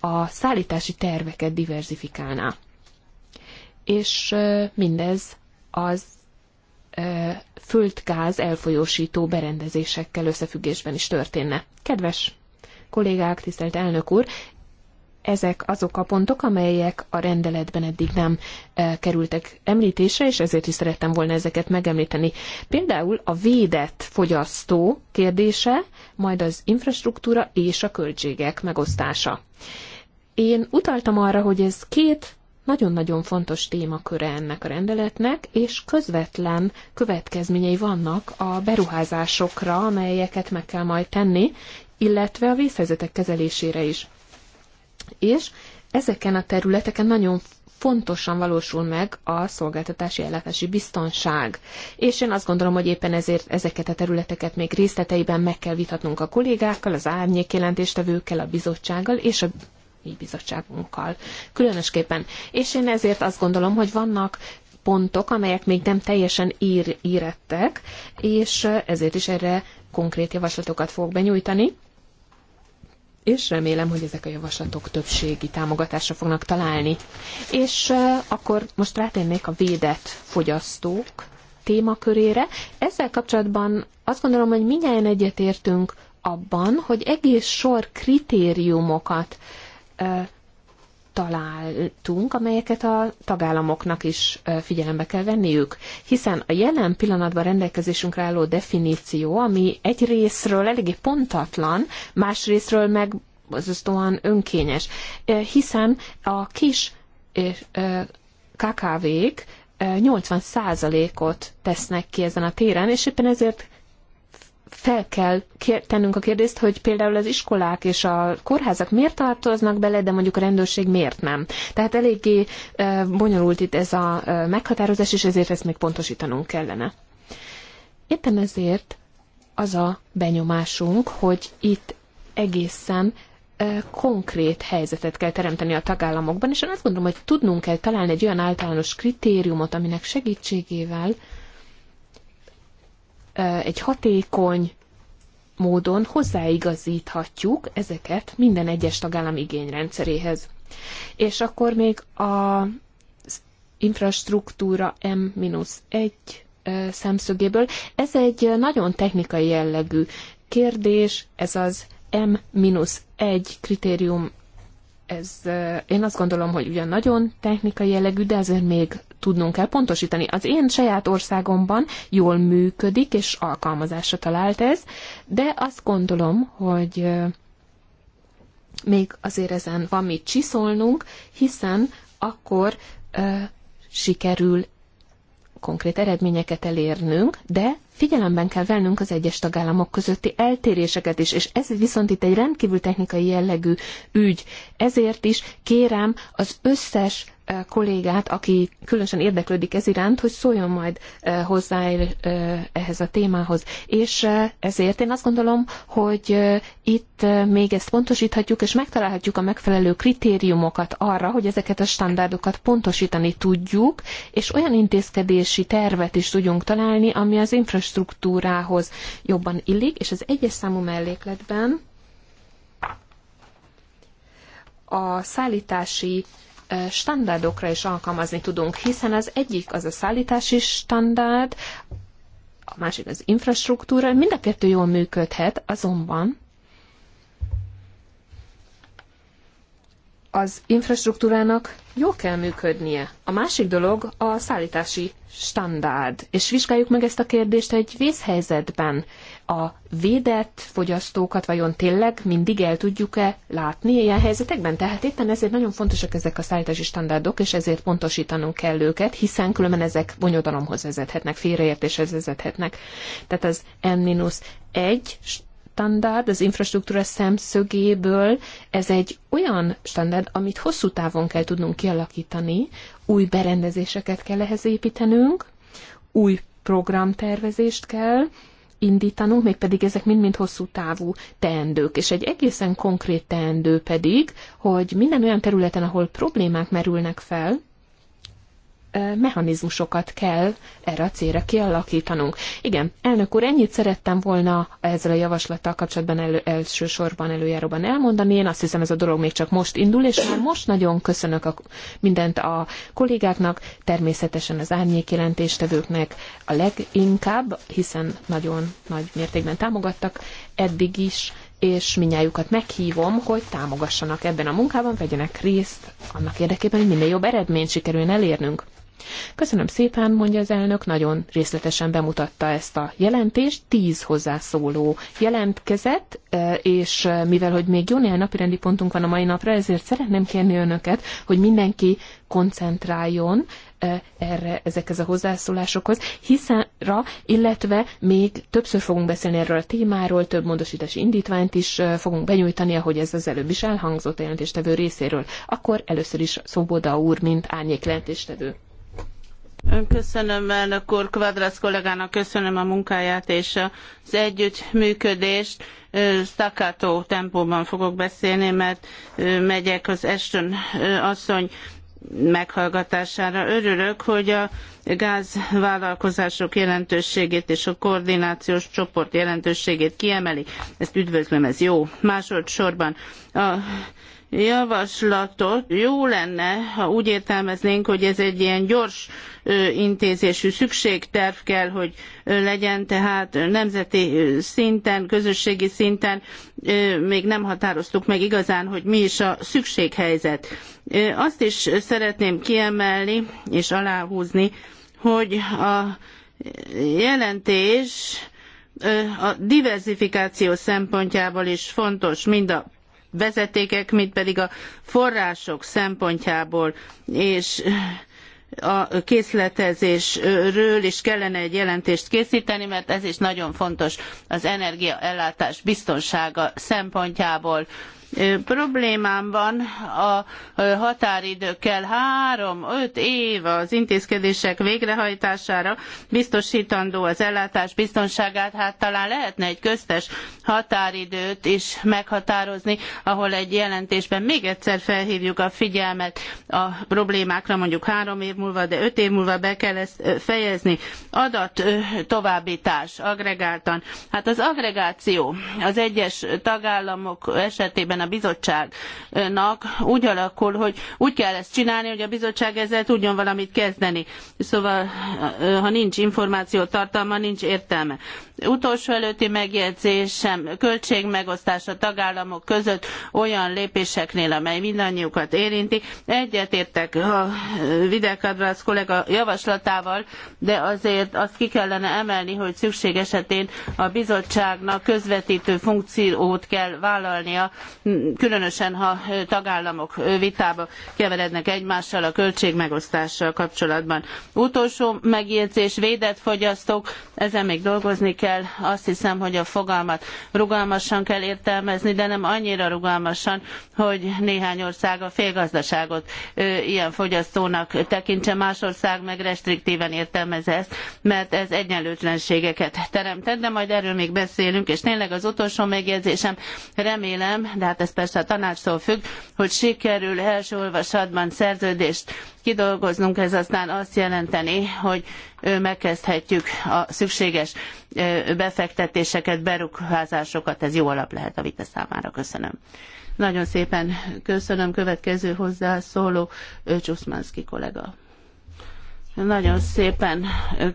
a szállítási terveket diverzifikálná. És mindez az földgáz elfolyósító berendezésekkel összefüggésben is történne. Kedves kollégák, tisztelt elnök úr, ezek azok a pontok, amelyek a rendeletben eddig nem e, kerültek említésre, és ezért is szerettem volna ezeket megemlíteni. Például a védett fogyasztó kérdése, majd az infrastruktúra és a költségek megosztása. Én utaltam arra, hogy ez két nagyon-nagyon fontos témaköre ennek a rendeletnek, és közvetlen következményei vannak a beruházásokra, amelyeket meg kell majd tenni, illetve a vészhelyzetek kezelésére is. És ezeken a területeken nagyon fontosan valósul meg a szolgáltatási ellátási biztonság. És én azt gondolom, hogy éppen ezért ezeket a területeket még részleteiben meg kell vitatnunk a kollégákkal, az árnyék jelentéstevőkkel, a bizottsággal és a mi bizottságunkkal különösképpen. És én ezért azt gondolom, hogy vannak pontok, amelyek még nem teljesen ír, írettek, és ezért is erre konkrét javaslatokat fogok benyújtani és remélem, hogy ezek a javaslatok többségi támogatásra fognak találni. És akkor most rátérnék a védett fogyasztók témakörére. Ezzel kapcsolatban azt gondolom, hogy mindjárt egyetértünk abban, hogy egész sor kritériumokat találtunk, amelyeket a tagállamoknak is figyelembe kell venniük. Hiszen a jelen pillanatban rendelkezésünkre álló definíció, ami egy részről eléggé pontatlan, más részről meg borzasztóan önkényes. Hiszen a kis KKV-k 80%-ot tesznek ki ezen a téren, és éppen ezért fel kell tennünk a kérdést, hogy például az iskolák és a kórházak miért tartoznak bele, de mondjuk a rendőrség miért nem. Tehát eléggé bonyolult itt ez a meghatározás, és ezért ezt még pontosítanunk kellene. Éppen ezért az a benyomásunk, hogy itt egészen konkrét helyzetet kell teremteni a tagállamokban, és én azt gondolom, hogy tudnunk kell találni egy olyan általános kritériumot, aminek segítségével egy hatékony módon hozzáigazíthatjuk ezeket minden egyes tagállam igényrendszeréhez. És akkor még a infrastruktúra M-1 szemszögéből. Ez egy nagyon technikai jellegű kérdés, ez az M-1 kritérium, ez, én azt gondolom, hogy ugyan nagyon technikai jellegű, de azért még tudnunk kell pontosítani. Az én saját országomban jól működik, és alkalmazásra talált ez, de azt gondolom, hogy még azért ezen van mit csiszolnunk, hiszen akkor ö, sikerül konkrét eredményeket elérnünk, de figyelemben kell vennünk az egyes tagállamok közötti eltéréseket is, és ez viszont itt egy rendkívül technikai jellegű ügy. Ezért is kérem az összes kollégát, aki különösen érdeklődik ez iránt, hogy szóljon majd hozzá ehhez a témához. És ezért én azt gondolom, hogy itt még ezt pontosíthatjuk, és megtalálhatjuk a megfelelő kritériumokat arra, hogy ezeket a standardokat pontosítani tudjuk, és olyan intézkedési tervet is tudjunk találni, ami az infrastruktúrát struktúrához jobban illik, és az egyes számú mellékletben a szállítási standardokra is alkalmazni tudunk, hiszen az egyik az a szállítási standard, a másik az infrastruktúra, mind a kettő jól működhet, azonban az infrastruktúrának jól kell működnie. A másik dolog a szállítási standard, és vizsgáljuk meg ezt a kérdést egy vészhelyzetben. A védett fogyasztókat vajon tényleg mindig el tudjuk-e látni ilyen helyzetekben? Tehát éppen ezért nagyon fontosak ezek a szállítási standardok, és ezért pontosítanunk kell őket, hiszen különben ezek bonyodalomhoz vezethetnek, félreértéshez vezethetnek. Tehát az N-1 standard az infrastruktúra szemszögéből, ez egy olyan standard, amit hosszú távon kell tudnunk kialakítani, új berendezéseket kell ehhez építenünk, új programtervezést kell indítanunk, mégpedig ezek mind-mind hosszú távú teendők. És egy egészen konkrét teendő pedig, hogy minden olyan területen, ahol problémák merülnek fel, mechanizmusokat kell erre a célra kialakítanunk. Igen, elnök úr, ennyit szerettem volna ezzel a javaslattal kapcsolatban elő, elsősorban előjáróban elmondani. Én azt hiszem, ez a dolog még csak most indul, és már most nagyon köszönök a, mindent a kollégáknak, természetesen az árnyékjelentéstevőknek a leginkább, hiszen nagyon nagy mértékben támogattak eddig is, és minnyájukat meghívom, hogy támogassanak ebben a munkában, vegyenek részt, annak érdekében, hogy minél jobb eredményt sikerüljön elérnünk. Köszönöm szépen, mondja az elnök, nagyon részletesen bemutatta ezt a jelentést. Tíz hozzászóló jelentkezett, és mivel, hogy még jó néhány napirendi pontunk van a mai napra, ezért szeretném kérni önöket, hogy mindenki koncentráljon, erre, ezekhez a hozzászólásokhoz, hiszen ra, illetve még többször fogunk beszélni erről a témáról, több módosítási indítványt is fogunk benyújtani, ahogy ez az előbb is elhangzott a jelentéstevő részéről. Akkor először is Szoboda úr, mint árnyék jelentéstevő Köszönöm elnök úr, Kvadrász kollégának köszönöm a munkáját és az együttműködést. Staccato tempóban fogok beszélni, mert megyek az Eston asszony meghallgatására. Örülök, hogy a gázvállalkozások jelentőségét és a koordinációs csoport jelentőségét kiemeli. Ezt üdvözlöm, ez jó. Másodszorban a javaslatot. Jó lenne, ha úgy értelmeznénk, hogy ez egy ilyen gyors intézésű szükségterv kell, hogy legyen, tehát nemzeti szinten, közösségi szinten még nem határoztuk meg igazán, hogy mi is a szükséghelyzet. Azt is szeretném kiemelni és aláhúzni, hogy a jelentés a diversifikáció szempontjából is fontos, mind a vezetékek, mint pedig a források szempontjából, és a készletezésről is kellene egy jelentést készíteni, mert ez is nagyon fontos az energiaellátás biztonsága szempontjából Problémám van a határidőkkel. Három-öt év az intézkedések végrehajtására biztosítandó az ellátás biztonságát. Hát talán lehetne egy köztes határidőt is meghatározni, ahol egy jelentésben még egyszer felhívjuk a figyelmet a problémákra, mondjuk három év múlva, de öt év múlva be kell ezt fejezni. Adat továbbítás agregáltan. Hát az agregáció az egyes tagállamok esetében a bizottságnak úgy alakul, hogy úgy kell ezt csinálni, hogy a bizottság ezzel tudjon valamit kezdeni. Szóval, ha nincs információ tartalma, nincs értelme. Utolsó előtti megjegyzésem, költségmegosztás a tagállamok között olyan lépéseknél, amely mindannyiukat érinti. Egyetértek a Videkadrász kollega javaslatával, de azért azt ki kellene emelni, hogy szükség esetén a bizottságnak közvetítő funkciót kell vállalnia, különösen ha tagállamok vitába keverednek egymással a költségmegosztással kapcsolatban. Utolsó megjegyzés, védett fogyasztók, ezen még dolgozni kell. Azt hiszem, hogy a fogalmat rugalmasan kell értelmezni, de nem annyira rugalmasan, hogy néhány ország a félgazdaságot ilyen fogyasztónak tekintse, más ország meg restriktíven értelmezze ezt, mert ez egyenlőtlenségeket teremtett, de majd erről még beszélünk, és tényleg az utolsó megjegyzésem, remélem, de hát ez persze a tanácstól függ, hogy sikerül első olvasatban szerződést kidolgoznunk, ez aztán azt jelenteni, hogy megkezdhetjük a szükséges befektetéseket, beruházásokat, ez jó alap lehet a vita számára. Köszönöm. Nagyon szépen köszönöm. Következő hozzászóló Csuszmanszki kollega. Nagyon szépen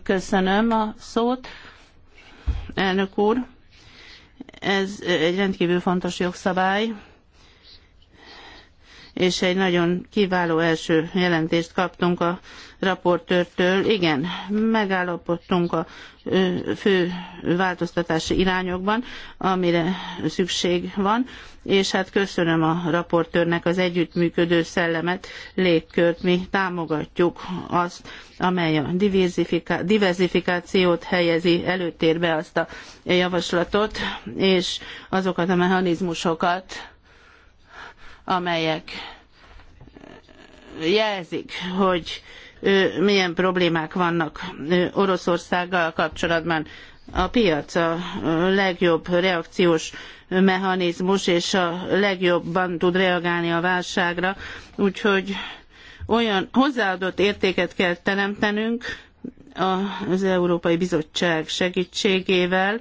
köszönöm a szót, elnök úr. Ez egy rendkvül fontos jogszabály, és egy nagyon kiváló első jelentést kaptunk a raportőrtől. Igen, megállapodtunk a fő változtatási irányokban, amire szükség van, és hát köszönöm a raportőrnek az együttműködő szellemet, légkört, mi támogatjuk azt, amely a diversifikációt helyezi előtérbe azt a javaslatot, és azokat a mechanizmusokat, amelyek jelzik, hogy milyen problémák vannak Oroszországgal kapcsolatban. A piac a legjobb reakciós mechanizmus, és a legjobban tud reagálni a válságra, úgyhogy olyan hozzáadott értéket kell teremtenünk az Európai Bizottság segítségével,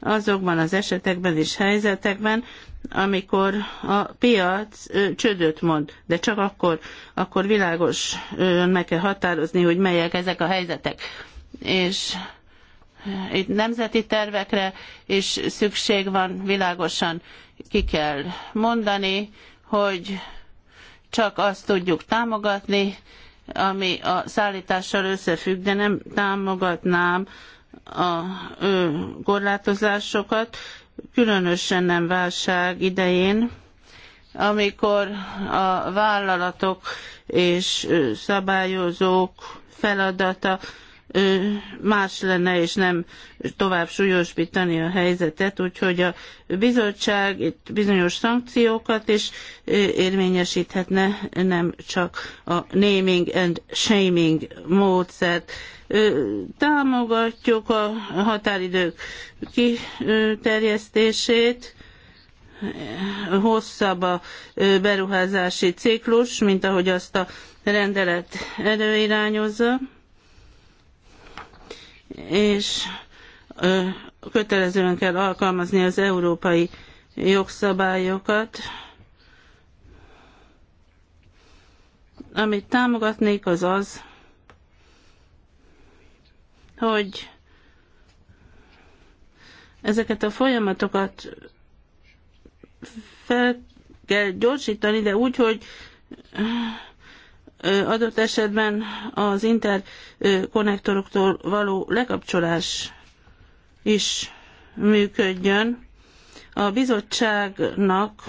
azokban az esetekben és helyzetekben, amikor a piac ö, csődöt mond, de csak akkor, akkor világos ö, meg kell határozni, hogy melyek ezek a helyzetek. És itt nemzeti tervekre is szükség van, világosan ki kell mondani, hogy csak azt tudjuk támogatni, ami a szállítással összefügg, de nem támogatnám a ö, korlátozásokat, különösen nem válság idején, amikor a vállalatok és szabályozók feladata más lenne, és nem tovább súlyosbítani a helyzetet, úgyhogy a bizottság itt bizonyos szankciókat is érvényesíthetne, nem csak a naming and shaming módszert. Támogatjuk a határidők kiterjesztését, hosszabb a beruházási ciklus, mint ahogy azt a rendelet előirányozza és kötelezően kell alkalmazni az európai jogszabályokat. Amit támogatnék az az, hogy ezeket a folyamatokat fel kell gyorsítani, de úgy, hogy adott esetben az interkonnektoroktól való lekapcsolás is működjön. A bizottságnak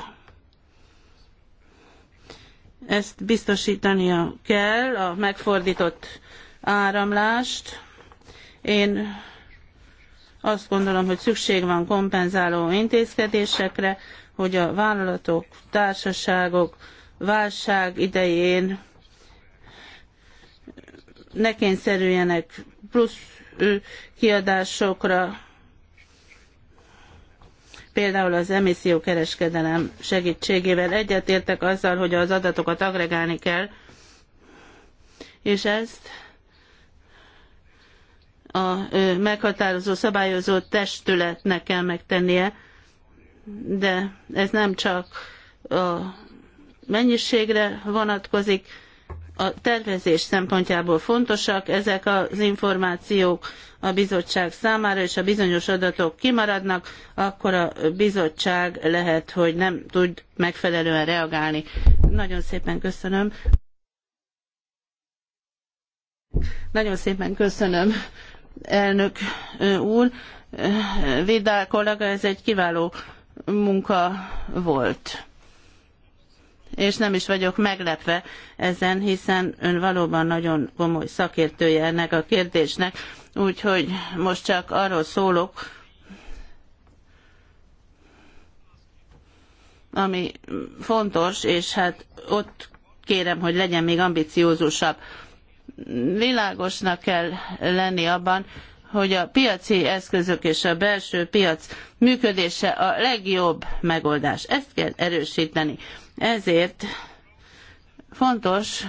ezt biztosítania kell, a megfordított áramlást. Én azt gondolom, hogy szükség van kompenzáló intézkedésekre, hogy a vállalatok, társaságok válság idején ne kényszerüljenek plusz kiadásokra, például az emissziókereskedelem segítségével. Egyetértek azzal, hogy az adatokat agregálni kell, és ezt a meghatározó szabályozó testületnek kell megtennie, de ez nem csak a mennyiségre vonatkozik, a tervezés szempontjából fontosak ezek az információk a bizottság számára, és ha bizonyos adatok kimaradnak, akkor a bizottság lehet, hogy nem tud megfelelően reagálni. Nagyon szépen köszönöm. Nagyon szépen köszönöm, elnök úr. Vidál kollega, ez egy kiváló munka volt és nem is vagyok meglepve ezen, hiszen ön valóban nagyon komoly szakértője ennek a kérdésnek, úgyhogy most csak arról szólok, ami fontos, és hát ott kérem, hogy legyen még ambiciózusabb. Világosnak kell lenni abban, hogy a piaci eszközök és a belső piac működése a legjobb megoldás. Ezt kell erősíteni. Ezért fontos,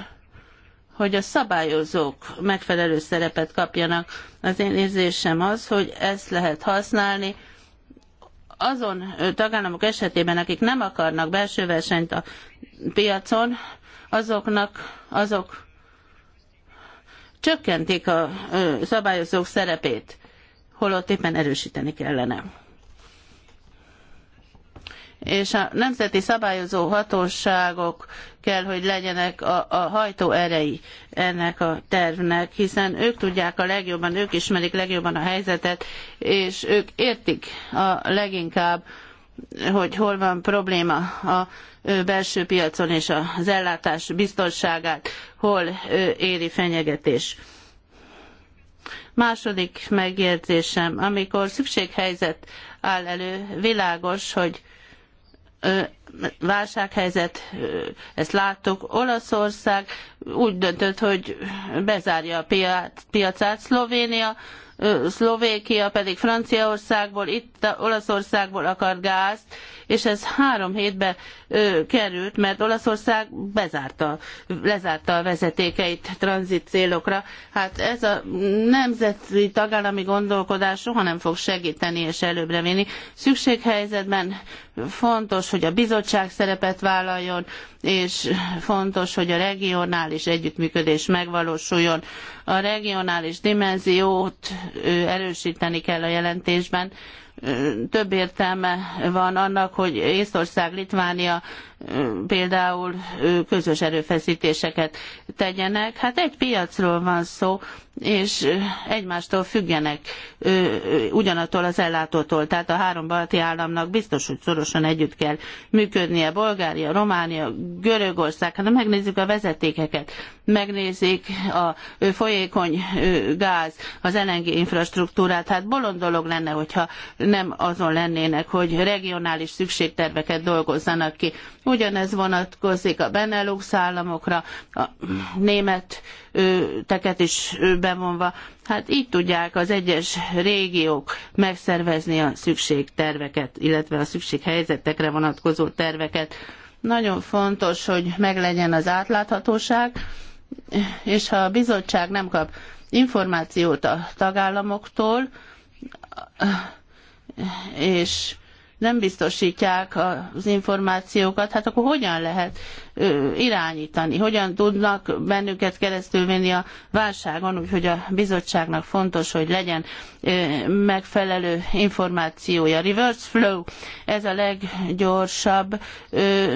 hogy a szabályozók megfelelő szerepet kapjanak. Az én érzésem az, hogy ezt lehet használni azon tagállamok esetében, akik nem akarnak belső versenyt a piacon, azoknak azok csökkentik a szabályozók szerepét, holott éppen erősíteni kellene és a nemzeti szabályozó hatóságok kell, hogy legyenek a, a hajtó erei ennek a tervnek, hiszen ők tudják a legjobban, ők ismerik legjobban a helyzetet, és ők értik a leginkább, hogy hol van probléma a belső piacon és az ellátás biztonságát, hol éri fenyegetés. Második megjegyzésem, amikor szükséghelyzet áll elő, világos, hogy válsághelyzet, ezt láttuk, Olaszország úgy döntött, hogy bezárja a piacát, Szlovénia Szlovékia pedig Franciaországból, itt Olaszországból akar gázt, és ez három hétbe ö, került, mert Olaszország bezárta, lezárta a vezetékeit tranzit célokra. Hát ez a nemzeti tagállami gondolkodás soha nem fog segíteni és előbbre vinni. Szükséghelyzetben fontos, hogy a bizottság szerepet vállaljon, és fontos, hogy a regionális együttműködés megvalósuljon. A regionális dimenziót erősíteni kell a jelentésben, több értelme van annak, hogy Észtország, Litvánia például közös erőfeszítéseket tegyenek. Hát egy piacról van szó, és egymástól függenek ugyanattól az ellátótól. Tehát a három balti államnak biztos, hogy szorosan együtt kell működnie. Bulgária, Románia, Görögország, hát megnézzük a vezetékeket, megnézik a folyékony gáz, az LNG infrastruktúrát. Hát bolond dolog lenne, hogyha nem azon lennének, hogy regionális szükségterveket dolgozzanak ki. Ugyanez vonatkozik a Benelux államokra, a német teket is bevonva. Hát így tudják az egyes régiók megszervezni a szükségterveket, illetve a szükséghelyzetekre vonatkozó terveket. Nagyon fontos, hogy meglegyen az átláthatóság, és ha a bizottság nem kap információt a tagállamoktól, és nem biztosítják az információkat, hát akkor hogyan lehet irányítani, hogyan tudnak bennünket keresztülvenni a válságon, úgyhogy a bizottságnak fontos, hogy legyen megfelelő információja. Reverse flow, ez a leggyorsabb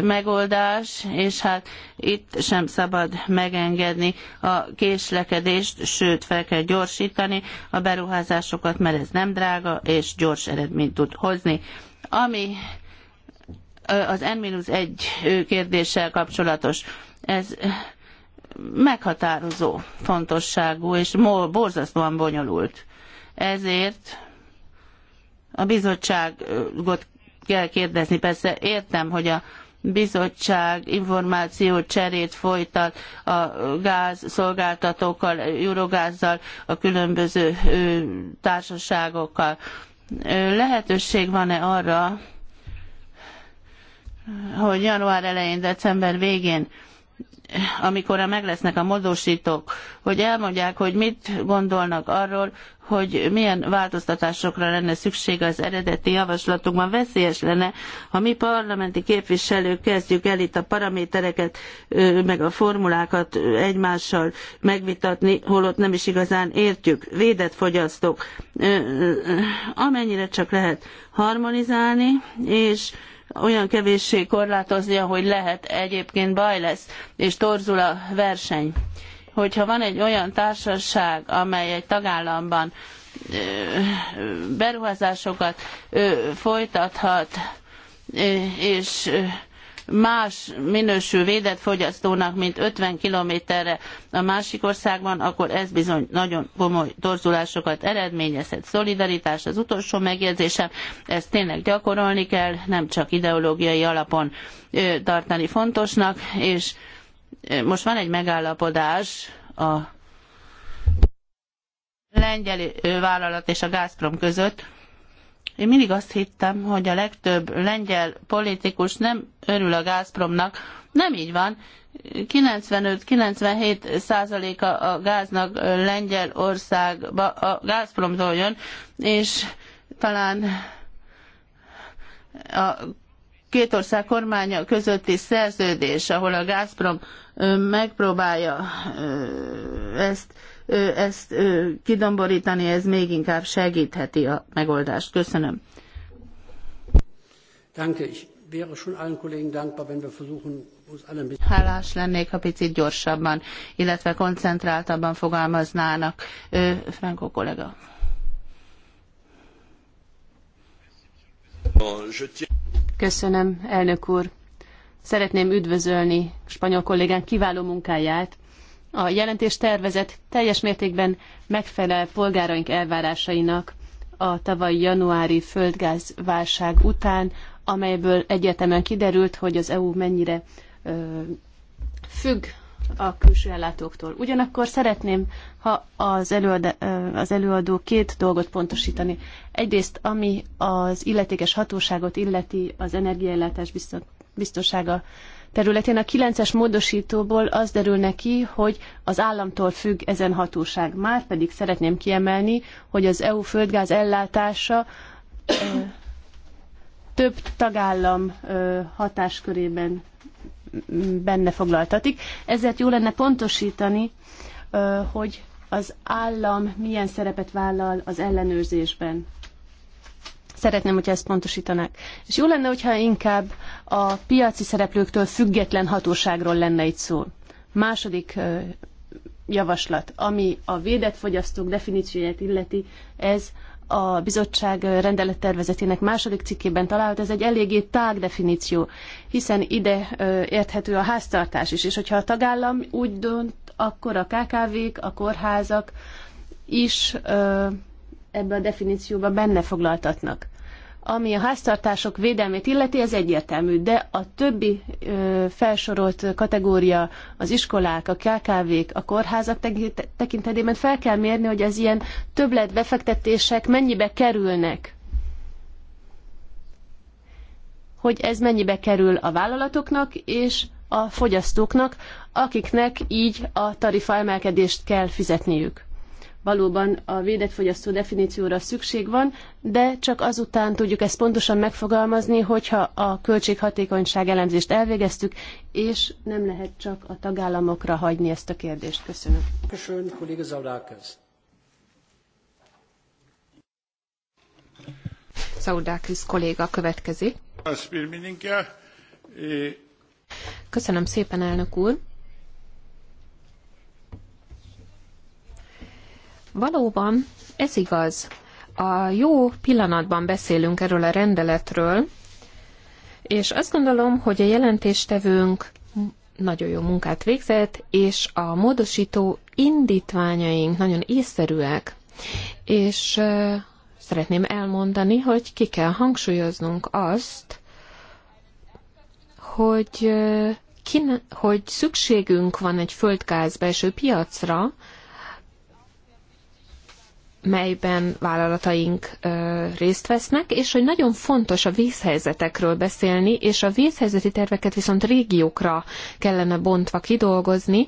megoldás, és hát itt sem szabad megengedni a késlekedést, sőt fel kell gyorsítani a beruházásokat, mert ez nem drága, és gyors eredményt tud hozni. Ami az N-1 kérdéssel kapcsolatos, ez meghatározó fontosságú és borzasztóan bonyolult. Ezért a bizottságot kell kérdezni. Persze értem, hogy a bizottság információ cserét folytat a gázszolgáltatókkal, Eurogázzal, a különböző társaságokkal, lehetőség van-e arra, hogy január elején, december végén amikor meg lesznek a módosítók, hogy elmondják, hogy mit gondolnak arról, hogy milyen változtatásokra lenne szükség az eredeti javaslatunkban. Veszélyes lenne, ha mi parlamenti képviselők kezdjük el itt a paramétereket, meg a formulákat egymással megvitatni, holott nem is igazán értjük. Védett fogyasztók, amennyire csak lehet harmonizálni, és olyan kevéssé korlátoznia, hogy lehet egyébként baj lesz, és torzul a verseny. Hogyha van egy olyan társaság, amely egy tagállamban beruházásokat folytathat, és más minősű védett fogyasztónak, mint 50 kilométerre a másik országban, akkor ez bizony nagyon komoly torzulásokat eredményezhet. Szolidaritás az utolsó megjegyzésem, ezt tényleg gyakorolni kell, nem csak ideológiai alapon tartani fontosnak, és most van egy megállapodás a lengyel vállalat és a Gazprom között, én mindig azt hittem, hogy a legtöbb lengyel politikus nem örül a Gazpromnak. Nem így van. 95-97 százaléka a gáznak Lengyelországba a Gazpromtól jön, és talán a két ország kormánya közötti szerződés, ahol a Gazprom megpróbálja ezt ezt kidomborítani, ez még inkább segítheti a megoldást. Köszönöm. Danke. Ich wäre schon allen Kollegen dankbar, wenn wir versuchen, Hálás lennék, ha picit gyorsabban, illetve koncentráltabban fogalmaznának. Franco kollega. Köszönöm, elnök úr. Szeretném üdvözölni spanyol kollégánk kiváló munkáját, a jelentés tervezet teljes mértékben megfelel polgáraink elvárásainak a tavaly januári földgázválság után, amelyből egyetemen kiderült, hogy az EU mennyire ö, függ a külső ellátóktól. Ugyanakkor szeretném, ha az, előad, az előadó két dolgot pontosítani. Egyrészt, ami az illetékes hatóságot illeti az energiaellátás biztonsága területén. A 9-es módosítóból az derül neki, hogy az államtól függ ezen hatóság. Már pedig szeretném kiemelni, hogy az EU földgáz ellátása több tagállam hatáskörében benne foglaltatik. Ezért jó lenne pontosítani, hogy az állam milyen szerepet vállal az ellenőrzésben szeretném, hogyha ezt pontosítanák. És jó lenne, hogyha inkább a piaci szereplőktől független hatóságról lenne itt szó. Második javaslat, ami a védett fogyasztók definícióját illeti, ez a bizottság rendelettervezetének második cikkében található, ez egy eléggé tág definíció, hiszen ide érthető a háztartás is, és hogyha a tagállam úgy dönt, akkor a KKV-k, a kórházak is ebbe a definícióba benne foglaltatnak. Ami a háztartások védelmét illeti, ez egyértelmű, de a többi ö, felsorolt kategória, az iskolák, a KKV-k, a kórházak tekintetében fel kell mérni, hogy az ilyen többletbefektetések mennyibe kerülnek. Hogy ez mennyibe kerül a vállalatoknak és a fogyasztóknak, akiknek így a tarifa emelkedést kell fizetniük valóban a védett fogyasztó definícióra szükség van, de csak azután tudjuk ezt pontosan megfogalmazni, hogyha a költséghatékonyság elemzést elvégeztük, és nem lehet csak a tagállamokra hagyni ezt a kérdést. Köszönöm. Köszönöm, kolléga Zaudákez. Zaudákis kolléga következik. Köszönöm szépen, elnök úr. Valóban ez igaz. A jó pillanatban beszélünk erről a rendeletről, és azt gondolom, hogy a jelentéstevőnk nagyon jó munkát végzett, és a módosító indítványaink nagyon észszerűek. És uh, szeretném elmondani, hogy ki kell hangsúlyoznunk azt, hogy, hogy szükségünk van egy földgáz belső piacra, melyben vállalataink részt vesznek, és hogy nagyon fontos a vízhelyzetekről beszélni, és a vízhelyzeti terveket viszont régiókra kellene bontva kidolgozni,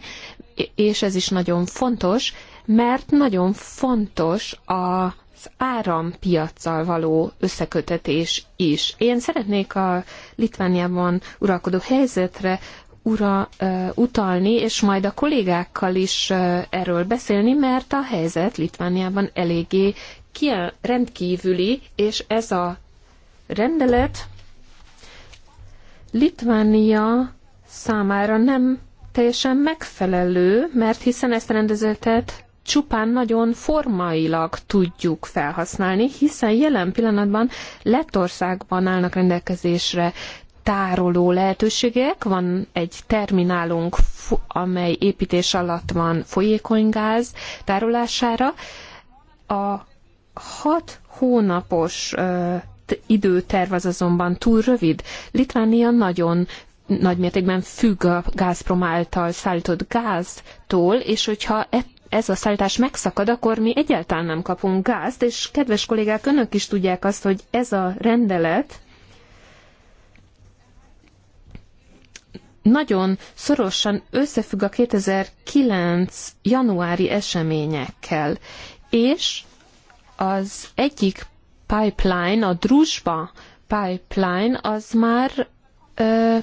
és ez is nagyon fontos, mert nagyon fontos a az árampiacsal való összekötetés is. Én szeretnék a Litvániában uralkodó helyzetre ura, utalni, és majd a kollégákkal is erről beszélni, mert a helyzet Litvániában eléggé kiel, rendkívüli, és ez a rendelet Litvánia számára nem teljesen megfelelő, mert hiszen ezt a rendezetet csupán nagyon formailag tudjuk felhasználni, hiszen jelen pillanatban Lettországban állnak rendelkezésre tároló lehetőségek, van egy terminálunk, amely építés alatt van folyékony gáz tárolására. A hat hónapos időterv az azonban túl rövid. Litvánia nagyon nagy mértékben függ a Gazprom által szállított gáztól, és hogyha e- ez a szállítás megszakad, akkor mi egyáltalán nem kapunk gázt, és kedves kollégák, önök is tudják azt, hogy ez a rendelet nagyon szorosan összefügg a 2009. januári eseményekkel, és az egyik pipeline, a Druzsba pipeline, az már ö,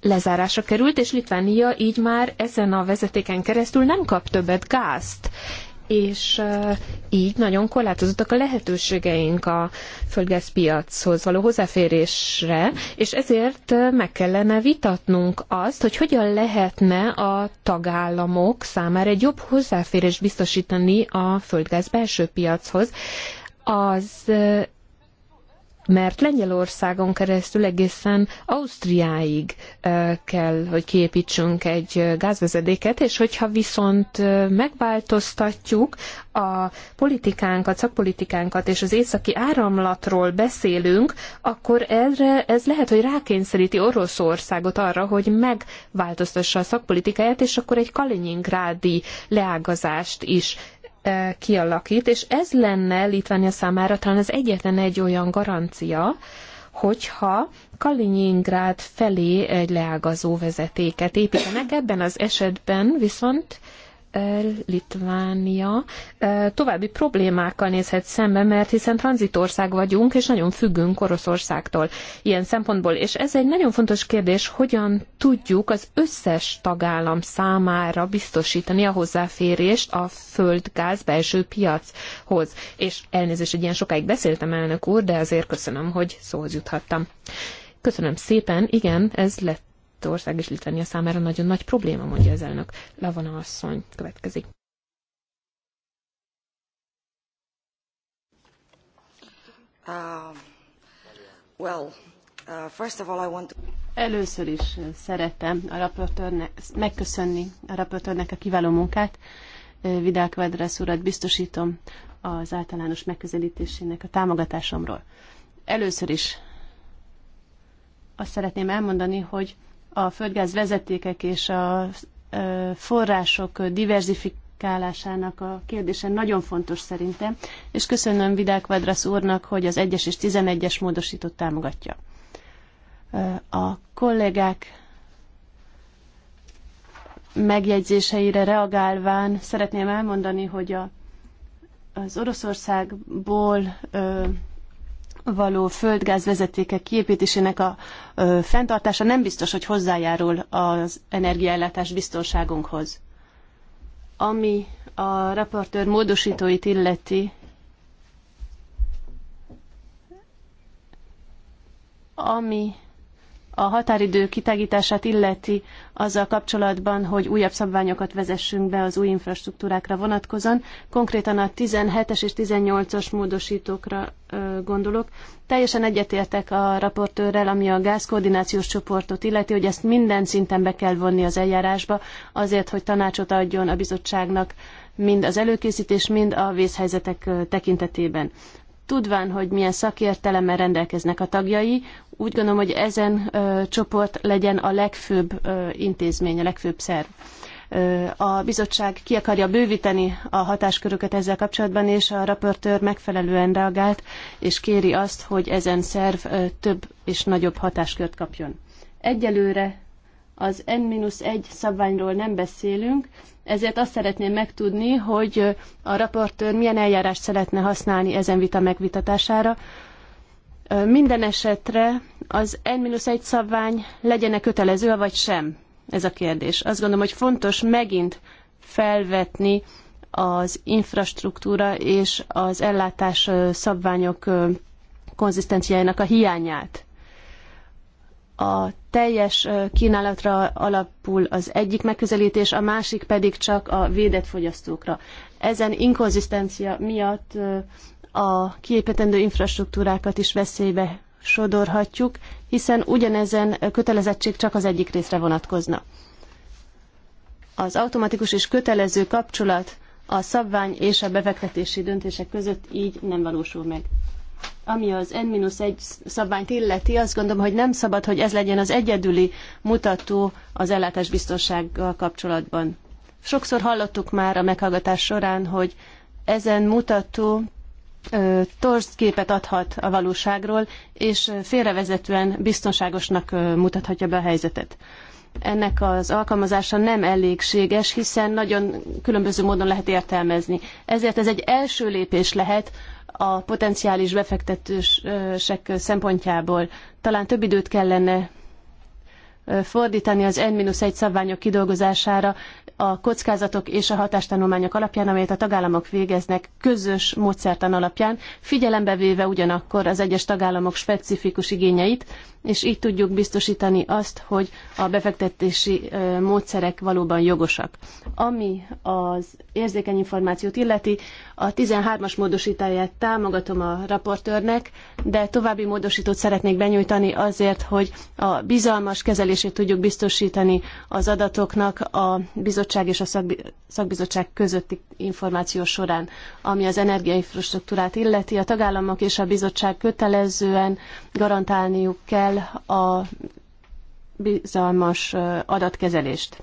lezárásra került, és Litvánia így már ezen a vezetéken keresztül nem kap többet gázt és uh, így nagyon korlátozottak a lehetőségeink a földgázpiachoz való hozzáférésre, és ezért uh, meg kellene vitatnunk azt, hogy hogyan lehetne a tagállamok számára egy jobb hozzáférés biztosítani a földgáz belső piachoz, az uh, mert Lengyelországon keresztül egészen Ausztriáig kell, hogy kiépítsünk egy gázvezetéket, és hogyha viszont megváltoztatjuk a politikánkat, szakpolitikánkat és az északi áramlatról beszélünk, akkor erre ez lehet, hogy rákényszeríti Oroszországot arra, hogy megváltoztassa a szakpolitikáját, és akkor egy Kaliningrádi leágazást is kialakít, és ez lenne Litvánia számára talán az egyetlen egy olyan garancia, hogyha Kaliningrád felé egy leágazó vezetéket építenek. Ebben az esetben viszont Litvánia további problémákkal nézhet szembe, mert hiszen tranzitország vagyunk, és nagyon függünk Oroszországtól ilyen szempontból. És ez egy nagyon fontos kérdés, hogyan tudjuk az összes tagállam számára biztosítani a hozzáférést a földgáz belső piachoz. És elnézést, hogy ilyen sokáig beszéltem, elnök úr, de azért köszönöm, hogy szóhoz juthattam. Köszönöm szépen, igen, ez lett Lettország és Litvánia számára nagyon nagy probléma, mondja az elnök. Lavana asszony következik. Uh, well, uh, first of all I want to... Először is szeretem a raportőrnek, megköszönni a raportőrnek a kiváló munkát. Uh, Vidal Kvadrász urat biztosítom az általános megközelítésének a támogatásomról. Először is azt szeretném elmondani, hogy a földgáz vezetékek és a források diverzifikálásának a kérdése nagyon fontos szerintem, és köszönöm Vidák Vadrasz úrnak, hogy az 1-es és 11-es módosított támogatja. A kollégák megjegyzéseire reagálván szeretném elmondani, hogy a, az Oroszországból ö, való vezetékek kiépítésének a ö, fenntartása nem biztos, hogy hozzájárul az energiaellátás biztonságunkhoz. Ami a raportőr módosítóit illeti, ami a határidő kitágítását illeti azzal kapcsolatban, hogy újabb szabványokat vezessünk be az új infrastruktúrákra vonatkozóan. Konkrétan a 17-es és 18-as módosítókra gondolok. Teljesen egyetértek a raportőrrel, ami a gázkoordinációs csoportot illeti, hogy ezt minden szinten be kell vonni az eljárásba, azért, hogy tanácsot adjon a bizottságnak mind az előkészítés, mind a vészhelyzetek tekintetében tudván, hogy milyen szakértelemmel rendelkeznek a tagjai, úgy gondolom, hogy ezen csoport legyen a legfőbb intézmény, a legfőbb szerv. A bizottság ki akarja bővíteni a hatásköröket ezzel kapcsolatban, és a raportőr megfelelően reagált, és kéri azt, hogy ezen szerv több és nagyobb hatáskört kapjon. Egyelőre az N-1 szabványról nem beszélünk, ezért azt szeretném megtudni, hogy a raportőr milyen eljárást szeretne használni ezen vita megvitatására, minden esetre az N-1 szabvány legyen-e kötelező, vagy sem? Ez a kérdés. Azt gondolom, hogy fontos megint felvetni az infrastruktúra és az ellátás szabványok konzisztenciájának a hiányát. A teljes kínálatra alapul az egyik megközelítés, a másik pedig csak a védett fogyasztókra. Ezen inkonzisztencia miatt a kiépítendő infrastruktúrákat is veszélybe sodorhatjuk, hiszen ugyanezen kötelezettség csak az egyik részre vonatkozna. Az automatikus és kötelező kapcsolat a szabvány és a befektetési döntések között így nem valósul meg. Ami az N-1 szabványt illeti, azt gondolom, hogy nem szabad, hogy ez legyen az egyedüli mutató az ellátásbiztonsággal kapcsolatban. Sokszor hallottuk már a meghallgatás során, hogy ezen mutató torz képet adhat a valóságról, és félrevezetően biztonságosnak mutathatja be a helyzetet. Ennek az alkalmazása nem elégséges, hiszen nagyon különböző módon lehet értelmezni. Ezért ez egy első lépés lehet a potenciális befektetősek szempontjából. Talán több időt kellene fordítani az N-1 szabványok kidolgozására a kockázatok és a hatástanulmányok alapján, amelyet a tagállamok végeznek közös módszertan alapján, figyelembe véve ugyanakkor az egyes tagállamok specifikus igényeit, és így tudjuk biztosítani azt, hogy a befektetési módszerek valóban jogosak. Ami az érzékeny információt illeti, a 13-as módosítáját támogatom a raportőrnek, de további módosítót szeretnék benyújtani azért, hogy a bizalmas kezelését tudjuk biztosítani az adatoknak a bizottság és a szakbizottság közötti információ során, ami az energiainfrastruktúrát illeti. A tagállamok és a bizottság kötelezően garantálniuk kell, el a bizalmas adatkezelést.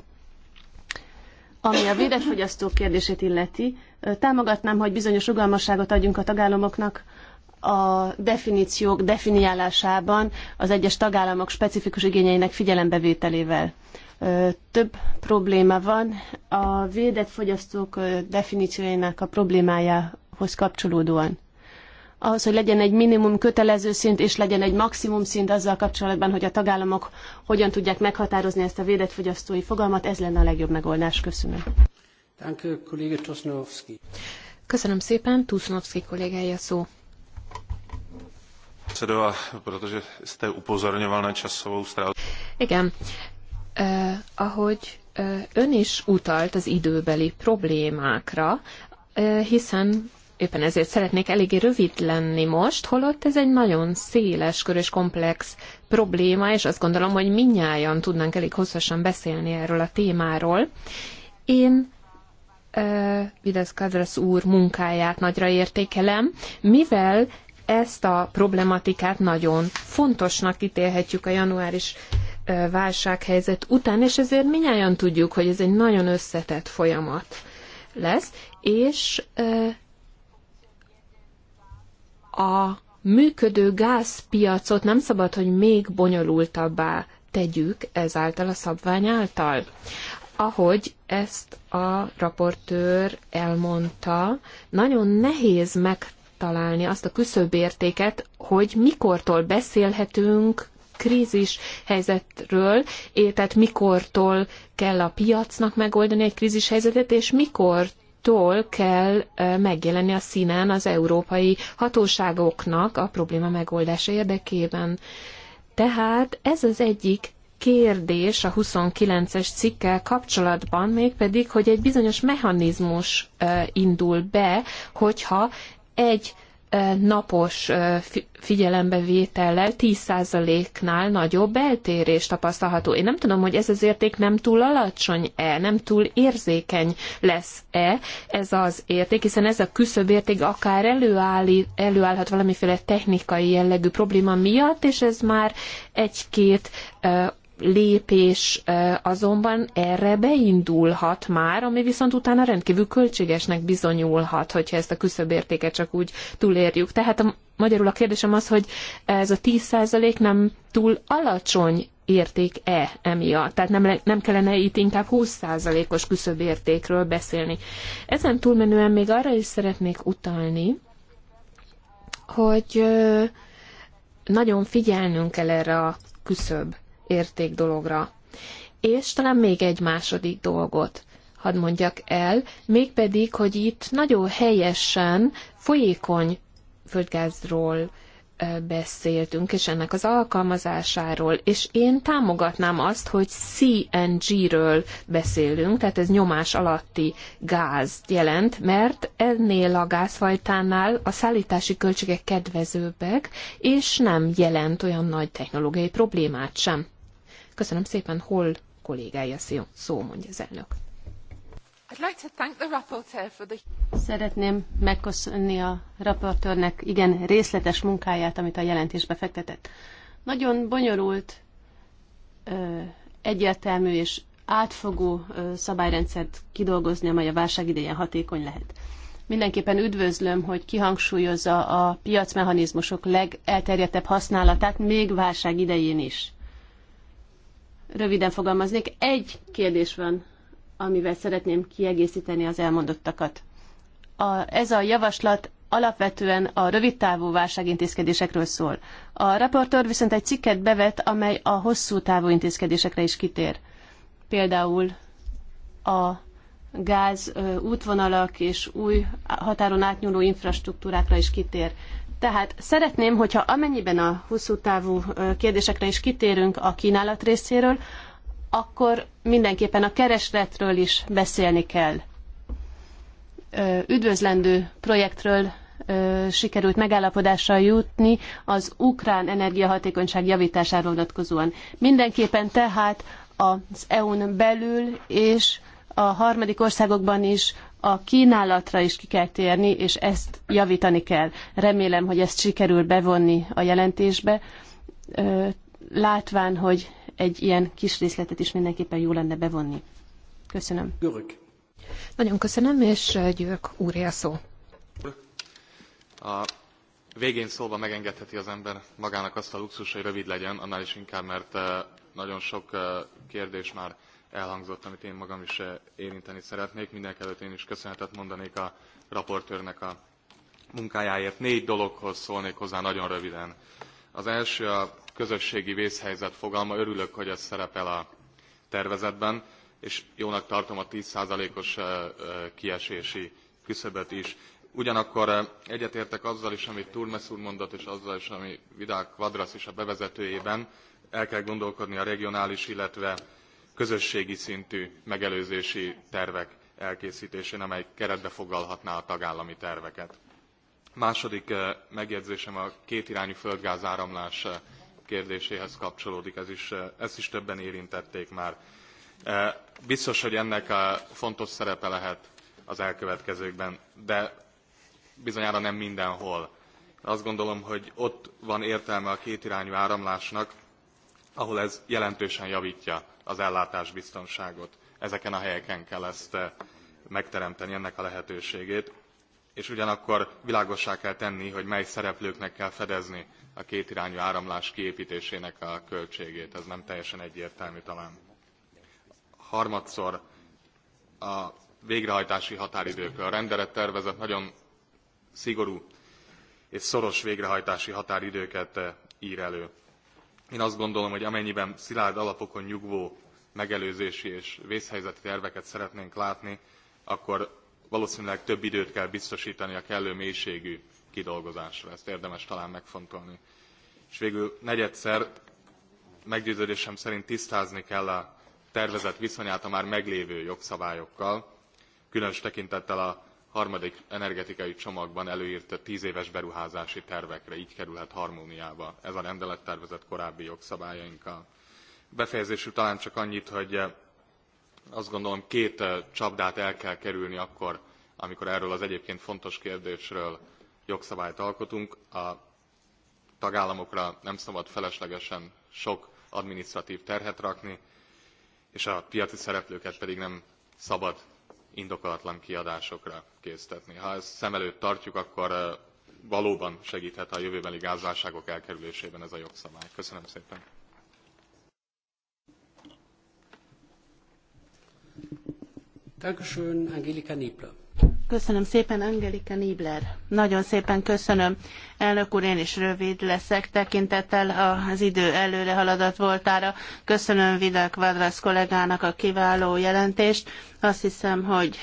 Ami a védett fogyasztók kérdését illeti, támogatnám, hogy bizonyos rugalmasságot adjunk a tagállamoknak a definíciók definiálásában az egyes tagállamok specifikus igényeinek figyelembevételével. Több probléma van. A védett fogyasztók definíciójának a problémájához kapcsolódóan ahhoz, hogy legyen egy minimum kötelező szint és legyen egy maximum szint azzal kapcsolatban, hogy a tagállamok hogyan tudják meghatározni ezt a védett fogyasztói fogalmat, ez lenne a legjobb megoldás. Köszönöm. Köszönöm szépen, Tusnovski kollégája szó. na časovou Igen. Uh, ahogy uh, ön is utalt az időbeli problémákra, hiszen éppen ezért szeretnék eléggé rövid lenni most, holott ez egy nagyon széles körös komplex probléma, és azt gondolom, hogy minnyáján tudnánk elég hosszasan beszélni erről a témáról. Én uh, Videsz Kadrasz úr munkáját nagyra értékelem, mivel ezt a problematikát nagyon fontosnak ítélhetjük a januáris válsághelyzet után, és ezért minnyáján tudjuk, hogy ez egy nagyon összetett folyamat lesz, és a működő gázpiacot nem szabad, hogy még bonyolultabbá tegyük ezáltal a szabvány által. Ahogy ezt a raportőr elmondta, nagyon nehéz megtalálni azt a küszöbértéket, hogy mikortól beszélhetünk krízis helyzetről, tehát mikortól kell a piacnak megoldani egy krízis helyzetet, és mikor tól kell megjelenni a színen az európai hatóságoknak a probléma megoldása érdekében. Tehát ez az egyik kérdés a 29-es cikkel kapcsolatban, mégpedig, hogy egy bizonyos mechanizmus indul be, hogyha egy napos figyelembevétellel 10%-nál nagyobb eltérés tapasztalható. Én nem tudom, hogy ez az érték nem túl alacsony-e, nem túl érzékeny lesz-e ez az érték, hiszen ez a érték akár előállít, előállhat valamiféle technikai jellegű probléma miatt, és ez már egy-két lépés azonban erre beindulhat már, ami viszont utána rendkívül költségesnek bizonyulhat, hogyha ezt a küszöbértéket csak úgy túlérjük. Tehát a, magyarul a kérdésem az, hogy ez a 10% nem túl alacsony érték-e emiatt. Tehát nem, nem kellene itt inkább 20%-os küszöbértékről beszélni. Ezen túlmenően még arra is szeretnék utalni, hogy nagyon figyelnünk kell erre a küszöb érték dologra. És talán még egy második dolgot hadd mondjak el, mégpedig, hogy itt nagyon helyesen folyékony földgázról beszéltünk, és ennek az alkalmazásáról, és én támogatnám azt, hogy CNG-ről beszélünk, tehát ez nyomás alatti gáz jelent, mert ennél a gázfajtánál a szállítási költségek kedvezőbbek, és nem jelent olyan nagy technológiai problémát sem. Köszönöm szépen, hol kollégája szó, mondja az elnök. Szeretném megköszönni a raportőrnek igen részletes munkáját, amit a jelentésbe fektetett. Nagyon bonyolult, egyértelmű és átfogó szabályrendszert kidolgozni, amely a válság idején hatékony lehet. Mindenképpen üdvözlöm, hogy kihangsúlyozza a piacmechanizmusok legelterjedtebb használatát még válság idején is röviden fogalmaznék. Egy kérdés van, amivel szeretném kiegészíteni az elmondottakat. A, ez a javaslat alapvetően a rövidtávú válságintézkedésekről szól. A raportőr viszont egy cikket bevet, amely a hosszú távú intézkedésekre is kitér. Például a gáz útvonalak és új határon átnyúló infrastruktúrákra is kitér. Tehát szeretném, hogyha amennyiben a hosszú távú kérdésekre is kitérünk a kínálat részéről, akkor mindenképpen a keresletről is beszélni kell. Üdvözlendő projektről sikerült megállapodásra jutni az ukrán energiahatékonyság javítására vonatkozóan. Mindenképpen tehát az EU-n belül és a harmadik országokban is a kínálatra is ki kell térni, és ezt javítani kell. Remélem, hogy ezt sikerül bevonni a jelentésbe, látván, hogy egy ilyen kis részletet is mindenképpen jó lenne bevonni. Köszönöm. Györök. Nagyon köszönöm, és Györk úré a szó. A végén szóba megengedheti az ember magának azt a luxus, hogy rövid legyen, annál is inkább, mert nagyon sok kérdés már elhangzott, amit én magam is eh, érinteni szeretnék. Mindenkelőtt én is köszönetet mondanék a raportőrnek a munkájáért. Négy dologhoz szólnék hozzá nagyon röviden. Az első a közösségi vészhelyzet fogalma. Örülök, hogy ez szerepel a tervezetben, és jónak tartom a 10%-os eh, eh, kiesési küszöböt is. Ugyanakkor egyetértek azzal is, amit Turmes úr mondott, és azzal is, ami Vidal Quadras is a bevezetőjében, el kell gondolkodni a regionális, illetve közösségi szintű megelőzési tervek elkésztésén amely keretbe foglalhatná a tagállami terveket. Második eh, megjegyzésem a kétirányú áramlás eh, kérdéséhez kapcsolódik, ez is, eh, ezt is többen érintették már. Biztos, hogy ennek a fontos szerepe lehet az elkövetkezőkben, de bizonyára nem mindenhol. Azt gondolom, hogy ott van értelme a kétirányú áramlásnak, ahol ez jelentősen javítja az ellátásbiztonságot. Ezeken a helyeken kell ezt eh, megteremteni, ennek a lehetőségét. És ugyanakkor világossá kell tenni, hogy mely szereplőknek kell fedezni a kétirányú áramlás kiépítésének a költségét. Ez nem teljesen egyértelmű talán. Harmadszor a végrehajtási határidőkről. A rendelettervezet nagyon szigorú és szoros végrehajtási határidőket eh, r elő én azt gondolom, hogy amennyiben szilárd alapokon nyugvó megelőzési és vészhelyzeti terveket szeretnénk látni, akkor valószínűleg több időt kell biztosítani a kellő mélységű kidolgozásra. Ezt érdemes talán megfontolni. És végül negyedszer meggyőződésem szerint tisztázni kell a tervezet viszonyát a már meglévő jogszabályokkal, különös tekintettel a harmadik energetikai csomagban előrt tz éves beruházási tervekre gy kerülhet harmóniába ez a rendelettervezet korábbi jogszabályainkkal. befejezésül talán csak annyit hogy eh, azt gondolom két eh, csapdát el kell kerülni akkor amikor erről az egyébként fontos kérdésről jogszabályt alkotunk a tagállamokra nem szabad feleslegesen sok adminisztratv terhet rakni és a piaci szereplőket pedig nem szabad indokolatlan kiadásokra késztetni. Ha ezt szem előtt tartjuk, akkor valóban segíthet a jövőbeli gázválságok elkerülésében ez a jogszabály. Köszönöm szépen. Dankeschön, Angelika Niebler. Köszönöm szépen, Angelika Niebler. Nagyon szépen köszönöm. Elnök úr, én is rövid leszek, tekintettel az idő előre haladat voltára. Köszönöm Vidal Quadras kollégának a kiváló jelentést. Azt hiszem, hogy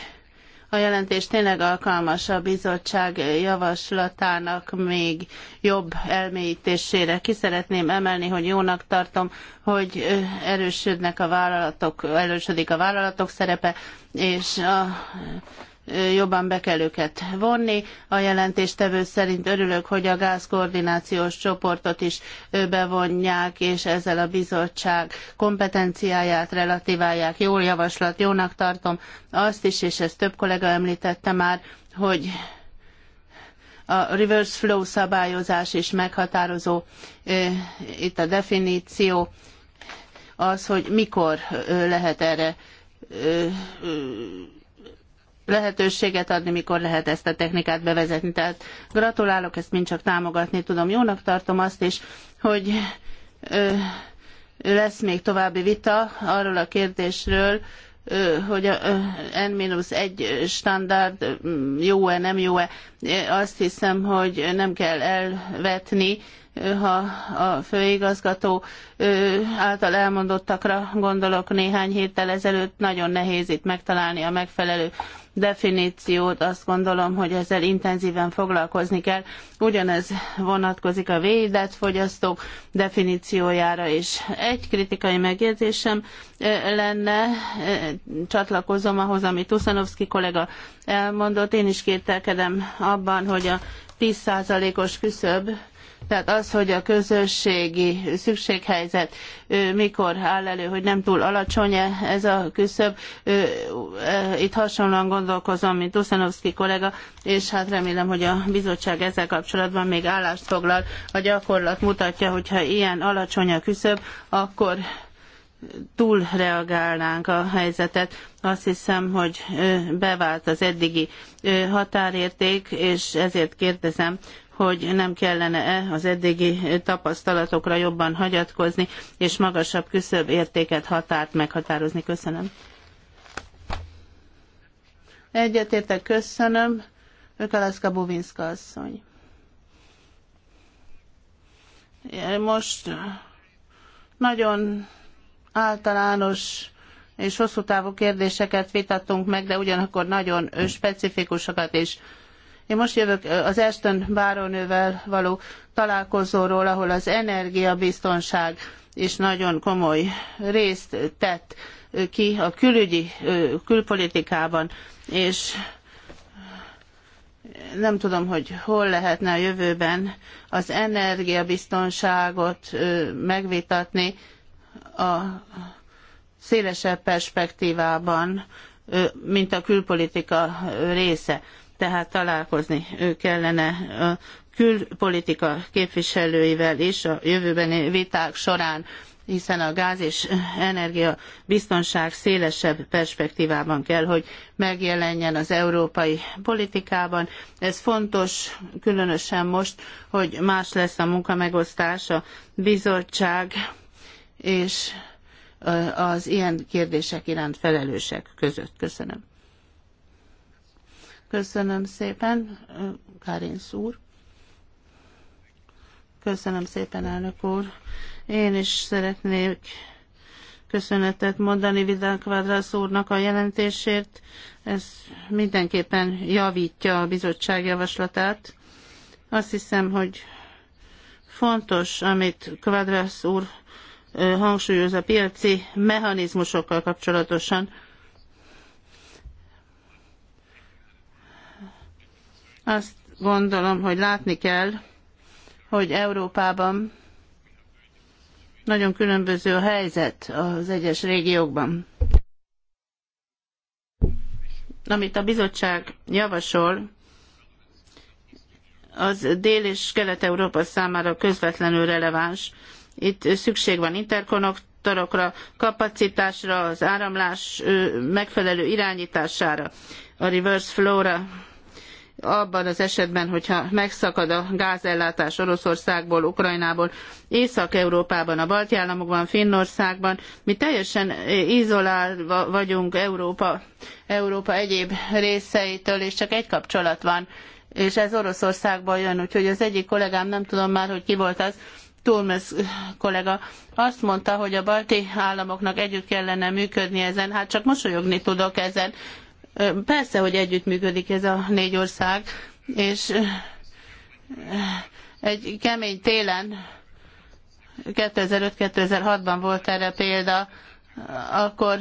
a jelentés tényleg alkalmas a bizottság javaslatának még jobb elmélyítésére. Ki szeretném emelni, hogy jónak tartom, hogy erősödnek a vállalatok, erősödik a vállalatok szerepe, és a jobban be kell őket vonni. A jelentéstevő szerint örülök, hogy a gázkoordinációs csoportot is bevonják, és ezzel a bizottság kompetenciáját relatíválják. Jó javaslat, jónak tartom azt is, és ezt több kollega említette már, hogy a reverse flow szabályozás is meghatározó itt a definíció az, hogy mikor lehet erre lehetőséget adni, mikor lehet ezt a technikát bevezetni. Tehát gratulálok, ezt mind csak támogatni tudom. Jónak tartom azt is, hogy ö, lesz még további vita arról a kérdésről, hogy a N-1 standard jó-e, nem jó-e, azt hiszem, hogy nem kell elvetni, ha a főigazgató által elmondottakra gondolok néhány héttel ezelőtt, nagyon nehéz itt megtalálni a megfelelő definíciót, azt gondolom, hogy ezzel intenzíven foglalkozni kell. Ugyanez vonatkozik a védett fogyasztók definíciójára is. Egy kritikai megjegyzésem eh, lenne, eh, csatlakozom ahhoz, amit Tuszanovszki kollega elmondott. Én is kételkedem abban, hogy a 10%-os küszöb tehát az, hogy a közösségi szükséghelyzet mikor áll elő, hogy nem túl alacsony -e ez a küszöb, itt hasonlóan gondolkozom, mint Uszanovszki kollega, és hát remélem, hogy a bizottság ezzel kapcsolatban még állást foglal. A gyakorlat mutatja, hogy ha ilyen alacsony a küszöb, akkor túlreagálnánk a helyzetet. Azt hiszem, hogy bevált az eddigi határérték, és ezért kérdezem, hogy nem kellene-e az eddigi tapasztalatokra jobban hagyatkozni, és magasabb küszöbb értéket, határt meghatározni. Köszönöm. Egyetértek, köszönöm. Ökalaszka Buvinska asszony. Most nagyon általános és hosszú távú kérdéseket vitattunk meg, de ugyanakkor nagyon specifikusokat is. És én most jövök az Ashton bárónővel való találkozóról, ahol az energiabiztonság is nagyon komoly részt tett ki a külügyi, külpolitikában, és nem tudom, hogy hol lehetne a jövőben az energiabiztonságot megvitatni a szélesebb perspektívában, mint a külpolitika része tehát találkozni ő kellene a külpolitika képviselőivel is a jövőbeni viták során hiszen a gáz és energia biztonság szélesebb perspektívában kell, hogy megjelenjen az európai politikában. Ez fontos, különösen most, hogy más lesz a munkamegosztás, a bizottság és az ilyen kérdések iránt felelősek között. Köszönöm. Köszönöm szépen, Kárinsz úr. Köszönöm szépen, elnök úr. Én is szeretnék köszönetet mondani Vidal Quadras úrnak a jelentésért. Ez mindenképpen javítja a bizottság javaslatát. Azt hiszem, hogy fontos, amit kvadrász úr hangsúlyoz a piaci mechanizmusokkal kapcsolatosan Azt gondolom, hogy látni kell, hogy Európában nagyon különböző a helyzet az egyes régiókban. Amit a bizottság javasol, az Dél- és Kelet-Európa számára közvetlenül releváns. Itt szükség van interkonnektorokra, kapacitásra, az áramlás megfelelő irányítására, a reverse flow-ra, abban az esetben, hogyha megszakad a gázellátás Oroszországból, Ukrajnából, Észak-Európában, a balti államokban, Finnországban, mi teljesen izolálva vagyunk Európa, Európa egyéb részeitől, és csak egy kapcsolat van, és ez Oroszországból jön, úgyhogy az egyik kollégám, nem tudom már, hogy ki volt az, Turmes kollega azt mondta, hogy a balti államoknak együtt kellene működni ezen, hát csak mosolyogni tudok ezen, Persze, hogy együttműködik ez a négy ország, és egy kemény télen, 2005-2006-ban volt erre példa, akkor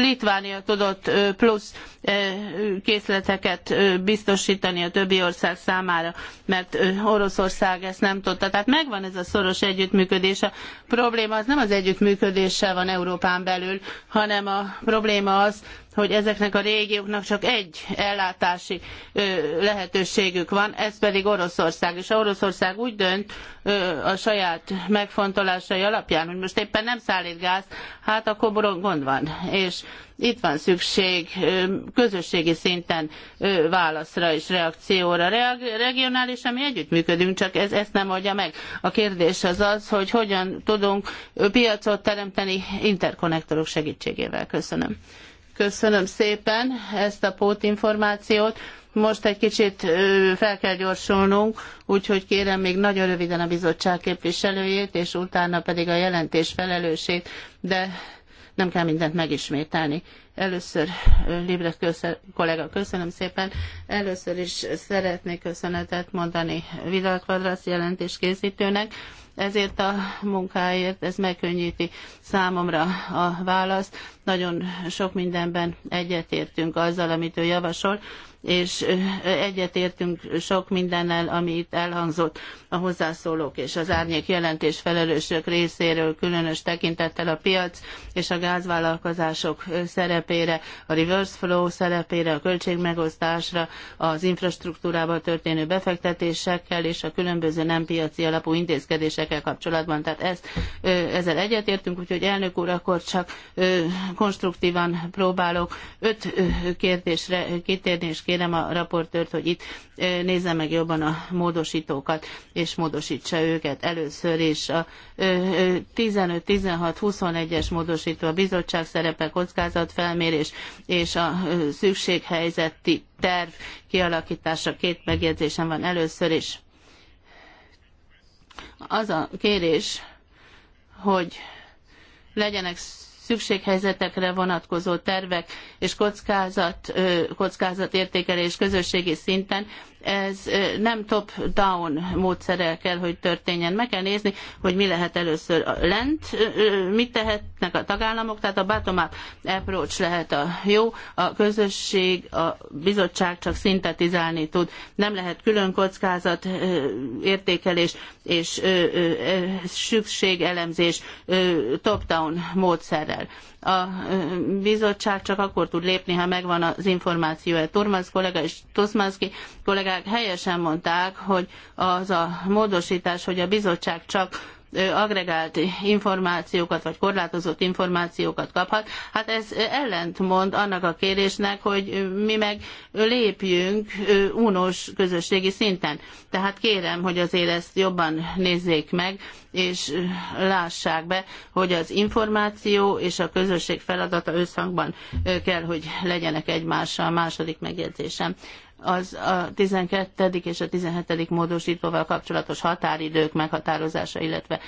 Litvánia tudott plusz készleteket biztosítani a többi ország számára, mert Oroszország ezt nem tudta. Tehát megvan ez a szoros együttműködés. A probléma az nem az együttműködéssel van Európán belül, hanem a probléma az, hogy ezeknek a régióknak csak egy ellátási lehetőségük van, ez pedig Oroszország. És Oroszország úgy dönt a saját megfontolásai alapján, hogy most éppen nem szállít gázt, hát akkor gond van. És itt van szükség közösségi szinten válaszra és reakcióra. Regionálisan mi együttműködünk, csak ez ezt nem adja meg. A kérdés az az, hogy hogyan tudunk piacot teremteni interkonnektorok segítségével. Köszönöm. Köszönöm szépen ezt a pótinformációt. Most egy kicsit fel kell gyorsulnunk, úgyhogy kérem még nagyon röviden a bizottság képviselőjét, és utána pedig a jelentés felelősét, de nem kell mindent megismételni. Először, Libre köszön, kollega, köszönöm szépen. Először is szeretnék köszönetet mondani Vidal Kvadrasz jelentéskészítőnek, ezért a munkáért ez megkönnyíti számomra a választ. Nagyon sok mindenben egyetértünk azzal, amit ő javasol és egyetértünk sok mindennel, ami itt elhangzott a hozzászólók és az árnyék jelentés felelősök részéről, különös tekintettel a piac és a gázvállalkozások szerepére, a reverse flow szerepére, a költségmegosztásra, az infrastruktúrába történő befektetésekkel és a különböző nem piaci alapú intézkedésekkel kapcsolatban. Tehát ezt, ezzel egyetértünk, úgyhogy elnök úr, akkor csak konstruktívan próbálok öt kérdésre kitérni és kérem a raportőrt, hogy itt nézze meg jobban a módosítókat, és módosítsa őket először is. A 15, 16, 21-es módosító a bizottság szerepe, kockázatfelmérés és a szükséghelyzeti terv kialakítása. Két megjegyzésem van először is. Az a kérés, hogy legyenek szükséghelyzetekre vonatkozó tervek és kockázat, kockázatértékelés közösségi szinten ez nem top-down módszerrel kell, hogy történjen. Meg kell nézni, hogy mi lehet először lent, mit tehetnek a tagállamok, tehát a bottom-up approach lehet a jó, a közösség, a bizottság csak szintetizálni tud. Nem lehet külön kockázat értékelés és szükségelemzés top-down módszerrel. A bizottság csak akkor tud lépni, ha megvan az információja. Tormasz kollega és Toszmánszki kollégák helyesen mondták, hogy az a módosítás, hogy a bizottság csak agregált információkat, vagy korlátozott információkat kaphat. Hát ez ellentmond annak a kérésnek, hogy mi meg lépjünk unós közösségi szinten. Tehát kérem, hogy azért ezt jobban nézzék meg, és lássák be, hogy az információ és a közösség feladata összhangban kell, hogy legyenek egymással. Második megjegyzésem az a 12. és a 17. módosítóval kapcsolatos határidők meghatározása, illetve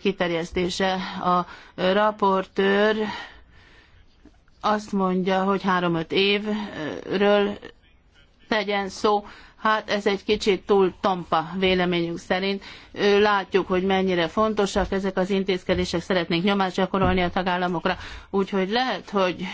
kiterjesztése. A raportőr azt mondja, hogy 3-5 évről tegyen szó, Hát ez egy kicsit túl tompa véleményünk szerint. Látjuk, hogy mennyire fontosak ezek az intézkedések, szeretnénk nyomást gyakorolni a tagállamokra, úgyhogy lehet, hogy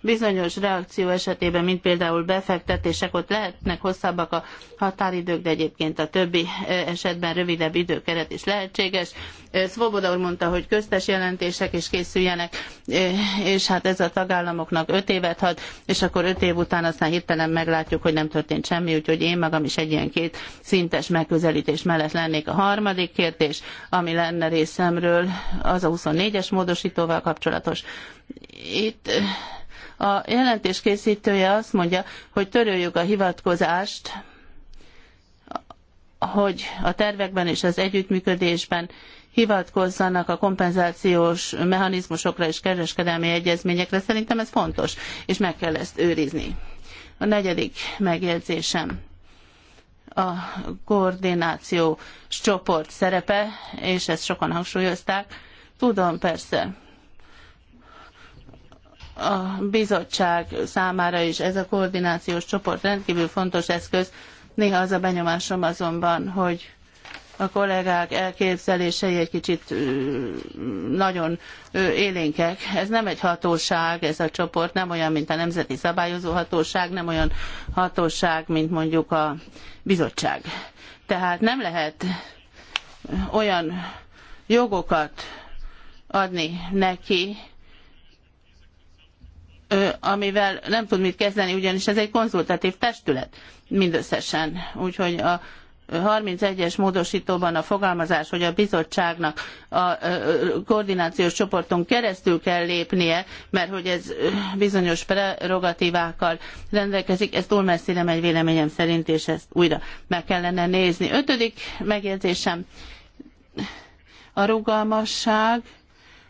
Bizonyos reakció esetében, mint például befektetések, ott lehetnek hosszabbak a határidők, de egyébként a többi e, esetben rövidebb időkeret is lehetséges. E, Svoboda úr mondta, hogy köztes jelentések is készüljenek, e, és hát ez a tagállamoknak öt évet had, és akkor öt év után aztán hirtelen meglátjuk, hogy nem történt semmi, úgyhogy én magam is egy ilyen két szintes megközelítés mellett lennék. A harmadik kérdés, ami lenne részemről, az a 24-es módosítóval kapcsolatos. Itt a jelentés készítője azt mondja, hogy töröljük a hivatkozást, hogy a tervekben és az együttműködésben hivatkozzanak a kompenzációs mechanizmusokra és kereskedelmi egyezményekre. Szerintem ez fontos, és meg kell ezt őrizni. A negyedik megjegyzésem a koordinációs csoport szerepe, és ezt sokan hangsúlyozták. Tudom persze, a bizottság számára is ez a koordinációs csoport rendkívül fontos eszköz. Néha az a benyomásom azonban, hogy a kollégák elképzelései egy kicsit nagyon élénkek. Ez nem egy hatóság, ez a csoport nem olyan, mint a Nemzeti Szabályozó Hatóság, nem olyan hatóság, mint mondjuk a bizottság. Tehát nem lehet olyan jogokat adni neki, amivel nem tud mit kezdeni, ugyanis ez egy konzultatív testület mindösszesen. Úgyhogy a 31-es módosítóban a fogalmazás, hogy a bizottságnak a koordinációs csoporton keresztül kell lépnie, mert hogy ez bizonyos prerogatívákkal rendelkezik, ez túl messzire megy véleményem szerint, és ezt újra meg kellene nézni. Ötödik megjegyzésem, a rugalmasság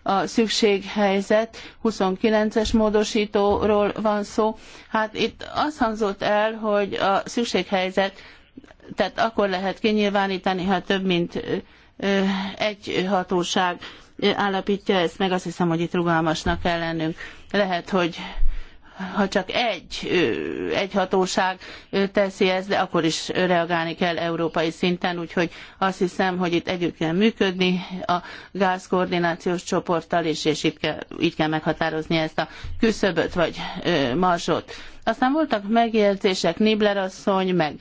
a szükséghelyzet, 29-es módosítóról van szó. Hát itt az hangzott el, hogy a szükséghelyzet, tehát akkor lehet kinyilvánítani, ha több mint egy hatóság állapítja ezt meg, azt hiszem, hogy itt rugalmasnak kell lennünk. Lehet, hogy ha csak egy, egy hatóság teszi ezt, de akkor is reagálni kell európai szinten, úgyhogy azt hiszem, hogy itt együtt kell működni a gázkoordinációs csoporttal is, és itt kell, így kell meghatározni ezt a küszöböt vagy marzsot. Aztán voltak megjegyzések Nibler asszony, meg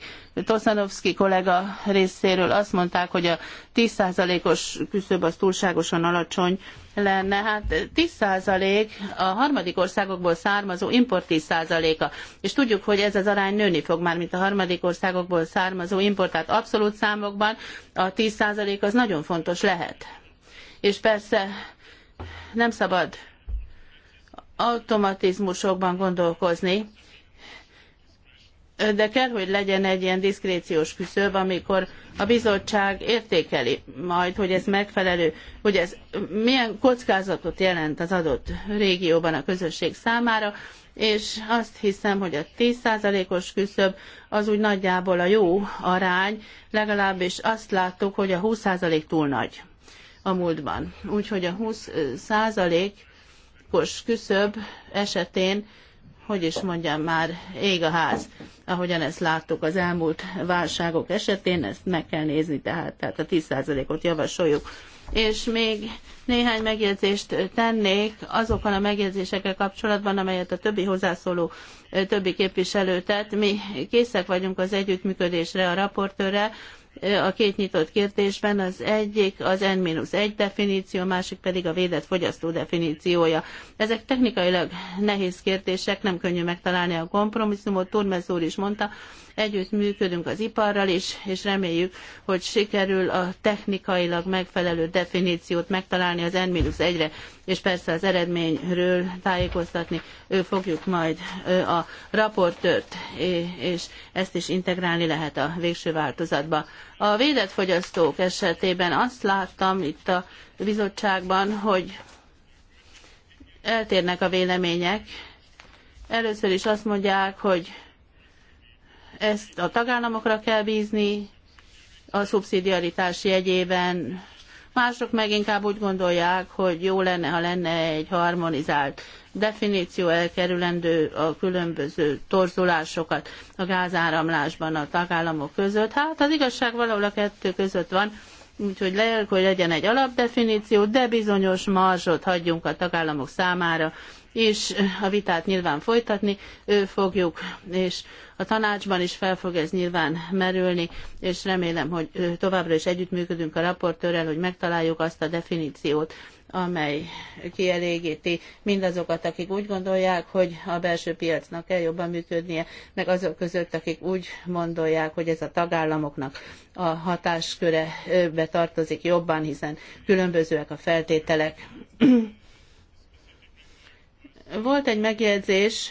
Toszanovszki kollega részéről azt mondták, hogy a 10%-os küszöb az túlságosan alacsony, lenne. Hát 10% a harmadik országokból származó import 10%-a. És tudjuk, hogy ez az arány nőni fog már, mint a harmadik országokból származó import, tehát abszolút számokban a 10% az nagyon fontos lehet. És persze nem szabad automatizmusokban gondolkozni, de kell, hogy legyen egy ilyen diszkréciós küszöb, amikor a bizottság értékeli majd, hogy ez megfelelő, hogy ez milyen kockázatot jelent az adott régióban a közösség számára, és azt hiszem, hogy a 10%-os küszöb az úgy nagyjából a jó arány, legalábbis azt láttuk, hogy a 20% túl nagy a múltban. Úgyhogy a 20%-os küszöb esetén hogy is mondjam már, ég a ház, ahogyan ezt láttuk az elmúlt válságok esetén, ezt meg kell nézni, tehát, tehát a 10%-ot javasoljuk. És még néhány megjegyzést tennék azokkal a megjegyzésekkel kapcsolatban, amelyet a többi hozzászóló, többi képviselő tett. Mi készek vagyunk az együttműködésre a raportőrrel, a két nyitott kérdésben. Az egyik az N-1 definíció, a másik pedig a védett fogyasztó definíciója. Ezek technikailag nehéz kérdések, nem könnyű megtalálni a kompromisszumot. Turmez úr is mondta, Együtt működünk az iparral is, és reméljük, hogy sikerül a technikailag megfelelő definíciót megtalálni az N-1-re, és persze az eredményről tájékoztatni ő fogjuk majd a raportört, és ezt is integrálni lehet a végső változatba. A védett fogyasztók esetében azt láttam itt a bizottságban, hogy eltérnek a vélemények. Először is azt mondják, hogy ezt a tagállamokra kell bízni, a szubszidiaritás jegyében. Mások meg inkább úgy gondolják, hogy jó lenne, ha lenne egy harmonizált definíció elkerülendő a különböző torzulásokat a gázáramlásban a tagállamok között. Hát az igazság valahol a kettő között van, úgyhogy le, hogy legyen egy alapdefiníció, de bizonyos marzsot hagyjunk a tagállamok számára, és a vitát nyilván folytatni fogjuk, és a tanácsban is fel fog ez nyilván merülni, és remélem, hogy továbbra is együttműködünk a raportőrrel, hogy megtaláljuk azt a definíciót, amely kielégíti mindazokat, akik úgy gondolják, hogy a belső piacnak kell jobban működnie, meg azok között, akik úgy gondolják, hogy ez a tagállamoknak a hatásköre tartozik jobban, hiszen különbözőek a feltételek. Volt egy megjegyzés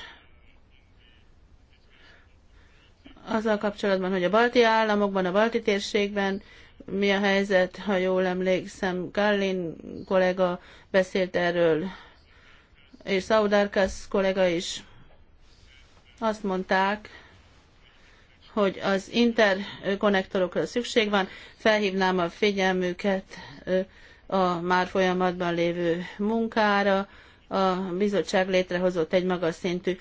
azzal kapcsolatban, hogy a balti államokban, a balti térségben mi a helyzet, ha jól emlékszem, Gallin kollega beszélt erről, és Saudarkas kollega is azt mondták, hogy az interkonnektorokra szükség van, felhívnám a figyelmüket a már folyamatban lévő munkára, a bizottság létrehozott egy magas szintű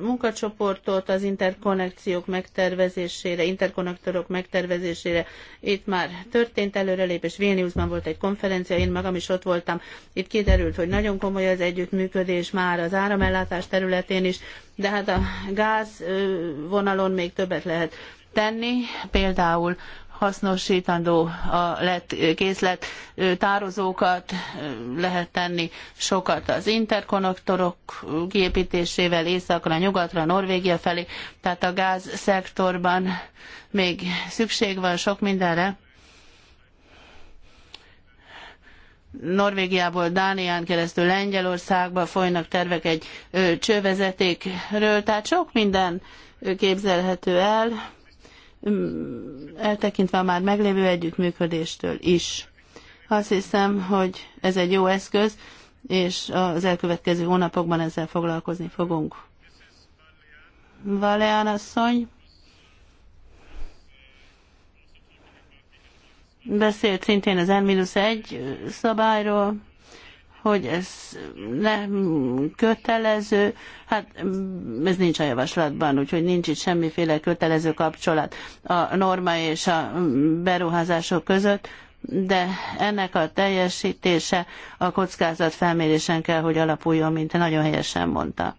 munkacsoportot az interkonnekciók megtervezésére, interkonnektorok megtervezésére. Itt már történt előrelépés, Vilniusban volt egy konferencia, én magam is ott voltam. Itt kiderült, hogy nagyon komoly az együttműködés már az áramellátás területén is, de hát a gáz vonalon még többet lehet tenni, például hasznosítandó a lett készlet, tározókat lehet tenni sokat az interkonnektorok kiépítésével északra, nyugatra, Norvégia felé, tehát a gázszektorban még szükség van sok mindenre. Norvégiából Dánián keresztül Lengyelországba folynak tervek egy csővezetékről, tehát sok minden képzelhető el Mm, eltekintve a már meglévő együttműködéstől is. Azt hiszem, hogy ez egy jó eszköz, és az elkövetkező hónapokban ezzel foglalkozni fogunk. Valéán asszony beszélt szintén az N-1 szabályról, hogy ez nem kötelező, hát ez nincs a javaslatban, úgyhogy nincs itt semmiféle kötelező kapcsolat a norma és a beruházások között, de ennek a teljesítése a felmérésen kell, hogy alapuljon, mint nagyon helyesen mondta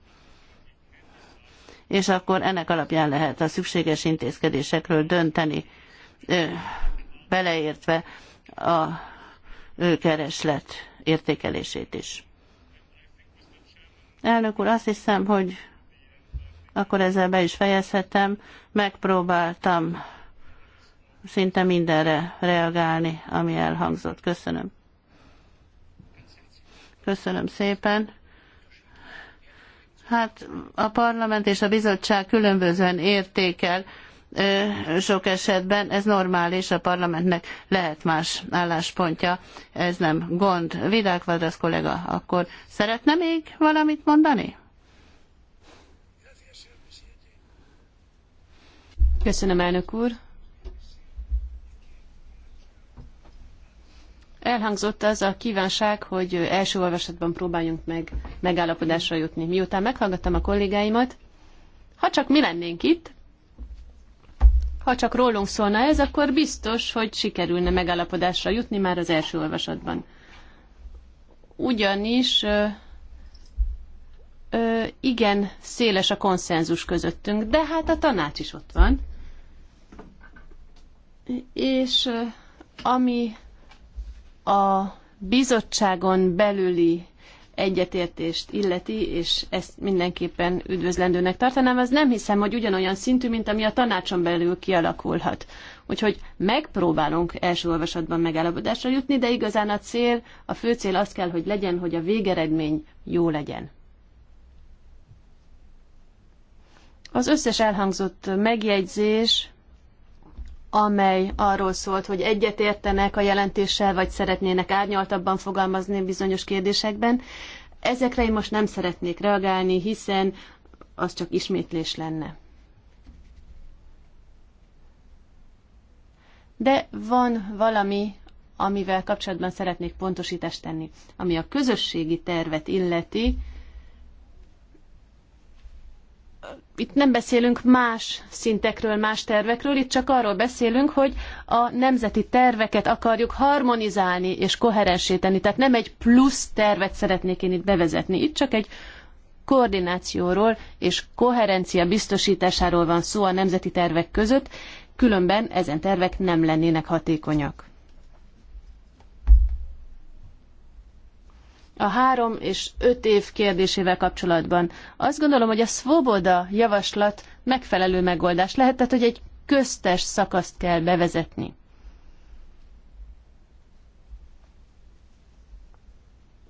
és akkor ennek alapján lehet a szükséges intézkedésekről dönteni, beleértve a kereslet értékelését is. Elnök úr, azt hiszem, hogy akkor ezzel be is fejezhetem. Megpróbáltam szinte mindenre reagálni, ami elhangzott. Köszönöm. Köszönöm szépen. Hát a parlament és a bizottság különbözően értékel sok esetben ez normális, a parlamentnek lehet más álláspontja, ez nem gond. Vidák Vadrasz kollega, akkor szeretne még valamit mondani? Köszönöm, elnök úr. Elhangzott az a kívánság, hogy első olvasatban próbáljunk meg megállapodásra jutni. Miután meghallgattam a kollégáimat, ha csak mi lennénk itt, ha csak rólunk szólna ez, akkor biztos, hogy sikerülne megállapodásra jutni már az első olvasatban. Ugyanis ö, igen, széles a konszenzus közöttünk, de hát a tanács is ott van. És ö, ami a bizottságon belüli egyetértést illeti, és ezt mindenképpen üdvözlendőnek tartanám. Ez nem hiszem, hogy ugyanolyan szintű, mint ami a tanácson belül kialakulhat. Úgyhogy megpróbálunk első olvasatban megállapodásra jutni, de igazán a cél, a fő cél az kell, hogy legyen, hogy a végeredmény jó legyen. Az összes elhangzott megjegyzés amely arról szólt, hogy egyetértenek a jelentéssel, vagy szeretnének árnyaltabban fogalmazni bizonyos kérdésekben. Ezekre én most nem szeretnék reagálni, hiszen az csak ismétlés lenne. De van valami, amivel kapcsolatban szeretnék pontosítást tenni, ami a közösségi tervet illeti, itt nem beszélünk más szintekről, más tervekről, itt csak arról beszélünk, hogy a nemzeti terveket akarjuk harmonizálni és koherenséteni. tenni. Tehát nem egy plusz tervet szeretnék én itt bevezetni. Itt csak egy koordinációról és koherencia biztosításáról van szó a nemzeti tervek között, különben ezen tervek nem lennének hatékonyak. a három és öt év kérdésével kapcsolatban. Azt gondolom, hogy a Svoboda javaslat megfelelő megoldás lehet, tehát hogy egy köztes szakaszt kell bevezetni.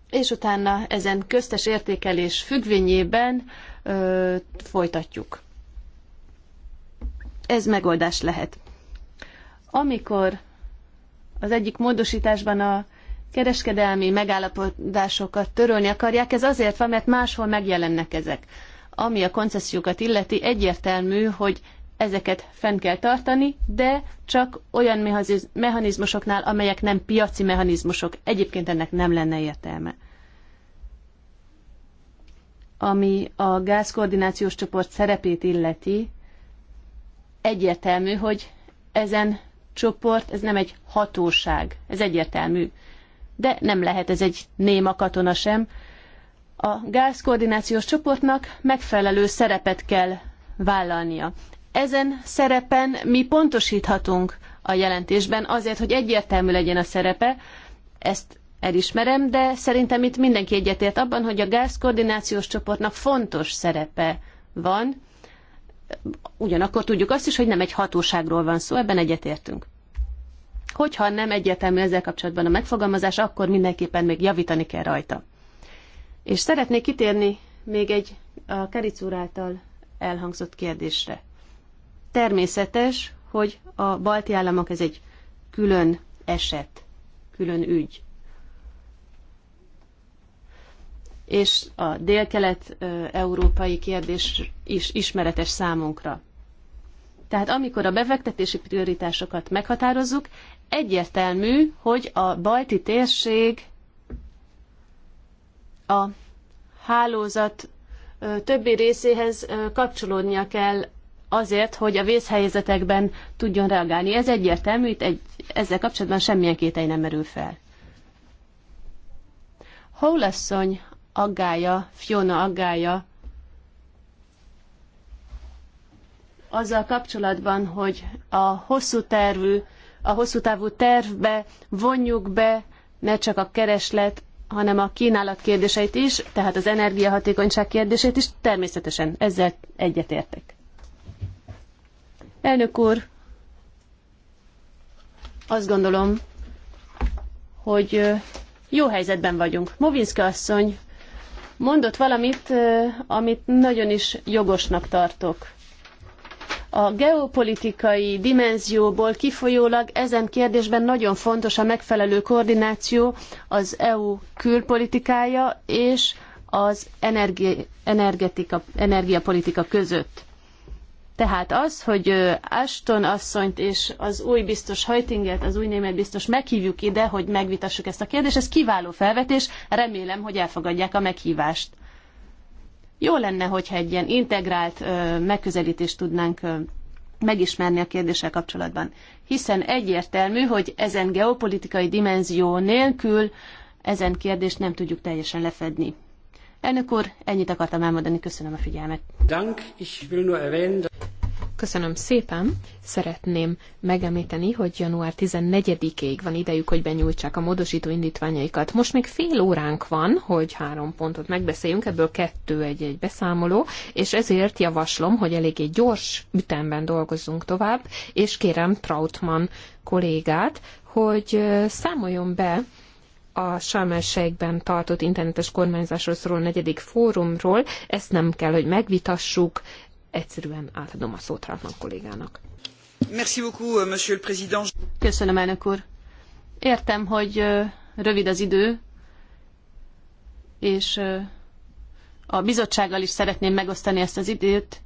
És utána ezen köztes értékelés függvényében ö, folytatjuk. Ez megoldás lehet. Amikor az egyik módosításban a kereskedelmi megállapodásokat törölni akarják, ez azért van, mert máshol megjelennek ezek. Ami a koncesziókat illeti, egyértelmű, hogy ezeket fenn kell tartani, de csak olyan mechanizmusoknál, amelyek nem piaci mechanizmusok. Egyébként ennek nem lenne értelme. Ami a gázkoordinációs csoport szerepét illeti, egyértelmű, hogy ezen csoport, ez nem egy hatóság, ez egyértelmű de nem lehet ez egy néma katona sem. A gázkoordinációs csoportnak megfelelő szerepet kell vállalnia. Ezen szerepen mi pontosíthatunk a jelentésben azért, hogy egyértelmű legyen a szerepe, ezt elismerem, de szerintem itt mindenki egyetért abban, hogy a gázkoordinációs csoportnak fontos szerepe van. Ugyanakkor tudjuk azt is, hogy nem egy hatóságról van szó, ebben egyetértünk. Hogyha nem egyetemű ezzel kapcsolatban a megfogalmazás, akkor mindenképpen még javítani kell rajta. És szeretnék kitérni még egy a Kericúr által elhangzott kérdésre. Természetes, hogy a balti államok ez egy külön eset, külön ügy. És a délkelet-európai kérdés is ismeretes számunkra. Tehát amikor a befektetési prioritásokat meghatározzuk, egyértelmű, hogy a balti térség a hálózat többi részéhez kapcsolódnia kell azért, hogy a vészhelyzetekben tudjon reagálni. Ez egyértelmű, itt egy, ezzel kapcsolatban semmilyen kétely nem merül fel. Howlasszony aggája, Fiona aggája azzal kapcsolatban, hogy a hosszú tervű a hosszú távú tervbe vonjuk be ne csak a kereslet, hanem a kínálat kérdéseit is, tehát az energiahatékonyság kérdését is, természetesen ezzel egyetértek. Elnök úr, azt gondolom, hogy jó helyzetben vagyunk. Movinszka asszony mondott valamit, amit nagyon is jogosnak tartok. A geopolitikai dimenzióból kifolyólag ezen kérdésben nagyon fontos a megfelelő koordináció az EU külpolitikája és az energi, energetika, energiapolitika között. Tehát az, hogy Ashton asszonyt és az új biztos Hajtinget, az új német biztos meghívjuk ide, hogy megvitassuk ezt a kérdést, ez kiváló felvetés, remélem, hogy elfogadják a meghívást. Jó lenne, hogyha egy ilyen integrált megközelítést tudnánk megismerni a kérdéssel kapcsolatban. Hiszen egyértelmű, hogy ezen geopolitikai dimenzió nélkül ezen kérdést nem tudjuk teljesen lefedni. Elnök úr, ennyit akartam elmondani, köszönöm a figyelmet. Köszönöm szépen. Szeretném megemlíteni, hogy január 14-ig van idejük, hogy benyújtsák a módosító indítványaikat. Most még fél óránk van, hogy három pontot megbeszéljünk, ebből kettő egy-egy beszámoló, és ezért javaslom, hogy eléggé gyors ütemben dolgozzunk tovább, és kérem Trautmann kollégát, hogy számoljon be a Salmerségben tartott internetes kormányzásról szóló negyedik fórumról. Ezt nem kell, hogy megvitassuk, egyszerűen átadom a szót Hartmann kollégának. Merci beaucoup, euh, monsieur le président. Köszönöm, elnök úr. Értem, hogy rövid az idő, és a bizottsággal is szeretném megosztani ezt az időt.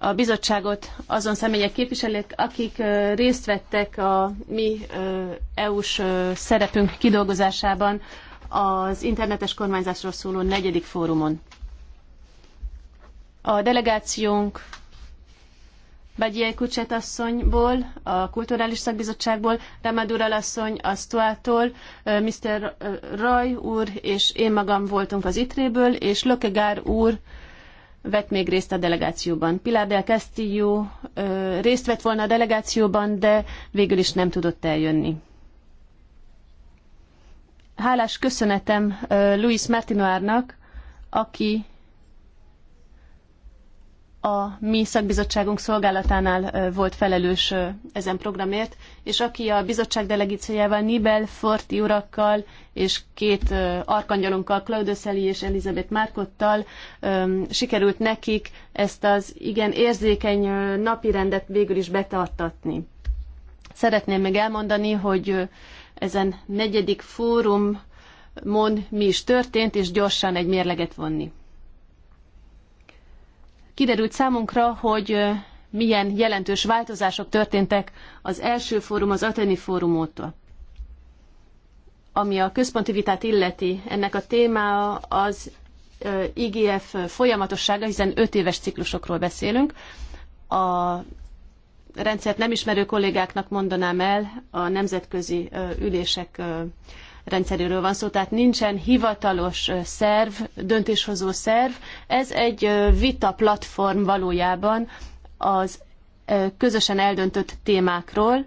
A bizottságot azon személyek képviselik, akik részt vettek a mi EU-s szerepünk kidolgozásában az internetes kormányzásról szóló negyedik fórumon. A delegációnk Bagyai Kucset asszonyból, a Kulturális Szakbizottságból, Ramadur asszony a Sztuától, Mr. Roy úr és én magam voltunk az Itréből, és Lökegár úr vett még részt a delegációban. Pilar del Castillo részt vett volna a delegációban, de végül is nem tudott eljönni. Hálás köszönetem Luis Martinoárnak, aki a mi szakbizottságunk szolgálatánál volt felelős ezen programért, és aki a bizottság delegíciójával, Nibel, Forti urakkal és két arkangyalunkkal, Claudius Eli és Elizabeth Márkottal sikerült nekik ezt az igen érzékeny napirendet végül is betartatni. Szeretném meg elmondani, hogy ezen negyedik fórumon mi is történt, és gyorsan egy mérleget vonni kiderült számunkra, hogy milyen jelentős változások történtek az első fórum, az Ateni fórum óta. Ami a központi vitát illeti, ennek a témája az IGF folyamatossága, hiszen 5 éves ciklusokról beszélünk. A rendszert nem ismerő kollégáknak mondanám el a nemzetközi ülések rendszeréről van szó, tehát nincsen hivatalos szerv, döntéshozó szerv. Ez egy vita platform valójában az közösen eldöntött témákról,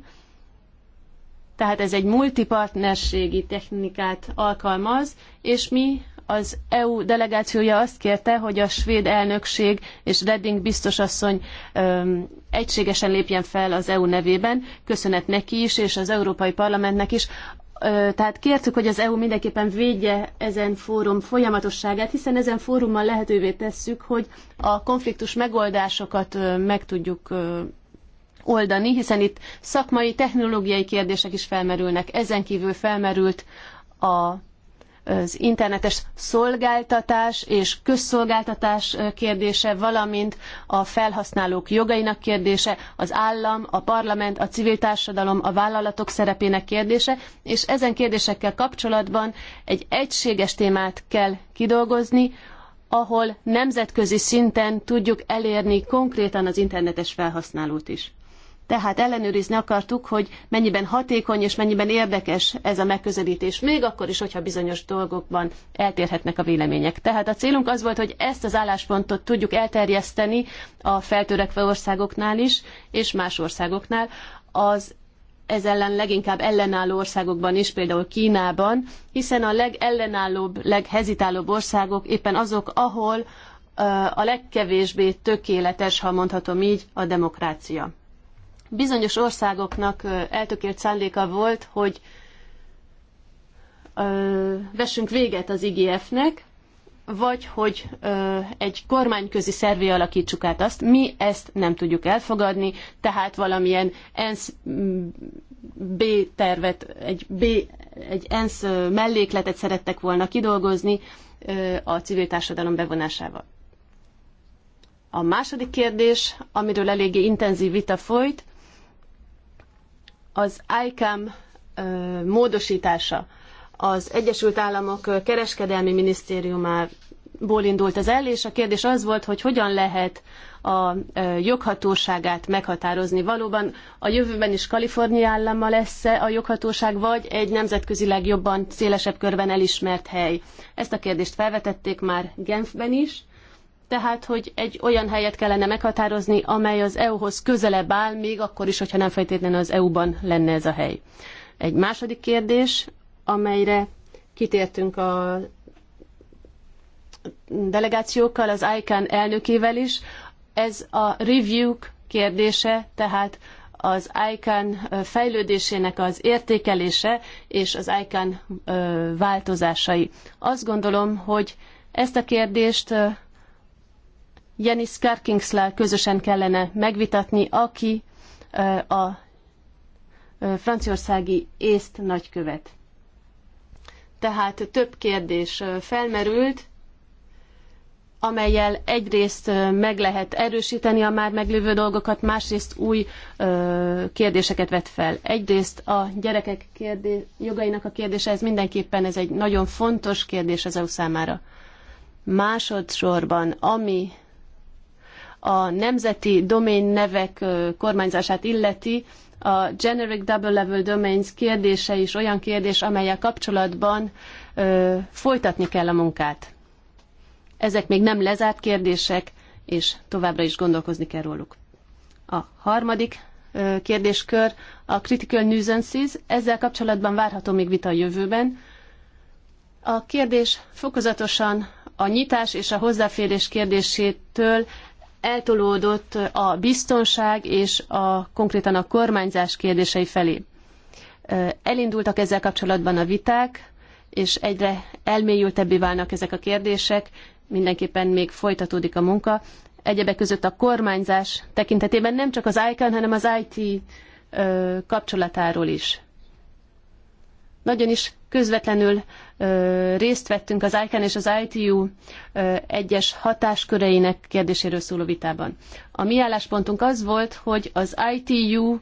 tehát ez egy multipartnerségi technikát alkalmaz, és mi az EU delegációja azt kérte, hogy a svéd elnökség és Redding biztosasszony öm, egységesen lépjen fel az EU nevében. Köszönet neki is, és az Európai Parlamentnek is tehát kértük, hogy az EU mindenképpen védje ezen fórum folyamatosságát, hiszen ezen fórummal lehetővé tesszük, hogy a konfliktus megoldásokat meg tudjuk oldani, hiszen itt szakmai, technológiai kérdések is felmerülnek. Ezen kívül felmerült a az internetes szolgáltatás és közszolgáltatás kérdése, valamint a felhasználók jogainak kérdése, az állam, a parlament, a civil társadalom, a vállalatok szerepének kérdése, és ezen kérdésekkel kapcsolatban egy egységes témát kell kidolgozni, ahol nemzetközi szinten tudjuk elérni konkrétan az internetes felhasználót is. Tehát ellenőrizni akartuk, hogy mennyiben hatékony és mennyiben érdekes ez a megközelítés, még akkor is, hogyha bizonyos dolgokban eltérhetnek a vélemények. Tehát a célunk az volt, hogy ezt az álláspontot tudjuk elterjeszteni a feltörekvő országoknál is, és más országoknál. Az ez ellen leginkább ellenálló országokban is, például Kínában, hiszen a legellenállóbb, leghezitálóbb országok éppen azok, ahol a legkevésbé tökéletes, ha mondhatom így, a demokrácia. Bizonyos országoknak eltökélt szándéka volt, hogy ö, vessünk véget az IGF-nek, vagy hogy ö, egy kormányközi szervé alakítsuk át azt. Mi ezt nem tudjuk elfogadni, tehát valamilyen ENSZ mm, B tervet, egy, B, egy ENSZ mellékletet szerettek volna kidolgozni ö, a civil társadalom bevonásával. A második kérdés, amiről eléggé intenzív vita folyt, az ICAM módosítása az Egyesült Államok kereskedelmi minisztériumából indult ez el, és a kérdés az volt, hogy hogyan lehet a joghatóságát meghatározni. Valóban a jövőben is Kalifornia állama lesz -e a joghatóság, vagy egy nemzetközileg jobban, szélesebb körben elismert hely. Ezt a kérdést felvetették már Genfben is, tehát hogy egy olyan helyet kellene meghatározni, amely az EU-hoz közelebb áll, még akkor is, hogyha nem feltétlenül az EU-ban lenne ez a hely. Egy második kérdés, amelyre kitértünk a delegációkkal, az ICAN elnökével is, ez a review kérdése, tehát az ICAN fejlődésének az értékelése és az ICAN változásai. Azt gondolom, hogy ezt a kérdést Janis Karkingslel közösen kellene megvitatni, aki a franciaországi észt nagykövet. Tehát több kérdés felmerült, amelyel egyrészt meg lehet erősíteni a már meglévő dolgokat, másrészt új kérdéseket vet fel. Egyrészt a gyerekek jogainak a kérdése, ez mindenképpen ez egy nagyon fontos kérdés az EU számára. Másodszorban, ami a nemzeti domain nevek kormányzását illeti, a Generic Double Level Domains kérdése is olyan kérdés, amelyel kapcsolatban ö, folytatni kell a munkát. Ezek még nem lezárt kérdések, és továbbra is gondolkozni kell róluk. A harmadik ö, kérdéskör a critical nuisances. Ezzel kapcsolatban várható még vita a jövőben. A kérdés fokozatosan a nyitás és a hozzáférés kérdésétől eltolódott a biztonság és a konkrétan a kormányzás kérdései felé. Elindultak ezzel kapcsolatban a viták, és egyre elmélyültebbé válnak ezek a kérdések, mindenképpen még folytatódik a munka. Egyebek között a kormányzás tekintetében nem csak az ICAN, hanem az IT kapcsolatáról is nagyon is közvetlenül ö, részt vettünk az ICAN és az ITU ö, egyes hatásköreinek kérdéséről szóló vitában. A mi álláspontunk az volt, hogy az ITU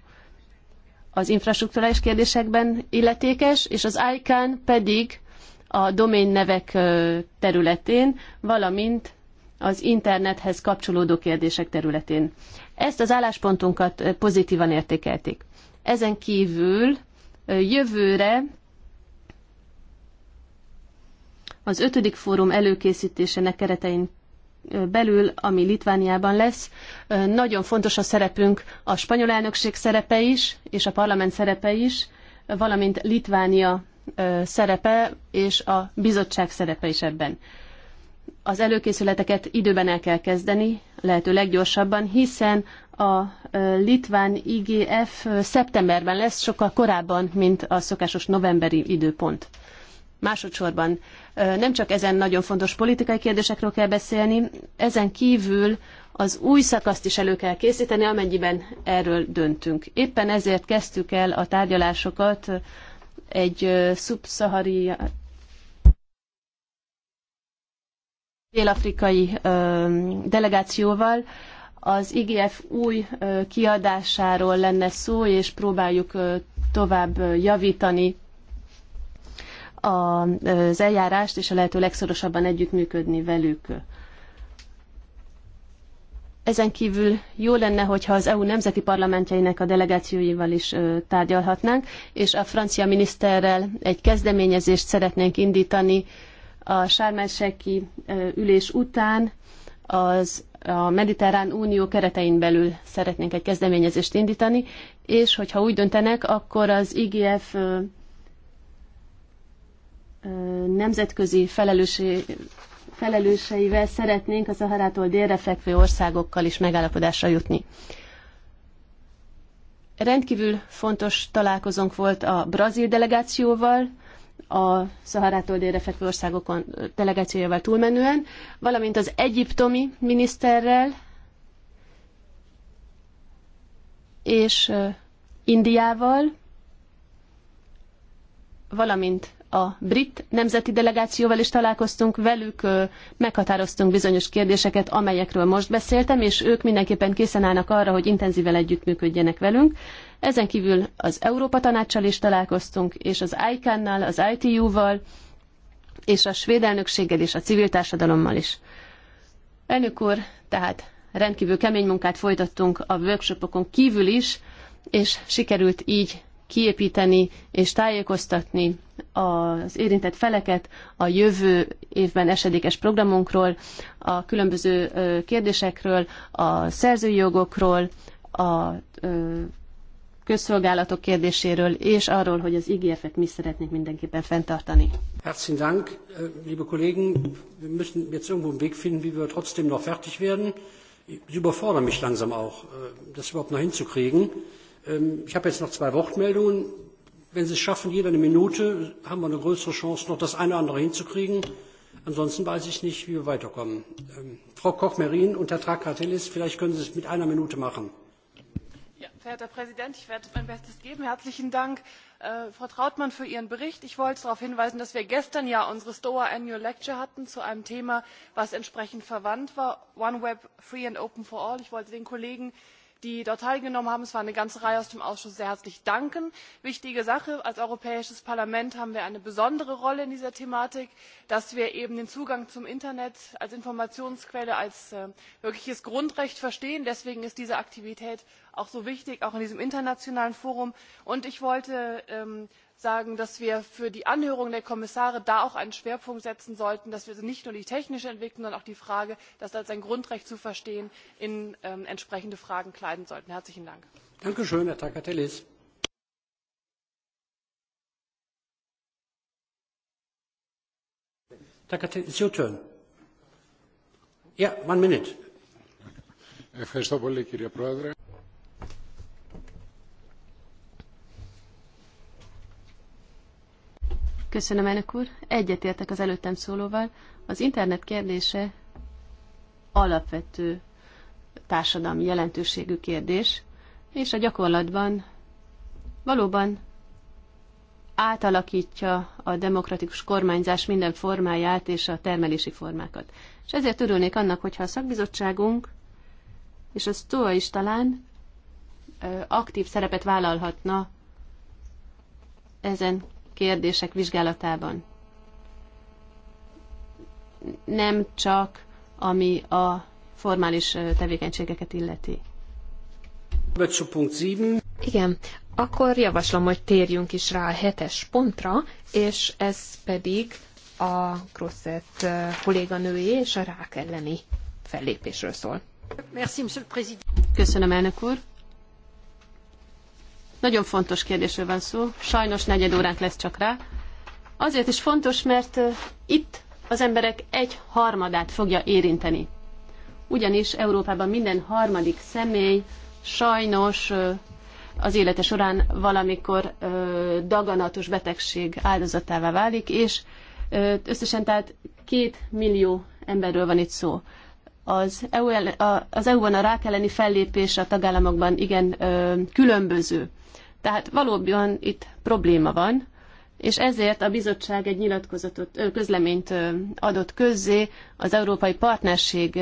az infrastruktúrális kérdésekben illetékes, és az ICAN pedig a domain nevek területén, valamint az internethez kapcsolódó kérdések területén. Ezt az álláspontunkat pozitívan értékelték. Ezen kívül jövőre az ötödik fórum előkészítésének keretein belül, ami Litvániában lesz. Nagyon fontos a szerepünk, a spanyol elnökség szerepe is, és a parlament szerepe is, valamint Litvánia szerepe és a bizottság szerepe is ebben. Az előkészületeket időben el kell kezdeni, lehető leggyorsabban, hiszen a litván IGF szeptemberben lesz, sokkal korábban, mint a szokásos novemberi időpont. Másodszorban nem csak ezen nagyon fontos politikai kérdésekről kell beszélni, ezen kívül az új szakaszt is elő kell készíteni, amennyiben erről döntünk. Éppen ezért kezdtük el a tárgyalásokat egy szubszahari dél-afrikai delegációval, az IGF új kiadásáról lenne szó, és próbáljuk tovább javítani az eljárást, és a lehető legszorosabban együttműködni velük. Ezen kívül jó lenne, hogyha az EU nemzeti parlamentjeinek a delegációival is tárgyalhatnánk, és a francia miniszterrel egy kezdeményezést szeretnénk indítani a sármenseki ülés után, az a Mediterrán Unió keretein belül szeretnénk egy kezdeményezést indítani, és hogyha úgy döntenek, akkor az IGF nemzetközi felelőssé, felelőseivel szeretnénk a Szaharától délre fekvő országokkal is megállapodásra jutni. Rendkívül fontos találkozónk volt a brazil delegációval, a Szaharától délre fekvő országokon delegációjával túlmenően, valamint az egyiptomi miniszterrel és Indiával, valamint a brit nemzeti delegációval is találkoztunk, velük meghatároztunk bizonyos kérdéseket, amelyekről most beszéltem, és ők mindenképpen készen állnak arra, hogy intenzíven együttműködjenek velünk. Ezen kívül az Európa Tanácssal is találkoztunk, és az ICAN-nal, az ITU-val, és a svéd elnökséggel és a civil társadalommal is. Elnök úr, tehát rendkívül kemény munkát folytattunk a workshopokon kívül is, és sikerült így kiépíteni és tájékoztatni az érintett feleket a jövő évben esedékes programunkról, a különböző kérdésekről, a szerzői jogokról, a közszolgálatok kérdéséről, és arról, hogy az IGF-et mi szeretnénk mindenképpen fenntartani. Herzlichen Dank, äh, liebe Kollegen. Wir müssen jetzt irgendwo einen Weg finden, wie wir trotzdem noch fertig werden. Ich überfordere mich langsam auch, äh, das überhaupt noch hinzukriegen. Ähm, ich habe jetzt noch zwei Wortmeldungen. Wenn Sie es schaffen, jeder eine Minute, haben wir eine größere Chance, noch das eine oder andere hinzukriegen. Ansonsten weiß ich nicht, wie wir weiterkommen. Ähm, Frau Koch-Merin und Herr Trakatellis, vielleicht können Sie es mit einer Minute machen. Ja, verehrter Herr Präsident, ich werde mein Bestes geben. Herzlichen Dank, äh, Frau Trautmann, für Ihren Bericht. Ich wollte darauf hinweisen, dass wir gestern ja unsere STOA Annual Lecture hatten zu einem Thema, was entsprechend verwandt war, One Web, Free and Open for All. Ich wollte den Kollegen die dort teilgenommen haben. Es war eine ganze Reihe aus dem Ausschuss sehr herzlich danken. Wichtige Sache. Als Europäisches Parlament haben wir eine besondere Rolle in dieser Thematik, dass wir eben den Zugang zum Internet als Informationsquelle, als äh, wirkliches Grundrecht verstehen. Deswegen ist diese Aktivität auch so wichtig, auch in diesem internationalen Forum. Und ich wollte ähm, sagen dass wir für die anhörung der kommissare da auch einen schwerpunkt setzen sollten dass wir also nicht nur die technische entwicklung sondern auch die frage das als ein grundrecht zu verstehen in ähm, entsprechende fragen kleiden sollten. herzlichen dank! Köszönöm, elnök úr. Egyetértek az előttem szólóval. Az internet kérdése alapvető társadalmi jelentőségű kérdés, és a gyakorlatban valóban átalakítja a demokratikus kormányzás minden formáját és a termelési formákat. És ezért örülnék annak, hogyha a szakbizottságunk, és a STOA is talán aktív szerepet vállalhatna ezen kérdések vizsgálatában. Nem csak ami a formális tevékenységeket illeti. Igen, akkor javaslom, hogy térjünk is rá a hetes pontra, és ez pedig a Grosset kolléganői és a rák elleni fellépésről szól. Köszönöm, elnök úr! Nagyon fontos kérdésről van szó, sajnos negyed óránk lesz csak rá. Azért is fontos, mert itt az emberek egy harmadát fogja érinteni. Ugyanis Európában minden harmadik személy sajnos az élete során valamikor daganatos betegség áldozatává válik, és összesen tehát két millió emberről van itt szó. Az, EU, az EU-ban a rák elleni fellépés a tagállamokban igen különböző. Tehát valóban itt probléma van, és ezért a bizottság egy nyilatkozatot, közleményt adott közzé az Európai Partnerség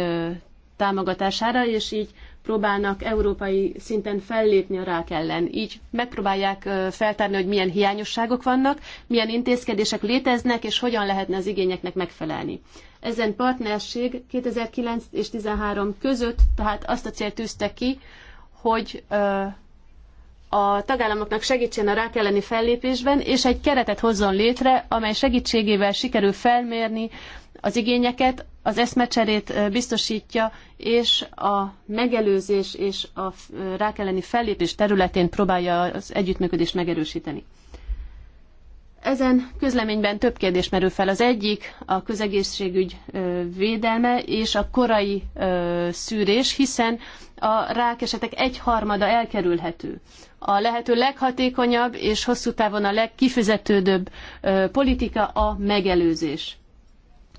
támogatására, és így próbálnak európai szinten fellépni a rák ellen. Így megpróbálják feltárni, hogy milyen hiányosságok vannak, milyen intézkedések léteznek, és hogyan lehetne az igényeknek megfelelni. Ezen partnerség 2009 és 2013 között tehát azt a célt tűzte ki, hogy a tagállamoknak segítsen a rák elleni fellépésben, és egy keretet hozzon létre, amely segítségével sikerül felmérni az igényeket, az eszmecserét biztosítja, és a megelőzés és a rák elleni fellépés területén próbálja az együttműködést megerősíteni. Ezen közleményben több kérdés merül fel. Az egyik a közegészségügy védelme és a korai szűrés, hiszen a rákesetek egyharmada elkerülhető. A lehető leghatékonyabb és hosszú távon a legkifizetődőbb politika a megelőzés.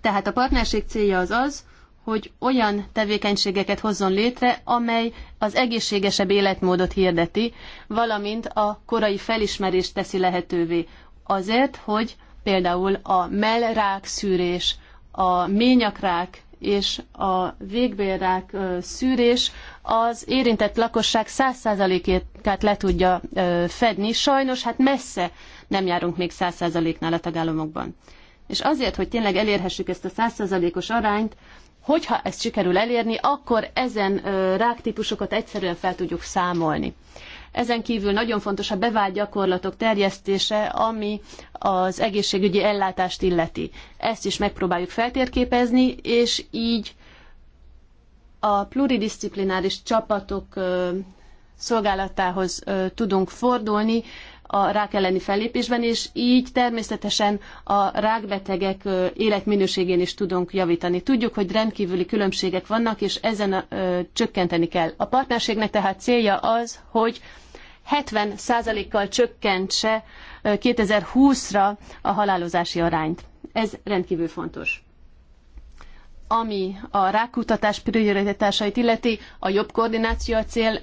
Tehát a partnerség célja az az, hogy olyan tevékenységeket hozzon létre, amely az egészségesebb életmódot hirdeti, valamint a korai felismerést teszi lehetővé, azért, hogy például a mellrák szűrés, a ményakrák és a végbélrák szűrés az érintett lakosság 100%-át le tudja fedni. Sajnos hát messze nem járunk még 100%-nál a tagállamokban. És azért, hogy tényleg elérhessük ezt a 100%-os arányt, hogyha ezt sikerül elérni, akkor ezen ráktípusokat egyszerűen fel tudjuk számolni. Ezen kívül nagyon fontos a bevált gyakorlatok terjesztése, ami az egészségügyi ellátást illeti. Ezt is megpróbáljuk feltérképezni, és így a pluridisciplináris csapatok szolgálatához tudunk fordulni a rák elleni fellépésben, és így természetesen a rákbetegek életminőségén is tudunk javítani. Tudjuk, hogy rendkívüli különbségek vannak, és ezen csökkenteni kell. A partnerségnek tehát célja az, hogy 70%-kal csökkentse 2020-ra a halálozási arányt. Ez rendkívül fontos. Ami a rákutatás prioritásait illeti, a jobb koordináció a cél,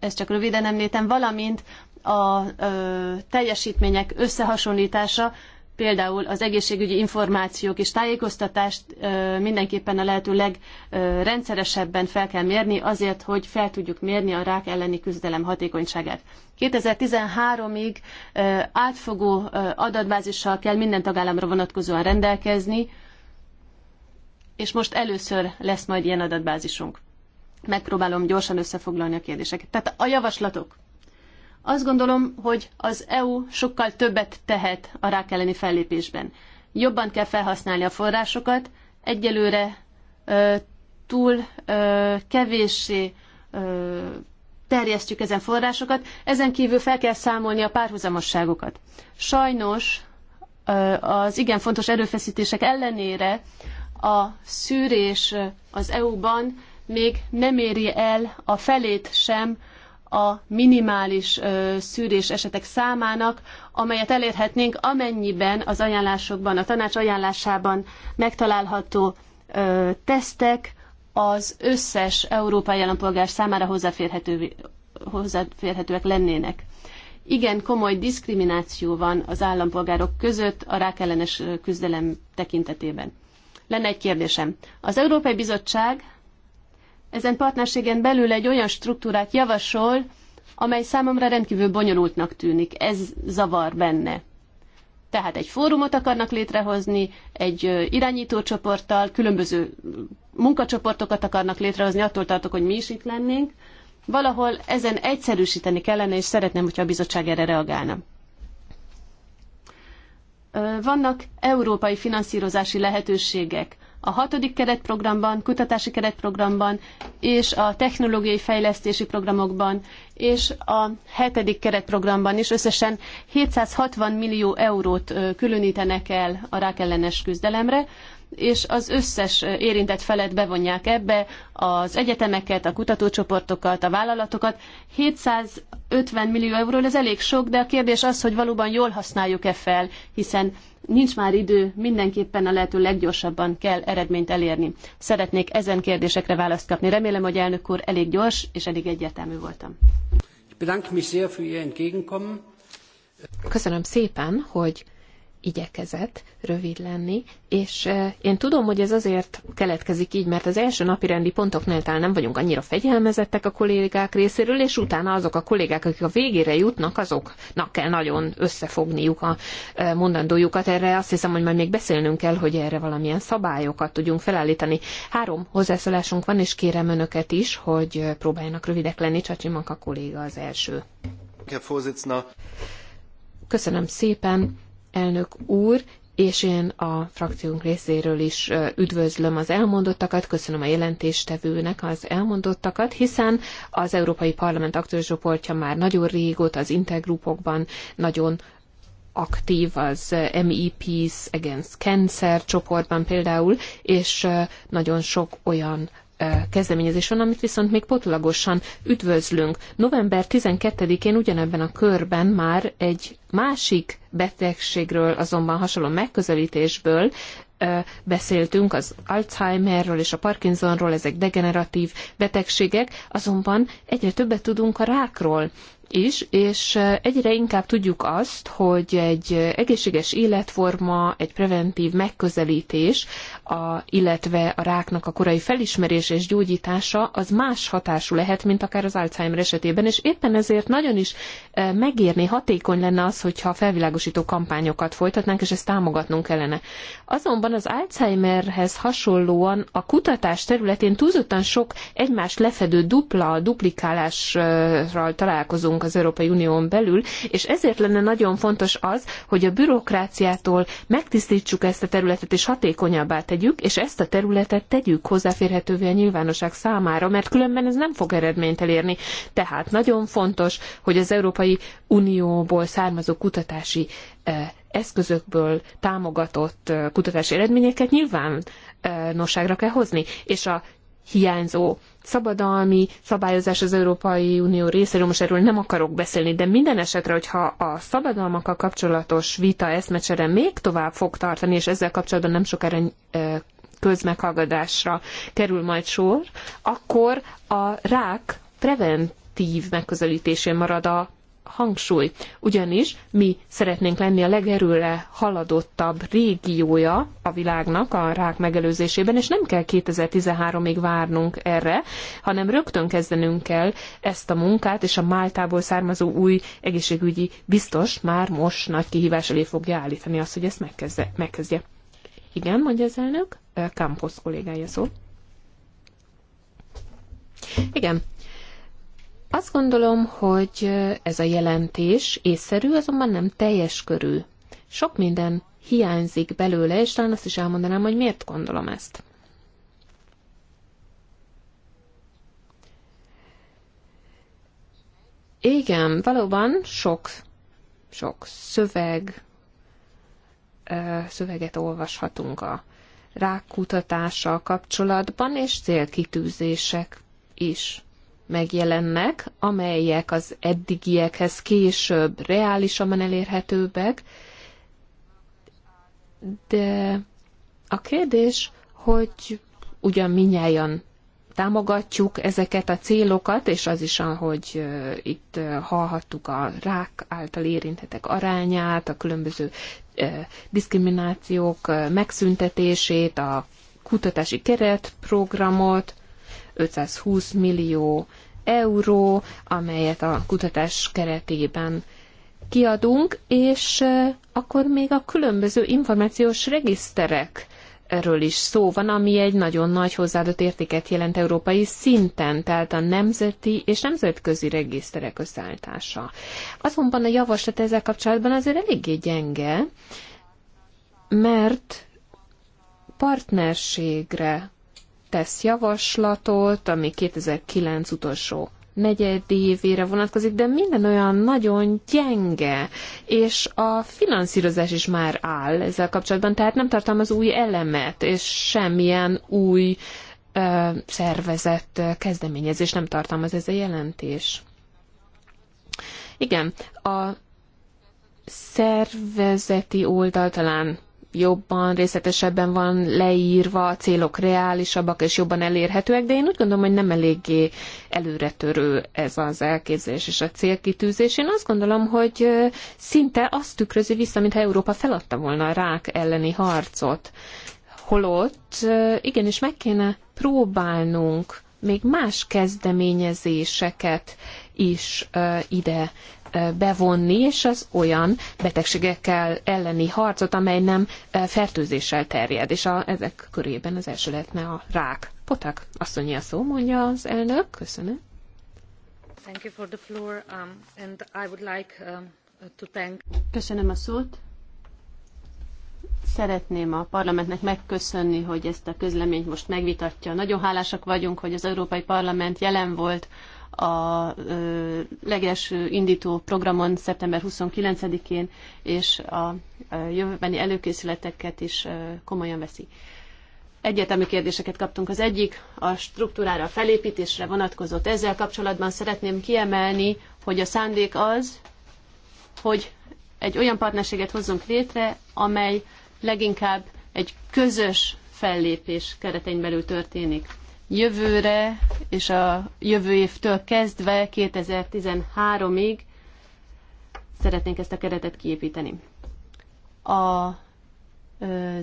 ezt csak röviden említem, valamint a ö, teljesítmények összehasonlítása például az egészségügyi információk és tájékoztatást mindenképpen a lehető legrendszeresebben fel kell mérni, azért, hogy fel tudjuk mérni a rák elleni küzdelem hatékonyságát. 2013-ig átfogó adatbázissal kell minden tagállamra vonatkozóan rendelkezni, és most először lesz majd ilyen adatbázisunk. Megpróbálom gyorsan összefoglalni a kérdéseket. Tehát a javaslatok azt gondolom, hogy az EU sokkal többet tehet a rák elleni fellépésben. Jobban kell felhasználni a forrásokat, egyelőre ö, túl ö, kevéssé ö, terjesztjük ezen forrásokat, ezen kívül fel kell számolni a párhuzamosságokat. Sajnos az igen fontos erőfeszítések ellenére a szűrés az EU-ban még nem éri el a felét sem a minimális szűrés esetek számának, amelyet elérhetnénk, amennyiben az ajánlásokban, a tanács ajánlásában megtalálható tesztek az összes európai állampolgár számára hozzáférhető, hozzáférhetőek lennének. Igen, komoly diszkrimináció van az állampolgárok között a rákellenes küzdelem tekintetében. Lenne egy kérdésem. Az Európai Bizottság ezen partnerségen belül egy olyan struktúrát javasol, amely számomra rendkívül bonyolultnak tűnik. Ez zavar benne. Tehát egy fórumot akarnak létrehozni, egy irányítócsoporttal, különböző munkacsoportokat akarnak létrehozni, attól tartok, hogy mi is itt lennénk. Valahol ezen egyszerűsíteni kellene, és szeretném, hogyha a bizottság erre reagálna. Vannak európai finanszírozási lehetőségek a hatodik keretprogramban, kutatási keretprogramban és a technológiai fejlesztési programokban és a hetedik keretprogramban is összesen 760 millió eurót különítenek el a rákellenes küzdelemre, és az összes érintett felet bevonják ebbe, az egyetemeket, a kutatócsoportokat, a vállalatokat. 750 millió euróról ez elég sok, de a kérdés az, hogy valóban jól használjuk-e fel, hiszen nincs már idő, mindenképpen a lehető leggyorsabban kell eredményt elérni. Szeretnék ezen kérdésekre választ kapni. Remélem, hogy elnök úr elég gyors és elég egyértelmű voltam. Köszönöm szépen, hogy igyekezett rövid lenni, és eh, én tudom, hogy ez azért keletkezik így, mert az első napi rendi pontoknál talán nem vagyunk annyira fegyelmezettek a kollégák részéről, és utána azok a kollégák, akik a végére jutnak, azoknak kell nagyon összefogniuk a eh, mondandójukat. Erre azt hiszem, hogy majd még beszélnünk kell, hogy erre valamilyen szabályokat tudjunk felállítani. Három hozzászólásunk van, és kérem önöket is, hogy eh, próbáljanak rövidek lenni. Csacsi a kolléga az első. Köszönöm szépen elnök úr, és én a frakciónk részéről is üdvözlöm az elmondottakat, köszönöm a jelentéstevőnek az elmondottakat, hiszen az Európai Parlament aktív csoportja már nagyon régóta az intergrupokban nagyon aktív az MEPs Against Cancer csoportban például, és nagyon sok olyan kezdeményezés van, amit viszont még potlagosan üdvözlünk. November 12-én ugyanebben a körben már egy másik betegségről, azonban hasonló megközelítésből beszéltünk, az Alzheimerről és a Parkinsonról, ezek degeneratív betegségek, azonban egyre többet tudunk a rákról, is, és egyre inkább tudjuk azt, hogy egy egészséges életforma, egy preventív megközelítés, a, illetve a ráknak a korai felismerése és gyógyítása az más hatású lehet, mint akár az Alzheimer esetében, és éppen ezért nagyon is megérni, hatékony lenne az, hogyha felvilágosító kampányokat folytatnánk, és ezt támogatnunk kellene. Azonban az Alzheimerhez hasonlóan a kutatás területén túlzottan sok egymást lefedő dupla, duplikálásra találkozunk tartunk az Európai Unión belül, és ezért lenne nagyon fontos az, hogy a bürokráciától megtisztítsuk ezt a területet, és hatékonyabbá tegyük, és ezt a területet tegyük hozzáférhetővé a nyilvánosság számára, mert különben ez nem fog eredményt elérni. Tehát nagyon fontos, hogy az Európai Unióból származó kutatási eszközökből támogatott kutatási eredményeket nyilvánosságra kell hozni, és a hiányzó szabadalmi szabályozás az Európai Unió részéről, most erről nem akarok beszélni, de minden esetre, hogyha a szabadalmakkal kapcsolatos vita eszmecsere még tovább fog tartani, és ezzel kapcsolatban nem sokára közmeghallgatásra kerül majd sor, akkor a rák preventív megközelítésén marad a hangsúly. Ugyanis mi szeretnénk lenni a legerőre haladottabb régiója a világnak a rák megelőzésében, és nem kell 2013-ig várnunk erre, hanem rögtön kezdenünk kell ezt a munkát, és a Máltából származó új egészségügyi biztos már most nagy kihívás elé fogja állítani azt, hogy ezt megkezdje. megkezdje. Igen, mondja az elnök, Campos kollégája szó. Igen, azt gondolom, hogy ez a jelentés észszerű, azonban nem teljes körű. Sok minden hiányzik belőle, és talán azt is elmondanám, hogy miért gondolom ezt. Igen, valóban sok, sok szöveg, szöveget olvashatunk a rákutatással kapcsolatban, és célkitűzések is megjelennek, amelyek az eddigiekhez később reálisan elérhetőbbek, de a kérdés, hogy ugyan minnyáján támogatjuk ezeket a célokat, és az is, ahogy itt hallhattuk a rák által érintetek arányát, a különböző diszkriminációk megszüntetését, a kutatási keretprogramot, 520 millió euró, amelyet a kutatás keretében kiadunk, és akkor még a különböző információs regiszterek erről is szó van, ami egy nagyon nagy hozzáadott értéket jelent európai szinten, tehát a nemzeti és nemzetközi regiszterek összeállítása. Azonban a javaslat ezzel kapcsolatban azért eléggé gyenge, mert partnerségre tesz javaslatot, ami 2009 utolsó évére vonatkozik, de minden olyan nagyon gyenge, és a finanszírozás is már áll ezzel kapcsolatban, tehát nem tartalmaz új elemet, és semmilyen új ö, szervezett kezdeményezés nem tartalmaz ez a jelentés. Igen, a szervezeti oldal talán jobban, részletesebben van leírva, a célok reálisabbak és jobban elérhetőek, de én úgy gondolom, hogy nem eléggé előretörő ez az elképzelés és a célkitűzés. Én azt gondolom, hogy szinte azt tükrözi vissza, mintha Európa feladta volna a rák elleni harcot. Holott igenis meg kéne próbálnunk még más kezdeményezéseket is ide bevonni, és az olyan betegségekkel elleni harcot, amely nem fertőzéssel terjed, és a, ezek körében az első lehetne a rák. Potak, asszonyi a szó, mondja az elnök. Köszönöm. Thank you for the floor, um, and I would like um, to thank... Köszönöm a szót. Szeretném a parlamentnek megköszönni, hogy ezt a közleményt most megvitatja. Nagyon hálásak vagyunk, hogy az Európai Parlament jelen volt a legelső indító programon szeptember 29-én, és a jövőbeni előkészületeket is komolyan veszi. Egyetemi kérdéseket kaptunk. Az egyik a struktúrára, a felépítésre vonatkozott. Ezzel kapcsolatban szeretném kiemelni, hogy a szándék az, hogy egy olyan partnerséget hozzunk létre, amely leginkább egy közös fellépés keretein belül történik jövőre és a jövő évtől kezdve 2013-ig szeretnénk ezt a keretet kiépíteni. A, az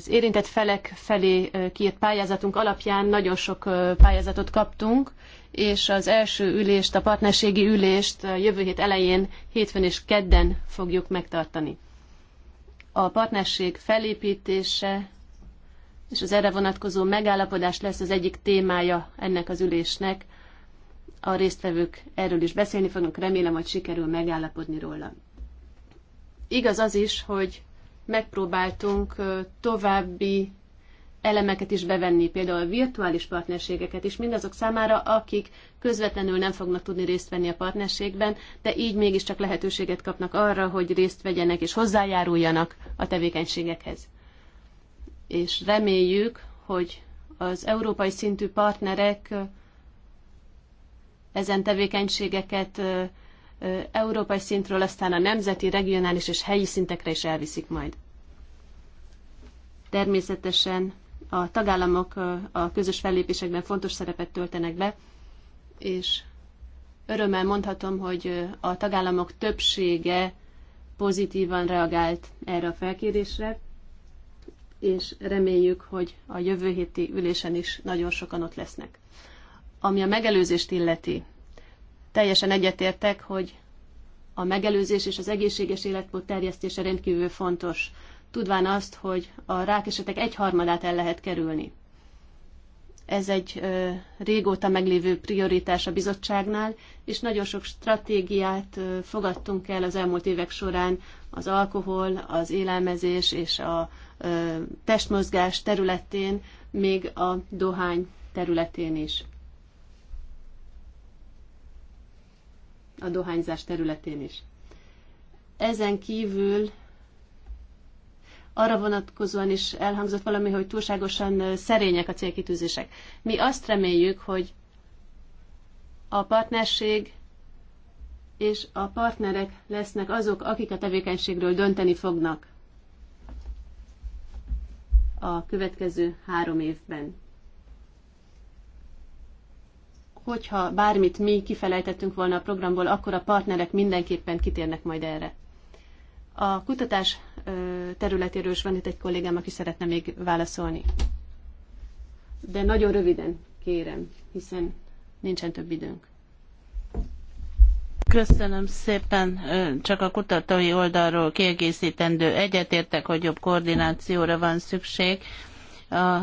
érintett felek felé kiírt pályázatunk alapján nagyon sok pályázatot kaptunk, és az első ülést, a partnerségi ülést jövő hét elején, hétfőn és kedden fogjuk megtartani. A partnerség felépítése és az erre vonatkozó megállapodás lesz az egyik témája ennek az ülésnek. A résztvevők erről is beszélni fognak, remélem, hogy sikerül megállapodni róla. Igaz az is, hogy megpróbáltunk további elemeket is bevenni, például a virtuális partnerségeket is, mindazok számára, akik közvetlenül nem fognak tudni részt venni a partnerségben, de így mégiscsak lehetőséget kapnak arra, hogy részt vegyenek és hozzájáruljanak a tevékenységekhez és reméljük, hogy az európai szintű partnerek ezen tevékenységeket európai szintről, aztán a nemzeti, regionális és helyi szintekre is elviszik majd. Természetesen a tagállamok a közös fellépésekben fontos szerepet töltenek be, és örömmel mondhatom, hogy a tagállamok többsége pozitívan reagált erre a felkérésre és reméljük, hogy a jövő héti ülésen is nagyon sokan ott lesznek. Ami a megelőzést illeti, teljesen egyetértek, hogy a megelőzés és az egészséges életmód terjesztése rendkívül fontos, tudván azt, hogy a rákesetek egyharmadát el lehet kerülni. Ez egy ö, régóta meglévő prioritás a bizottságnál, és nagyon sok stratégiát ö, fogadtunk el az elmúlt évek során az alkohol, az élelmezés és a testmozgás területén, még a dohány területén is. A dohányzás területén is. Ezen kívül arra vonatkozóan is elhangzott valami, hogy túlságosan szerények a célkitűzések. Mi azt reméljük, hogy a partnerség és a partnerek lesznek azok, akik a tevékenységről dönteni fognak a következő három évben. Hogyha bármit mi kifelejtettünk volna a programból, akkor a partnerek mindenképpen kitérnek majd erre. A kutatás területéről is van itt egy kollégám, aki szeretne még válaszolni. De nagyon röviden kérem, hiszen nincsen több időnk. Köszönöm szépen. Csak a kutatói oldalról kiegészítendő egyetértek, hogy jobb koordinációra van szükség. A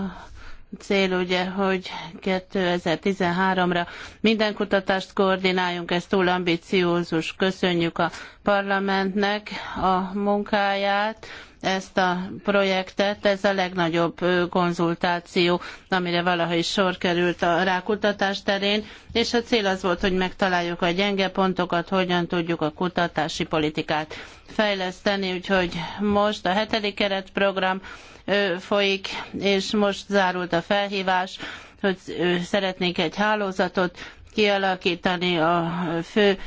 cél ugye, hogy 2013-ra minden kutatást koordináljunk, ez túl ambiciózus. Köszönjük a parlamentnek a munkáját, ezt a projektet, ez a legnagyobb konzultáció, amire valaha is sor került a rákutatás terén, és a cél az volt, hogy megtaláljuk a gyenge pontokat, hogyan tudjuk a kutatási politikát fejleszteni, úgyhogy most a hetedik keretprogram folyik, és most zárult a felhívás, hogy szeretnék egy hálózatot kialakítani a fő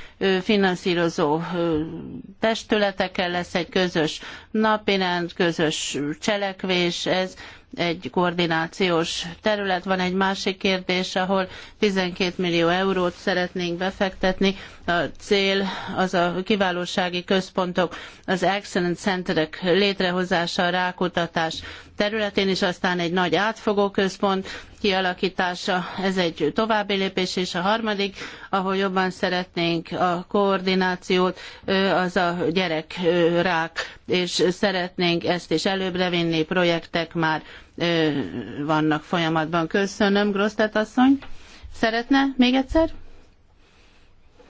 finanszírozó testületekkel lesz egy közös napirend, közös cselekvés, ez egy koordinációs terület. Van egy másik kérdés, ahol 12 millió eurót szeretnénk befektetni. A cél az a kiválósági központok, az Excellent Centerek létrehozása, a rákutatás területén, és aztán egy nagy átfogó központ, kialakítása, ez egy további lépés, és a harmadik, ahol jobban szeretnénk a koordinációt, az a gyerekrák, és szeretnénk ezt is előbbre vinni, projektek már vannak folyamatban. Köszönöm, Grosztet asszony. Szeretne még egyszer?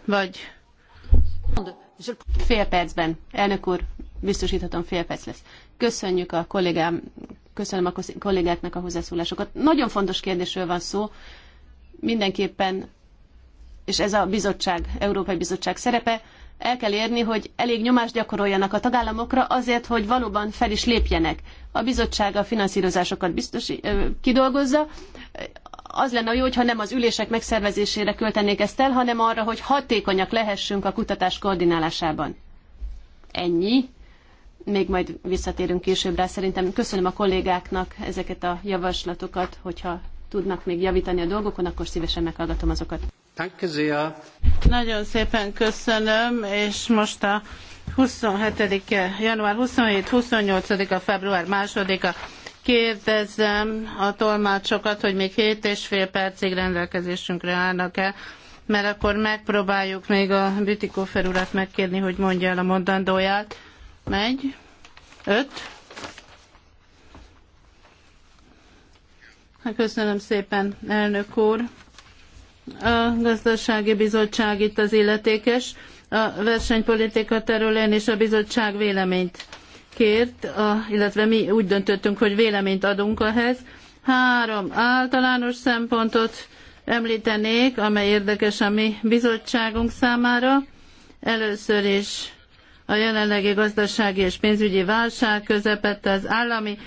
Vagy? Fél percben. Elnök úr, biztosíthatom, fél perc lesz. Köszönjük a kollégám köszönöm a kollégáknak a hozzászólásokat. Nagyon fontos kérdésről van szó. Mindenképpen, és ez a bizottság, Európai Bizottság szerepe, el kell érni, hogy elég nyomást gyakoroljanak a tagállamokra azért, hogy valóban fel is lépjenek. A bizottság a finanszírozásokat biztos, kidolgozza. Az lenne jó, hogyha nem az ülések megszervezésére költenék ezt el, hanem arra, hogy hatékonyak lehessünk a kutatás koordinálásában. Ennyi még majd visszatérünk később rá. Szerintem köszönöm a kollégáknak ezeket a javaslatokat, hogyha tudnak még javítani a dolgokon, akkor szívesen meghallgatom azokat. Nagyon szépen köszönöm, és most a 27 -e, január 27-28-a, február 2-a kérdezem a tolmácsokat, hogy még 7 és fél percig rendelkezésünkre állnak-e, mert akkor megpróbáljuk még a Bütikofer urat megkérni, hogy mondja el a mondandóját megy. Öt. Köszönöm szépen, elnök úr. A gazdasági bizottság itt az illetékes. A versenypolitika területén és a bizottság véleményt kért, a, illetve mi úgy döntöttünk, hogy véleményt adunk ehhez. Három általános szempontot említenék, amely érdekes a mi bizottságunk számára. Először is a jelenlegi gazdasági és pénzügyi válság közepette az állami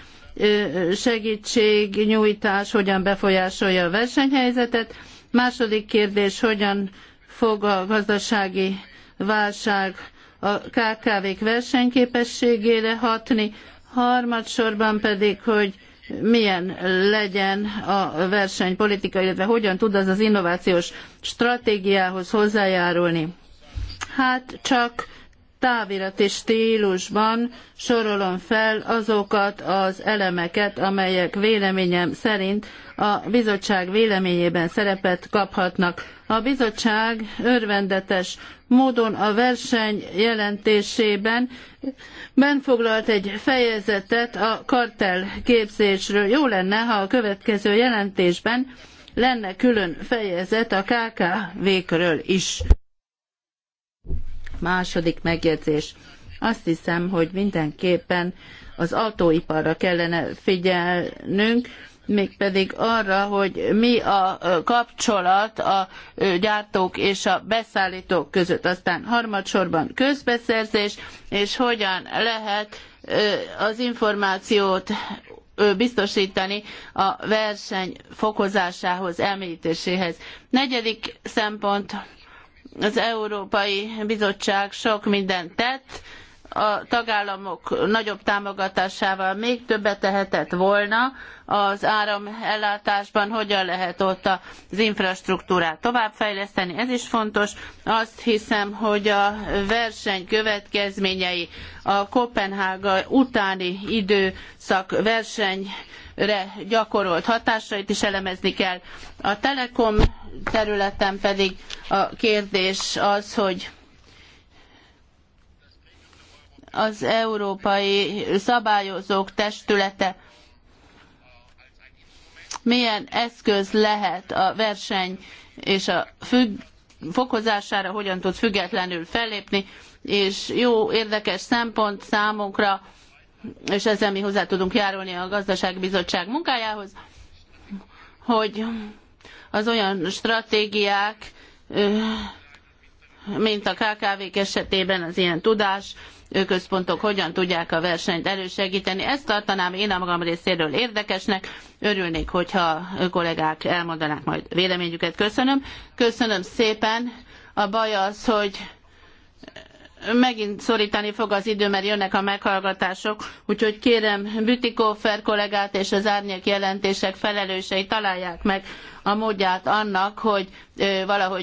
segítségnyújtás hogyan befolyásolja a versenyhelyzetet. Második kérdés, hogyan fog a gazdasági válság a KKV-k versenyképességére hatni, harmadsorban pedig, hogy milyen legyen a versenypolitika, illetve hogyan tud az az innovációs stratégiához hozzájárulni. Hát csak távirati stílusban sorolom fel azokat az elemeket, amelyek véleményem szerint a bizottság véleményében szerepet kaphatnak. A bizottság örvendetes módon a verseny jelentésében benfoglalt egy fejezetet a kartel képzésről. Jó lenne, ha a következő jelentésben lenne külön fejezet a KKV-kről is. Második megjegyzés. Azt hiszem, hogy mindenképpen az autóiparra kellene figyelnünk, mégpedig arra, hogy mi a kapcsolat a gyártók és a beszállítók között. Aztán harmadsorban közbeszerzés, és hogyan lehet az információt biztosítani a verseny fokozásához, elmélyítéséhez. Negyedik szempont az Európai Bizottság sok mindent tett, a tagállamok nagyobb támogatásával még többet tehetett volna az áramellátásban, hogyan lehet ott az infrastruktúrát továbbfejleszteni, ez is fontos. Azt hiszem, hogy a verseny következményei a Kopenhága utáni időszak versenyre gyakorolt hatásait is elemezni kell. A Telekom területen pedig a kérdés az, hogy az európai szabályozók testülete milyen eszköz lehet a verseny és a függ, fokozására, hogyan tud függetlenül fellépni, és jó, érdekes szempont számunkra, és ezzel mi hozzá tudunk járulni a gazdaságbizottság munkájához, hogy az olyan stratégiák, mint a KKV-k esetében az ilyen tudás, központok hogyan tudják a versenyt elősegíteni. Ezt tartanám én a magam részéről érdekesnek. Örülnék, hogyha kollégák elmondanák majd véleményüket. Köszönöm. Köszönöm szépen. A baj az, hogy megint szorítani fog az idő, mert jönnek a meghallgatások, úgyhogy kérem Bütikófer kollégát és az árnyék jelentések felelősei találják meg a módját annak, hogy valahogy